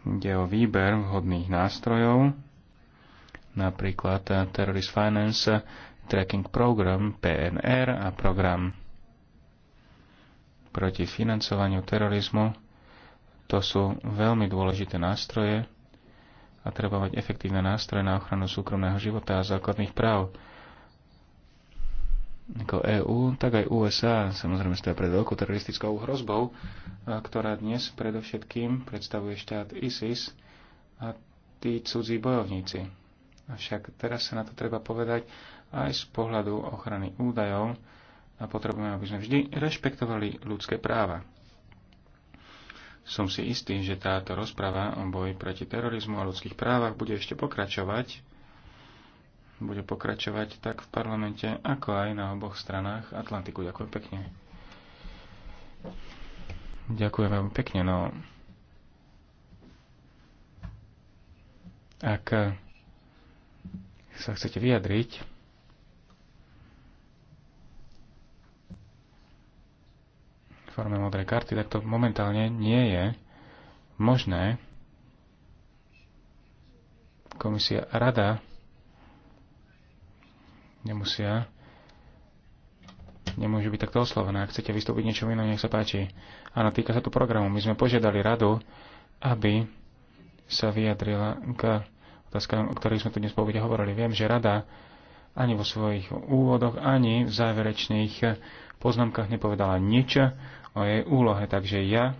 kde o výber vhodných nástrojov, napríklad Terrorist Finance Tracking Program, PNR a program proti financovaniu terorizmu. To sú veľmi dôležité nástroje a treba mať efektívne nástroje na ochranu súkromného života a základných práv ako EÚ, tak aj USA samozrejme stoja pred veľkou teroristickou hrozbou, ktorá dnes predovšetkým predstavuje štát ISIS a tí cudzí bojovníci. Avšak teraz sa na to treba povedať aj z pohľadu ochrany údajov a potrebujeme, aby sme vždy rešpektovali ľudské práva. Som si istý, že táto rozprava o boji proti terorizmu a ľudských právach bude ešte pokračovať bude pokračovať tak v parlamente, ako aj na oboch stranách Atlantiku. Ďakujem pekne. Ďakujem veľmi pekne. No, ak sa chcete vyjadriť, v forme modrej karty, tak to momentálne nie je možné. Komisia rada nemusia nemôže byť takto oslovené. Ak chcete vystúpiť niečo iné, nech sa páči. Áno, týka sa tu programu. My sme požiadali radu, aby sa vyjadrila k otázkam, o ktorých sme tu dnes po hovorili. Viem, že rada ani vo svojich úvodoch, ani v záverečných poznámkach nepovedala nič o jej úlohe. Takže ja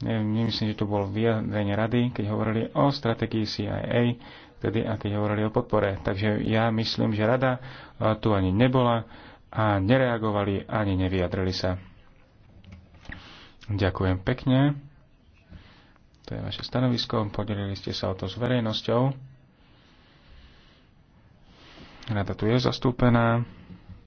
nemyslím, že to bolo vyjadrenie rady, keď hovorili o strategii CIA vtedy, a keď hovorili o podpore. Takže ja myslím, že rada e, tu ani nebola a nereagovali ani nevyjadrili sa. Ďakujem pekne. To je vaše stanovisko. Podelili ste sa o to s verejnosťou. Rada tu je zastúpená.